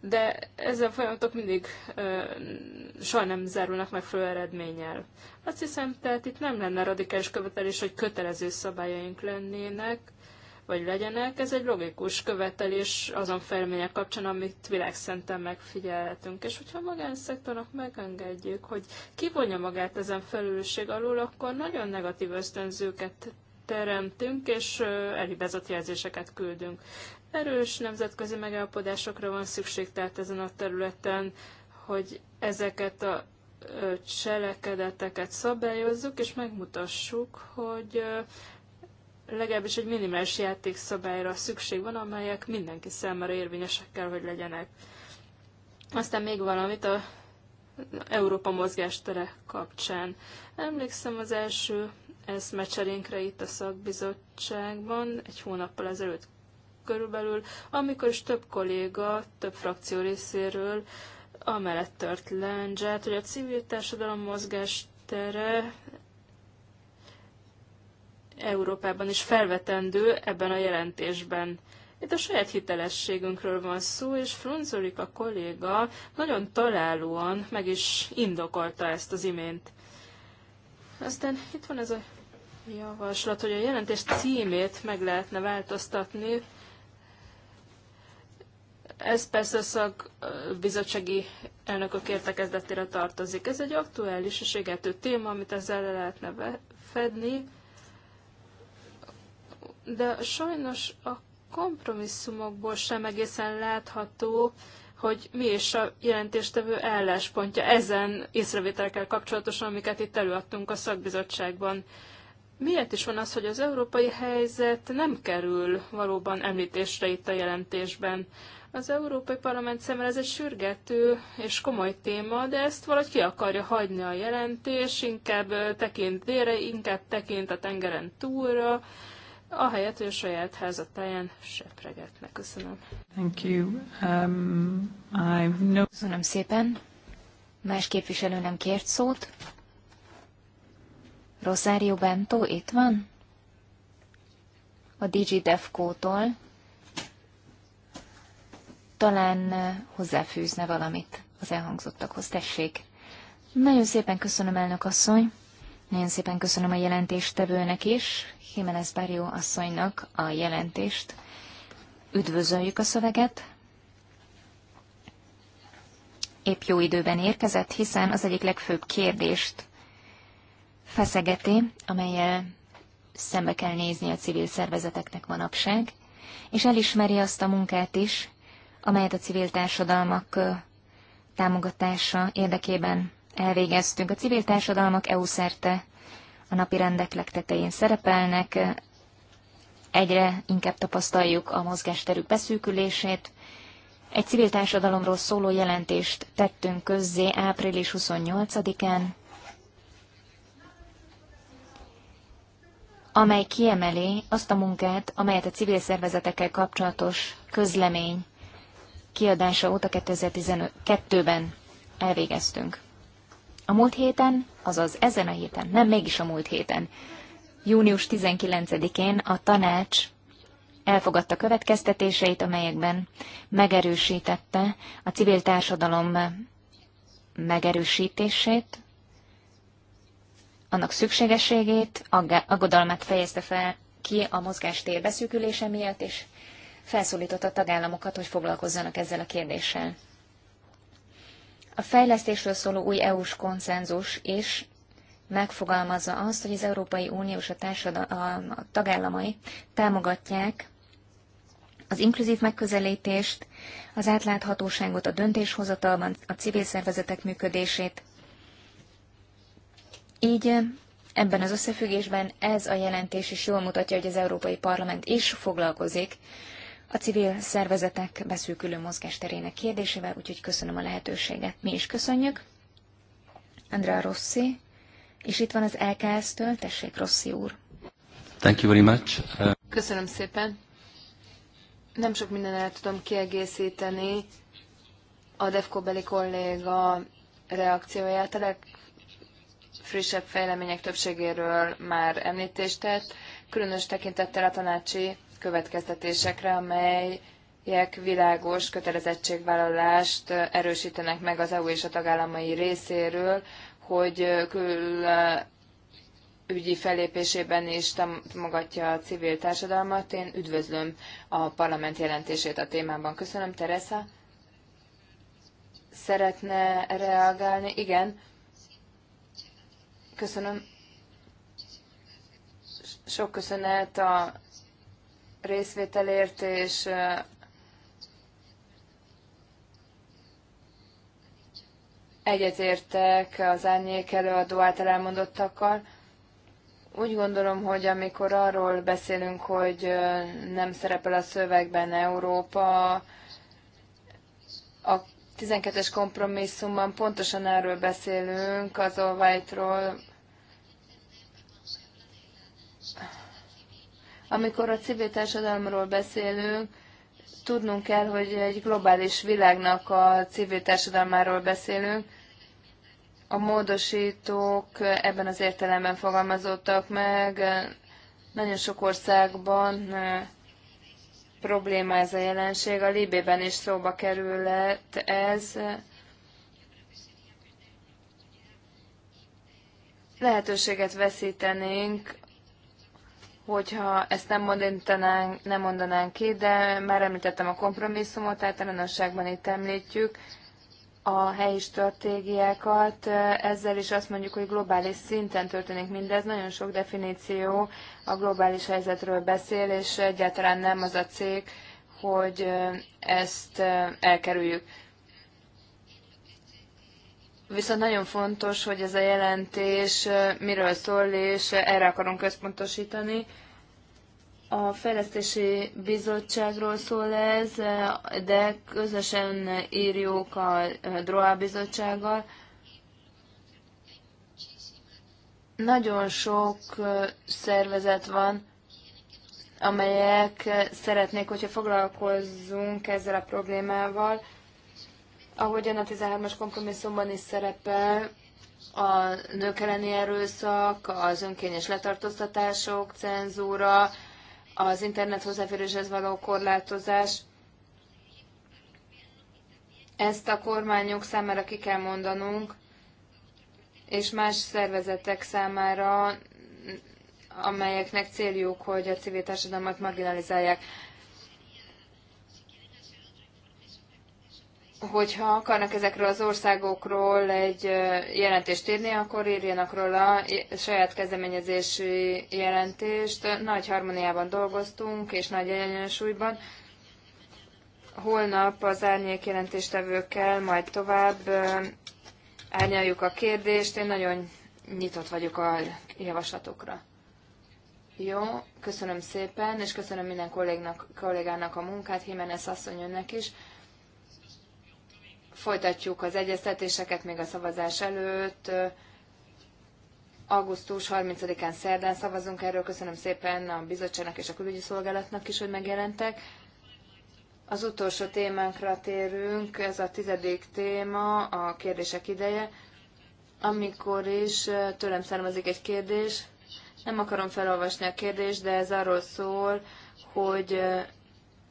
de ezzel folyamatok mindig ö, soha nem zárulnak fő eredménnyel. Azt hiszem, tehát itt nem lenne radikális követelés, hogy kötelező szabályaink lennének, vagy legyenek. Ez egy logikus követelés azon felmények kapcsán, amit világszenten megfigyelhetünk. És hogyha a magánszektornak megengedjük, hogy kivonja magát ezen felülség alól, akkor nagyon negatív ösztönzőket teremtünk, és elhibázott jelzéseket küldünk. Erős nemzetközi megállapodásokra van szükség, tehát ezen a területen, hogy ezeket a cselekedeteket szabályozzuk, és megmutassuk, hogy legalábbis egy minimális játékszabályra szükség van, amelyek mindenki számára érvényesek kell, hogy legyenek. Aztán még valamit a Európa mozgástere kapcsán. Emlékszem az első eszmecserénkre itt a szakbizottságban, egy hónappal ezelőtt körülbelül, amikor is több kolléga, több frakció részéről amellett tört lendzsát, hogy a civil társadalom mozgástere Európában is felvetendő ebben a jelentésben. Itt a saját hitelességünkről van szó, és Frunzolik a kolléga nagyon találóan meg is indokolta ezt az imént. Aztán itt van ez a javaslat, hogy a jelentés címét meg lehetne változtatni. Ez persze a szakbizottsági elnökök értekezletére tartozik. Ez egy aktuális és égető téma, amit ezzel le lehetne fedni de sajnos a kompromisszumokból sem egészen látható, hogy mi is a jelentéstevő álláspontja ezen észrevételekkel kapcsolatosan, amiket itt előadtunk a szakbizottságban. Miért is van az, hogy az európai helyzet nem kerül valóban említésre itt a jelentésben? Az Európai Parlament szemmel ez egy sürgető és komoly téma, de ezt valahogy ki akarja hagyni a jelentés, inkább tekint délre, inkább tekint a tengeren túlra, ahelyett, hogy a saját házat táján sepregetnek. Köszönöm. Thank you. Um, I've no... Köszönöm szépen. Más képviselő nem kért szót. Rosario Bento itt van? A DigiDefco-tól. Talán uh, hozzáfűzne valamit az elhangzottakhoz. Tessék. Nagyon szépen köszönöm, elnök asszony. Nagyon szépen köszönöm a jelentéstevőnek is, Jiménez Barrio asszonynak a jelentést. Üdvözöljük a szöveget. Épp jó időben érkezett, hiszen az egyik legfőbb kérdést feszegeti, amelyel szembe kell nézni a civil szervezeteknek manapság, és elismeri azt a munkát is, amelyet a civil társadalmak támogatása érdekében elvégeztünk. A civil társadalmak EU szerte a napi rendek legtetején szerepelnek, egyre inkább tapasztaljuk a mozgásterük beszűkülését. Egy civil társadalomról szóló jelentést tettünk közzé április 28-án, amely kiemeli azt a munkát, amelyet a civil szervezetekkel kapcsolatos közlemény kiadása óta 2012-ben elvégeztünk. A múlt héten, azaz ezen a héten, nem mégis a múlt héten, június 19-én a tanács elfogadta következtetéseit, amelyekben megerősítette a civil társadalom megerősítését, annak szükségességét, aggodalmát fejezte fel ki a mozgás térbeszűkülése miatt, és felszólította a tagállamokat, hogy foglalkozzanak ezzel a kérdéssel. A fejlesztésről szóló új EU-s konszenzus is megfogalmazza azt, hogy az Európai Unió és a, társadal- a tagállamai támogatják az inkluzív megközelítést, az átláthatóságot a döntéshozatalban, a civil szervezetek működését. Így ebben az összefüggésben ez a jelentés is jól mutatja, hogy az Európai Parlament is foglalkozik a civil szervezetek beszűkülő mozgásterének kérdésével, úgyhogy köszönöm a lehetőséget. Mi is köszönjük. Andrea Rossi, és itt van az LKS-től, tessék Rossi úr. Thank you very much. Uh... Köszönöm szépen. Nem sok minden el tudom kiegészíteni a DEFCO beli kolléga reakcióját. A legfrissebb fejlemények többségéről már említést tett, különös tekintettel a tanácsi következtetésekre, amelyek világos kötelezettségvállalást erősítenek meg az EU és a tagállamai részéről, hogy kül ügyi fellépésében is támogatja a civil társadalmat. Én üdvözlöm a parlament jelentését a témában. Köszönöm, Teresa. Szeretne reagálni? Igen. Köszönöm. Sok köszönet a részvételért, és egyetértek az árnyék előadó által elmondottakkal. Úgy gondolom, hogy amikor arról beszélünk, hogy nem szerepel a szövegben Európa, a 12-es kompromisszumban pontosan erről beszélünk, az Olvájtról, amikor a civil társadalomról beszélünk, tudnunk kell, hogy egy globális világnak a civil társadalmáról beszélünk. A módosítók ebben az értelemben fogalmazottak meg. Nagyon sok országban probléma ez a jelenség. A Libében is szóba került ez. Lehetőséget veszítenénk hogyha ezt nem mondanánk, nem mondanánk ki, de már említettem a kompromisszumot, általánosságban itt említjük a helyi stratégiákat. Ezzel is azt mondjuk, hogy globális szinten történik mindez. Nagyon sok definíció a globális helyzetről beszél, és egyáltalán nem az a cég, hogy ezt elkerüljük. Viszont nagyon fontos, hogy ez a jelentés miről szól, és erre akarom központosítani. A Fejlesztési Bizottságról szól ez, de közösen írjuk a DROA Bizottsággal. Nagyon sok szervezet van, amelyek szeretnék, hogyha foglalkozzunk ezzel a problémával, Ahogyan a 13-as kompromisszumban is szerepel, a nők elleni erőszak, az önkényes letartóztatások, cenzúra, az internet hozzáféréshez való korlátozás. Ezt a kormányok számára ki kell mondanunk, és más szervezetek számára, amelyeknek céljuk, hogy a civil társadalmat marginalizálják. hogyha akarnak ezekről az országokról egy jelentést írni, akkor írjanak róla saját kezdeményezési jelentést. Nagy harmóniában dolgoztunk, és nagy egyensúlyban. Holnap az árnyék jelentéstevőkkel majd tovább árnyaljuk a kérdést. Én nagyon nyitott vagyok a javaslatokra. Jó, köszönöm szépen, és köszönöm minden kollégának, kollégának a munkát, Jimenez asszony önnek is. Folytatjuk az egyeztetéseket még a szavazás előtt. Augusztus 30-án szerdán szavazunk erről. Köszönöm szépen a bizottságnak és a külügyi szolgálatnak is, hogy megjelentek. Az utolsó témánkra térünk, ez a tizedik téma, a kérdések ideje. Amikor is tőlem származik egy kérdés, nem akarom felolvasni a kérdést, de ez arról szól, hogy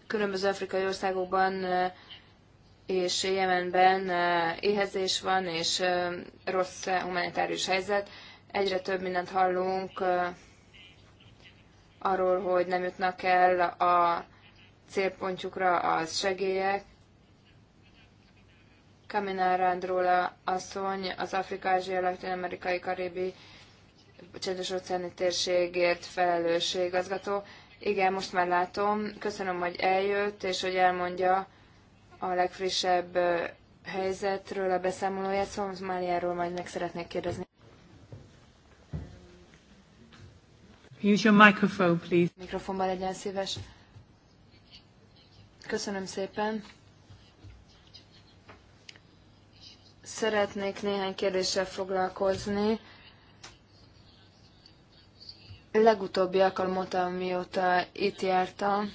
különböző afrikai országokban és Jemenben eh, éhezés van, és eh, rossz humanitárius helyzet. Egyre több mindent hallunk eh, arról, hogy nem jutnak el a célpontjukra az segélyek. Kamina Rándról asszony az Afrika-Ázsia, Latin-Amerikai, Karibi csendes óceáni térségért felelős igazgató. Igen, most már látom. Köszönöm, hogy eljött, és hogy elmondja, a legfrissebb helyzetről a beszámolóját, Szomáliáról szóval majd meg szeretnék kérdezni. Use your microphone, please. Mikrofonban legyen szíves. Köszönöm szépen. Szeretnék néhány kérdéssel foglalkozni. Legutóbbi alkalmat, amióta itt jártam,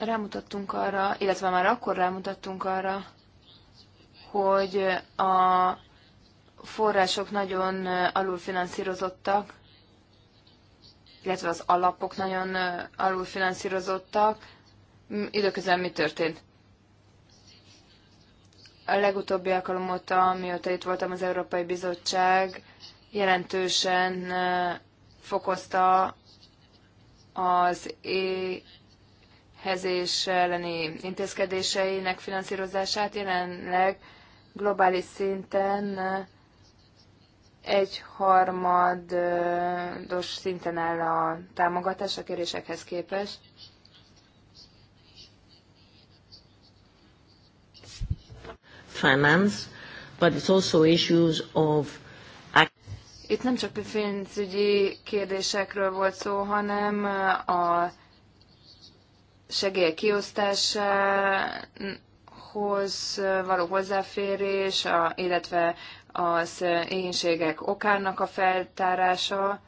rámutattunk arra, illetve már akkor rámutattunk arra, hogy a források nagyon alulfinanszírozottak, illetve az alapok nagyon alulfinanszírozottak. Időközben mi történt? A legutóbbi alkalom óta, mióta itt voltam az Európai Bizottság, jelentősen eh, fokozta az hezés elleni intézkedéseinek finanszírozását jelenleg globális szinten egyharmados szinten áll a támogatás a kérésekhez képest. Finance, but it's also issues of itt nem csak pénzügyi kérdésekről volt szó, hanem a segélyek kiosztásához való hozzáférés, a, illetve az éhénységek okának a feltárása,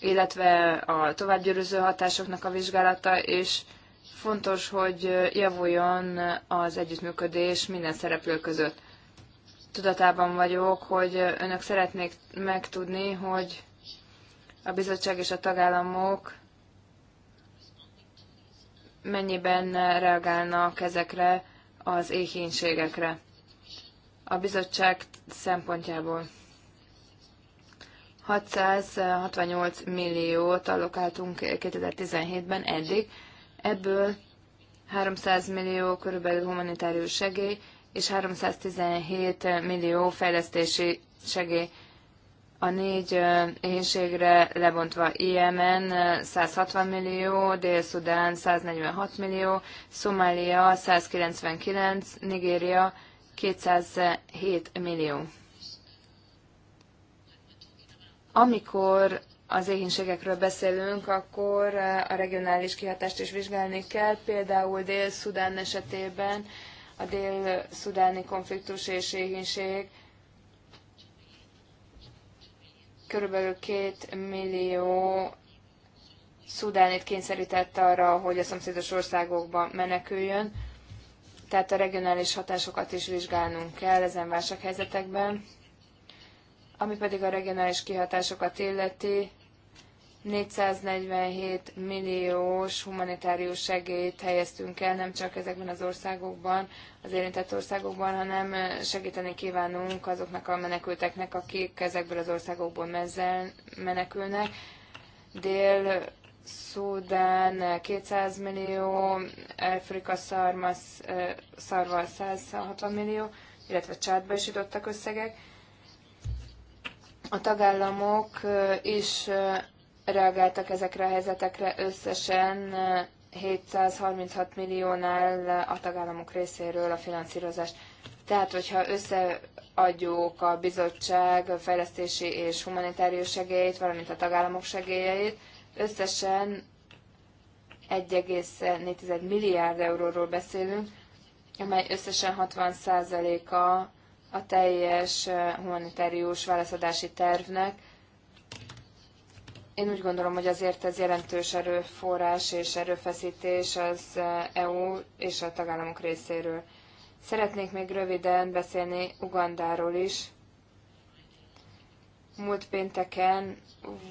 illetve a továbbgyűrűző hatásoknak a vizsgálata, és fontos, hogy javuljon az együttműködés minden szereplő között. Tudatában vagyok, hogy önök szeretnék megtudni, hogy a bizottság és a tagállamok mennyiben reagálnak ezekre az éhénységekre a bizottság szempontjából. 668 milliót allokáltunk 2017-ben eddig, ebből 300 millió körülbelül humanitárius segély, és 317 millió fejlesztési segély a négy éjségre lebontva Jemen 160 millió, Dél-Szudán 146 millió, Szomália 199, Nigéria 207 millió. Amikor az éhénységekről beszélünk, akkor a regionális kihatást is vizsgálni kell. Például Dél-Szudán esetében a dél-szudáni konfliktus és éhénység körülbelül két millió szudánit kényszerített arra, hogy a szomszédos országokba meneküljön. Tehát a regionális hatásokat is vizsgálnunk kell ezen válsághelyzetekben. Ami pedig a regionális kihatásokat illeti, 447 milliós humanitárius segélyt helyeztünk el, nem csak ezekben az országokban, az érintett országokban, hanem segíteni kívánunk azoknak a menekülteknek, akik ezekből az országokból mezzel menekülnek. Dél Szudán 200 millió, Afrika szarmasz, szarval 160 millió, illetve csátba is jutottak összegek. A tagállamok is reagáltak ezekre a helyzetekre összesen 736 eh, milliónál a tagállamok részéről a finanszírozást. Tehát, hogyha összeadjuk a bizottság fejlesztési és humanitárius segélyeit, valamint a tagállamok segélyeit, összesen 1,4 milliárd euróról beszélünk, amely összesen 60%-a a teljes eh, humanitárius válaszadási tervnek, én úgy gondolom, hogy azért ez jelentős erőforrás és erőfeszítés az EU eh, e és a tagállamok részéről. Szeretnék még röviden beszélni Ugandáról is. Múlt pénteken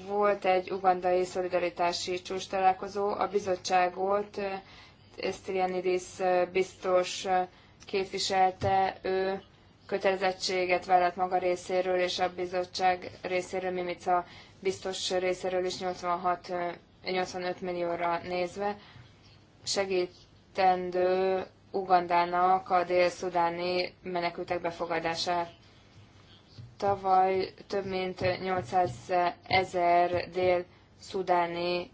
volt egy ugandai szolidaritási csúcs találkozó. A bizottságot eh, Stylianidis eh, biztos képviselte, ő kötelezettséget vállalt maga részéről, és a bizottság részéről Mimica biztos részéről is 86, 85 eh, millióra nézve segítendő Ugandának a dél-szudáni menekültek befogadását. Tavaly több mint 800 ezer dél-szudáni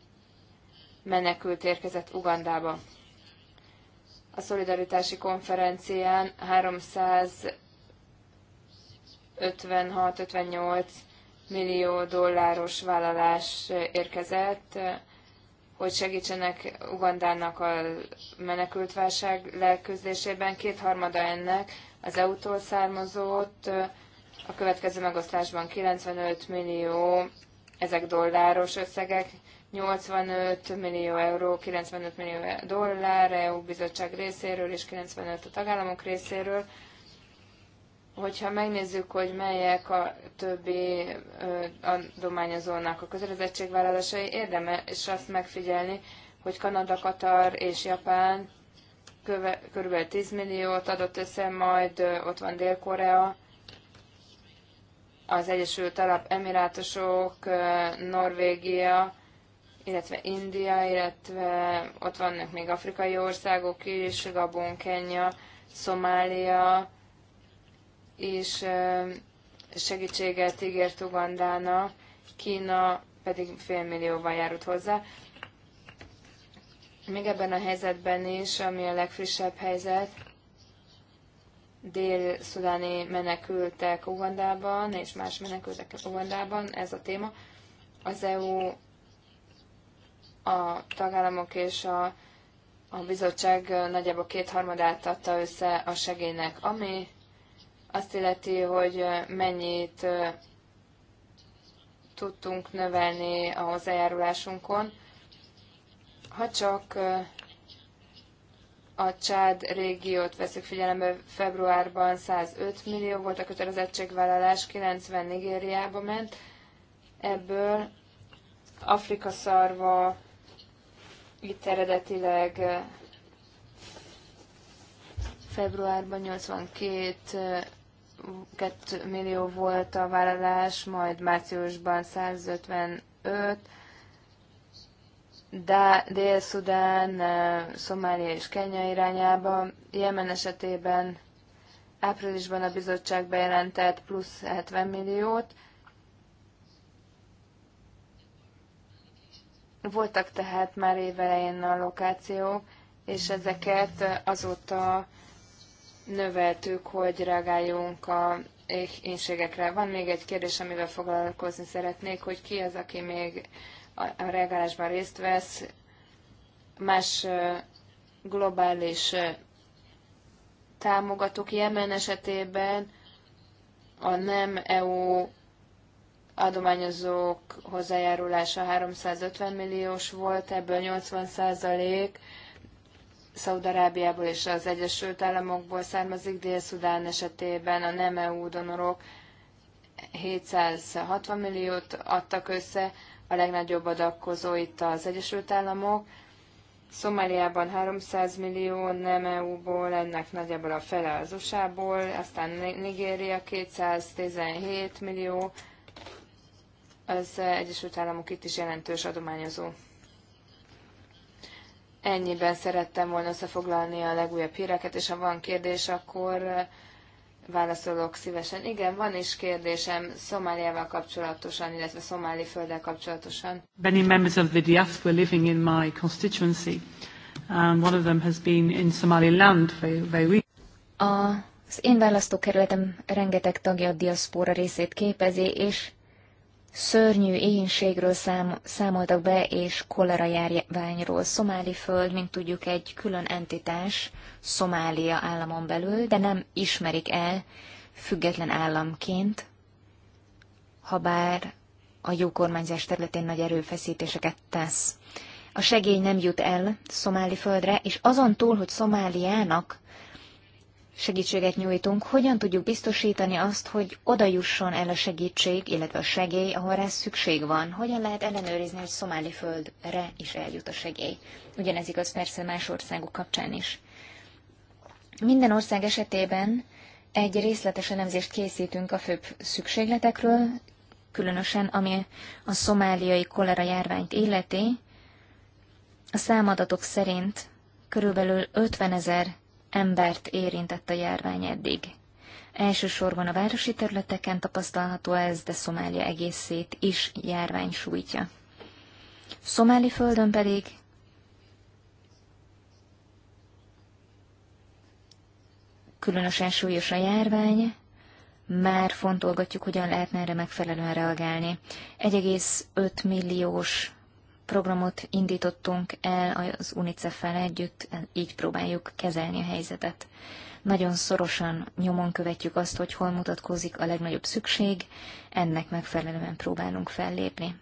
menekült érkezett Ugandába. A szolidaritási konferencián 356-58 millió dolláros vállalás érkezett, hogy segítsenek Ugandának a menekültválság leküzdésében. Kétharmada ennek az EU-tól származott, a következő megosztásban 95 millió, ezek dolláros összegek, 85 millió euró, 95 millió dollár EU bizottság részéről és 95 a tagállamok részéről. Hogyha megnézzük, hogy melyek a többi adományozónak a kötelezettségvállalásai, érdemes azt megfigyelni, hogy Kanada, Katar és Japán köve, kb. 10 milliót adott össze, majd ott van Dél-Korea, az Egyesült Arab Emirátusok, Norvégia, illetve India, illetve ott vannak még afrikai országok is, Gabon, Kenya, Szomália, és segítséget ígért Ugandána, Kína pedig félmillióval járult hozzá. Még ebben a helyzetben is, ami a legfrissebb helyzet, dél-szudáni menekültek Ugandában, és más menekültek Ugandában, ez a téma. Az EU, a tagállamok és a, a bizottság nagyjából kétharmadát adta össze a segélynek, ami azt illeti, hogy mennyit tudtunk növelni a hozzájárulásunkon. Ha csak a Csád régiót veszük figyelembe, februárban 105 millió volt a kötelezettségvállalás, 90 Nigériába ment, ebből Afrika szarva itt eredetileg februárban 82 2 millió volt a vállalás, majd márciusban 155, de Dél-Szudán, eh, Szomália és Kenya irányába. Jemen esetében áprilisban a bizottság bejelentett plusz 70 milliót. Voltak tehát már évelején a lokációk, és ezeket azóta növeltük, hogy reagáljunk a énségekre. Van még egy kérdés, amivel foglalkozni szeretnék, hogy ki az, aki még a reagálásban részt vesz, más globális támogatók Jemen esetében a nem EU adományozók hozzájárulása 350 milliós volt, ebből 80 százalék Szaudarábiából és az Egyesült Államokból származik, Dél-Szudán esetében a nem EU donorok 760 milliót adtak össze, a legnagyobb adakozó itt az Egyesült Államok, Szomáliában 300 millió, nem EU-ból, ennek nagyjából a fele az USA-ból, aztán Nigéria 217 millió, az Egyesült Államok itt is jelentős adományozó. Ennyiben szerettem volna összefoglalni a legújabb híreket, és ha van kérdés, akkor válaszolok szívesen. Igen, van is kérdésem Szomáliával kapcsolatosan, illetve szomáli földdel kapcsolatosan. Many members of the diaspora living in my constituency, and one of them has been in Somaliland very, very Az én választókerületem rengeteg tagja a diaszpóra részét képezi, és szörnyű éhínségről szám, számoltak be, és kolera járványról. Szomáli föld, mint tudjuk, egy külön entitás Szomália államon belül, de nem ismerik el független államként, habár a jó kormányzás területén nagy erőfeszítéseket tesz. A segély nem jut el Szomáli földre, és azon túl, hogy Szomáliának segítséget nyújtunk, hogyan tudjuk biztosítani azt, hogy oda jusson el a segítség, illetve a segély, ahol rá szükség van? Hogyan lehet ellenőrizni, hogy szomáli földre is eljut a segély? Ugyanez igaz persze más országok kapcsán is. Minden ország esetében egy részletes elemzést készítünk a főbb szükségletekről, különösen ami a szomáliai kolera járványt illeti. A számadatok szerint körülbelül 50 ezer embert érintett a járvány eddig. Elsősorban a városi területeken tapasztalható ez, de Szomália egészét is járvány sújtja. Szomáli földön pedig különösen súlyos a járvány, már fontolgatjuk, hogyan lehetne erre megfelelően reagálni. 1,5 milliós programot indítottunk el az UNICEF-fel együtt, így próbáljuk kezelni a helyzetet. Nagyon szorosan nyomon követjük azt, hogy hol mutatkozik a legnagyobb szükség, ennek megfelelően próbálunk fellépni.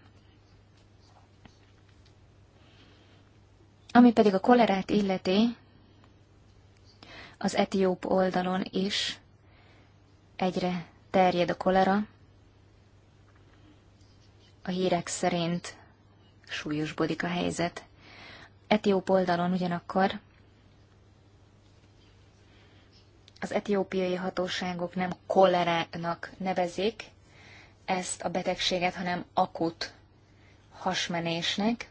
Ami pedig a kolerát illeti, az etióp oldalon is egyre terjed a kolera. A hírek szerint súlyosbodik a helyzet. Etióp oldalon ugyanakkor az etiópiai hatóságok nem kolerának nevezik ezt a betegséget, hanem akut hasmenésnek,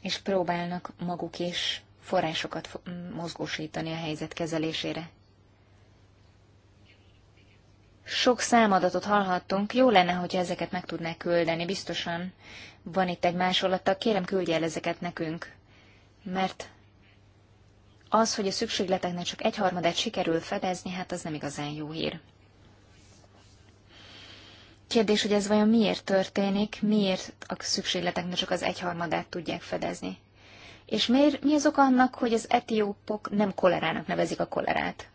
és próbálnak maguk is forrásokat mozgósítani a helyzet kezelésére. Sok számadatot hallhattunk, jó lenne, hogyha ezeket meg tudnák küldeni, biztosan van itt egy másolata, kérem küldje el ezeket nekünk, mert az, hogy a szükségleteknek csak egyharmadát sikerül fedezni, hát az nem igazán jó hír. Kérdés, hogy ez vajon miért történik, miért a szükségleteknek csak az egyharmadát tudják fedezni. És miért, mi az oka annak, hogy az etiópok nem kolerának nevezik a kolerát?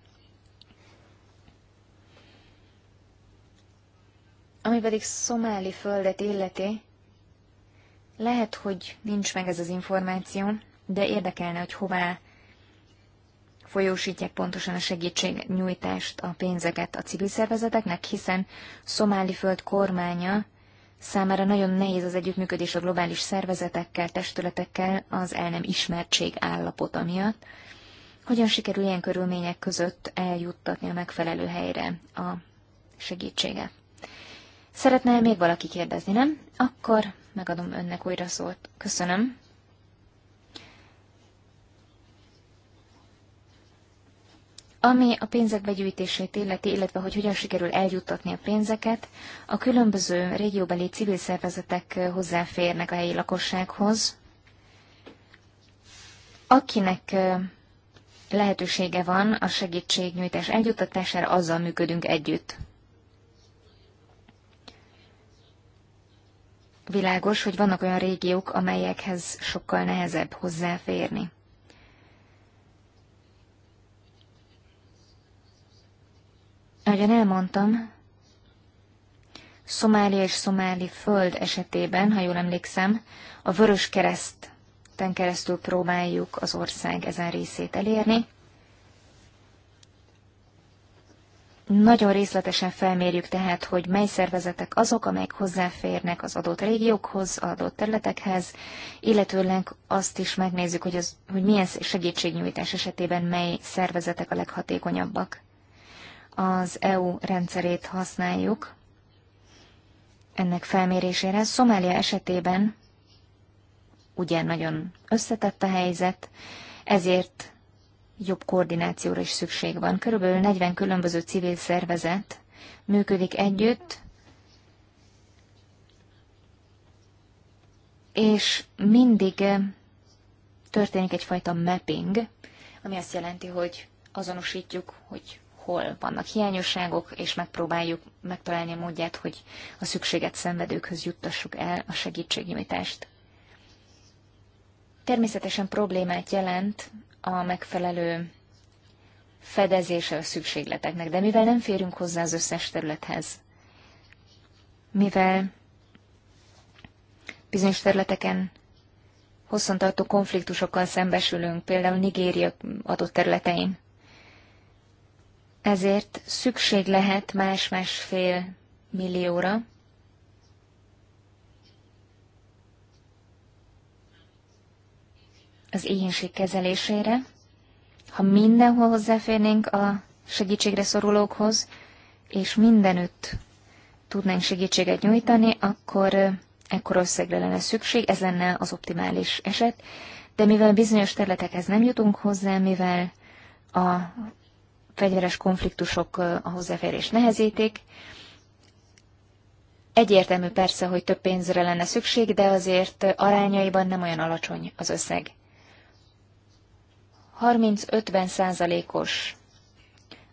Ami pedig szomáli földet illeti, lehet, hogy nincs meg ez az információ, de érdekelne, hogy hová folyósítják pontosan a segítségnyújtást, a pénzeket a civil szervezeteknek, hiszen Szomáli föld kormánya számára nagyon nehéz az együttműködés a globális szervezetekkel, testületekkel az el nem ismertség állapota miatt. Hogyan sikerül ilyen körülmények között eljuttatni a megfelelő helyre a segítséget? Szeretne még valaki kérdezni, nem? Akkor megadom önnek újra szót. Köszönöm. Ami a pénzek begyűjtését illeti, illetve hogy hogyan sikerül eljuttatni a pénzeket, a különböző régióbeli civil szervezetek hozzáférnek a helyi lakossághoz. Akinek lehetősége van a segítségnyújtás eljuttatására, azzal működünk együtt. Világos, hogy vannak olyan régiók, amelyekhez sokkal nehezebb hozzáférni. Ahogyan elmondtam, Szomália és szomáli föld esetében, ha jól emlékszem, a Vörös Kereszten keresztül próbáljuk az ország ezen részét elérni. Nagyon részletesen felmérjük tehát, hogy mely szervezetek azok, amelyek hozzáférnek az adott régiókhoz, adott területekhez, illetőleg azt is megnézzük, hogy, az, hogy milyen segítségnyújtás esetében mely szervezetek a leghatékonyabbak. Az EU rendszerét használjuk ennek felmérésére. Szomália esetében ugye nagyon összetett a helyzet, ezért jobb koordinációra is szükség van. Körülbelül 40 különböző civil szervezet működik együtt, és mindig eh, történik egyfajta mapping, ami azt jelenti, hogy azonosítjuk, hogy hol vannak hiányosságok, és megpróbáljuk megtalálni a módját, hogy a szükséget szenvedőkhöz juttassuk el a segítségnyújtást. Természetesen problémát jelent a megfelelő fedezése a szükségleteknek. De mivel nem férünk hozzá az összes területhez, mivel bizonyos területeken hosszantartó konfliktusokkal szembesülünk, például Nigéria adott területein, ezért szükség lehet más-másfél millióra, az éhénység kezelésére, ha mindenhol hozzáférnénk a segítségre szorulókhoz, és mindenütt tudnánk segítséget nyújtani, akkor ekkor összegre lenne szükség, ez lenne az optimális eset, de mivel bizonyos területekhez nem jutunk hozzá, mivel a fegyveres konfliktusok a hozzáférés nehezítik, Egyértelmű persze, hogy több pénzre lenne szükség, de azért arányaiban nem olyan alacsony az összeg. 30-50 százalékos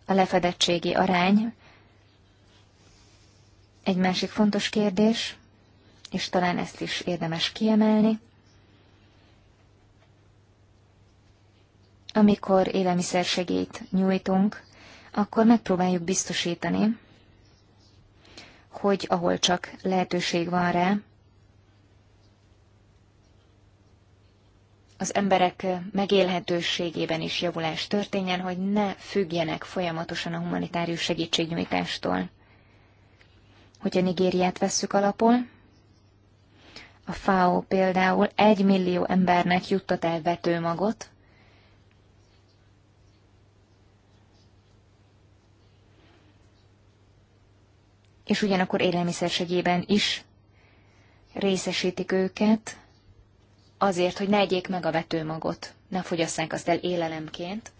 a lefedettségi arány. Egy másik fontos kérdés, és talán ezt is érdemes kiemelni, amikor élelmiszersegélyt nyújtunk, akkor megpróbáljuk biztosítani, hogy ahol csak lehetőség van rá, az emberek megélhetőségében is javulás történjen, hogy ne függjenek folyamatosan a humanitárius segítségnyújtástól. Hogyha Nigériát vesszük alapul, a FAO például egy millió embernek juttat el vetőmagot, és ugyanakkor élelmiszersegében is részesítik őket, azért, hogy ne egyék meg a vetőmagot, ne fogyasszák azt el élelemként.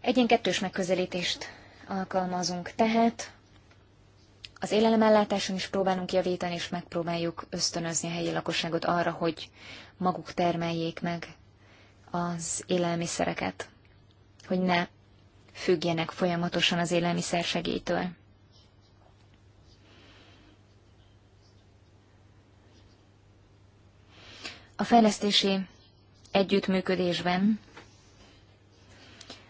Egyén kettős megközelítést alkalmazunk, tehát az élelemellátáson is próbálunk javítani, és megpróbáljuk ösztönözni a helyi lakosságot arra, hogy maguk termeljék meg az élelmiszereket, hogy ne függjenek folyamatosan az élelmiszer segélytől. A fejlesztési együttműködésben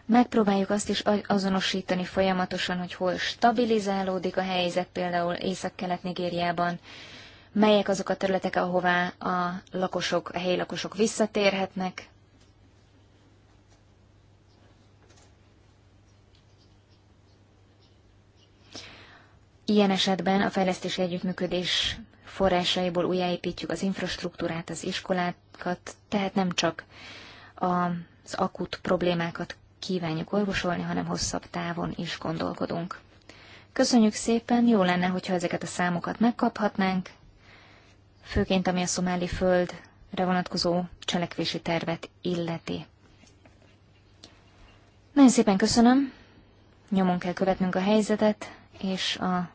megpróbáljuk azt is azonosítani folyamatosan, hogy hol stabilizálódik a helyzet, például Észak-Kelet-Nigériában, melyek azok a területek, ahová a lakosok, a helyi lakosok visszatérhetnek, Ilyen esetben a fejlesztési együttműködés forrásaiból újjáépítjük az infrastruktúrát, az iskolákat, tehát nem csak az akut problémákat kívánjuk orvosolni, hanem hosszabb távon is gondolkodunk. Köszönjük szépen, jó lenne, hogyha ezeket a számokat megkaphatnánk, főként ami a szomáli földre vonatkozó cselekvési tervet illeti. Nagyon szépen köszönöm, nyomon kell követnünk a helyzetet, és a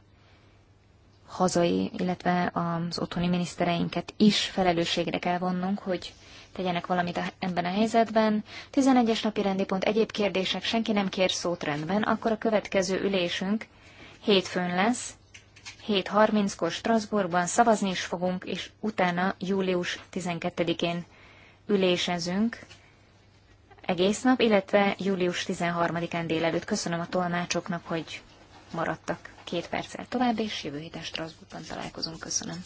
hazai, illetve az otthoni minisztereinket is felelősségre kell vonnunk, hogy tegyenek valamit ebben a helyzetben. 11-es napi rendi pont egyéb kérdések, senki nem kér szót rendben, akkor a következő ülésünk hétfőn lesz, 7.30-kor Strasbourgban szavazni is fogunk, és utána július 12-én ülésezünk egész nap, illetve július 13-án délelőtt. Köszönöm a tolmácsoknak, hogy maradtak két perccel tovább, és jövő héten Strasbourgban találkozunk. Köszönöm.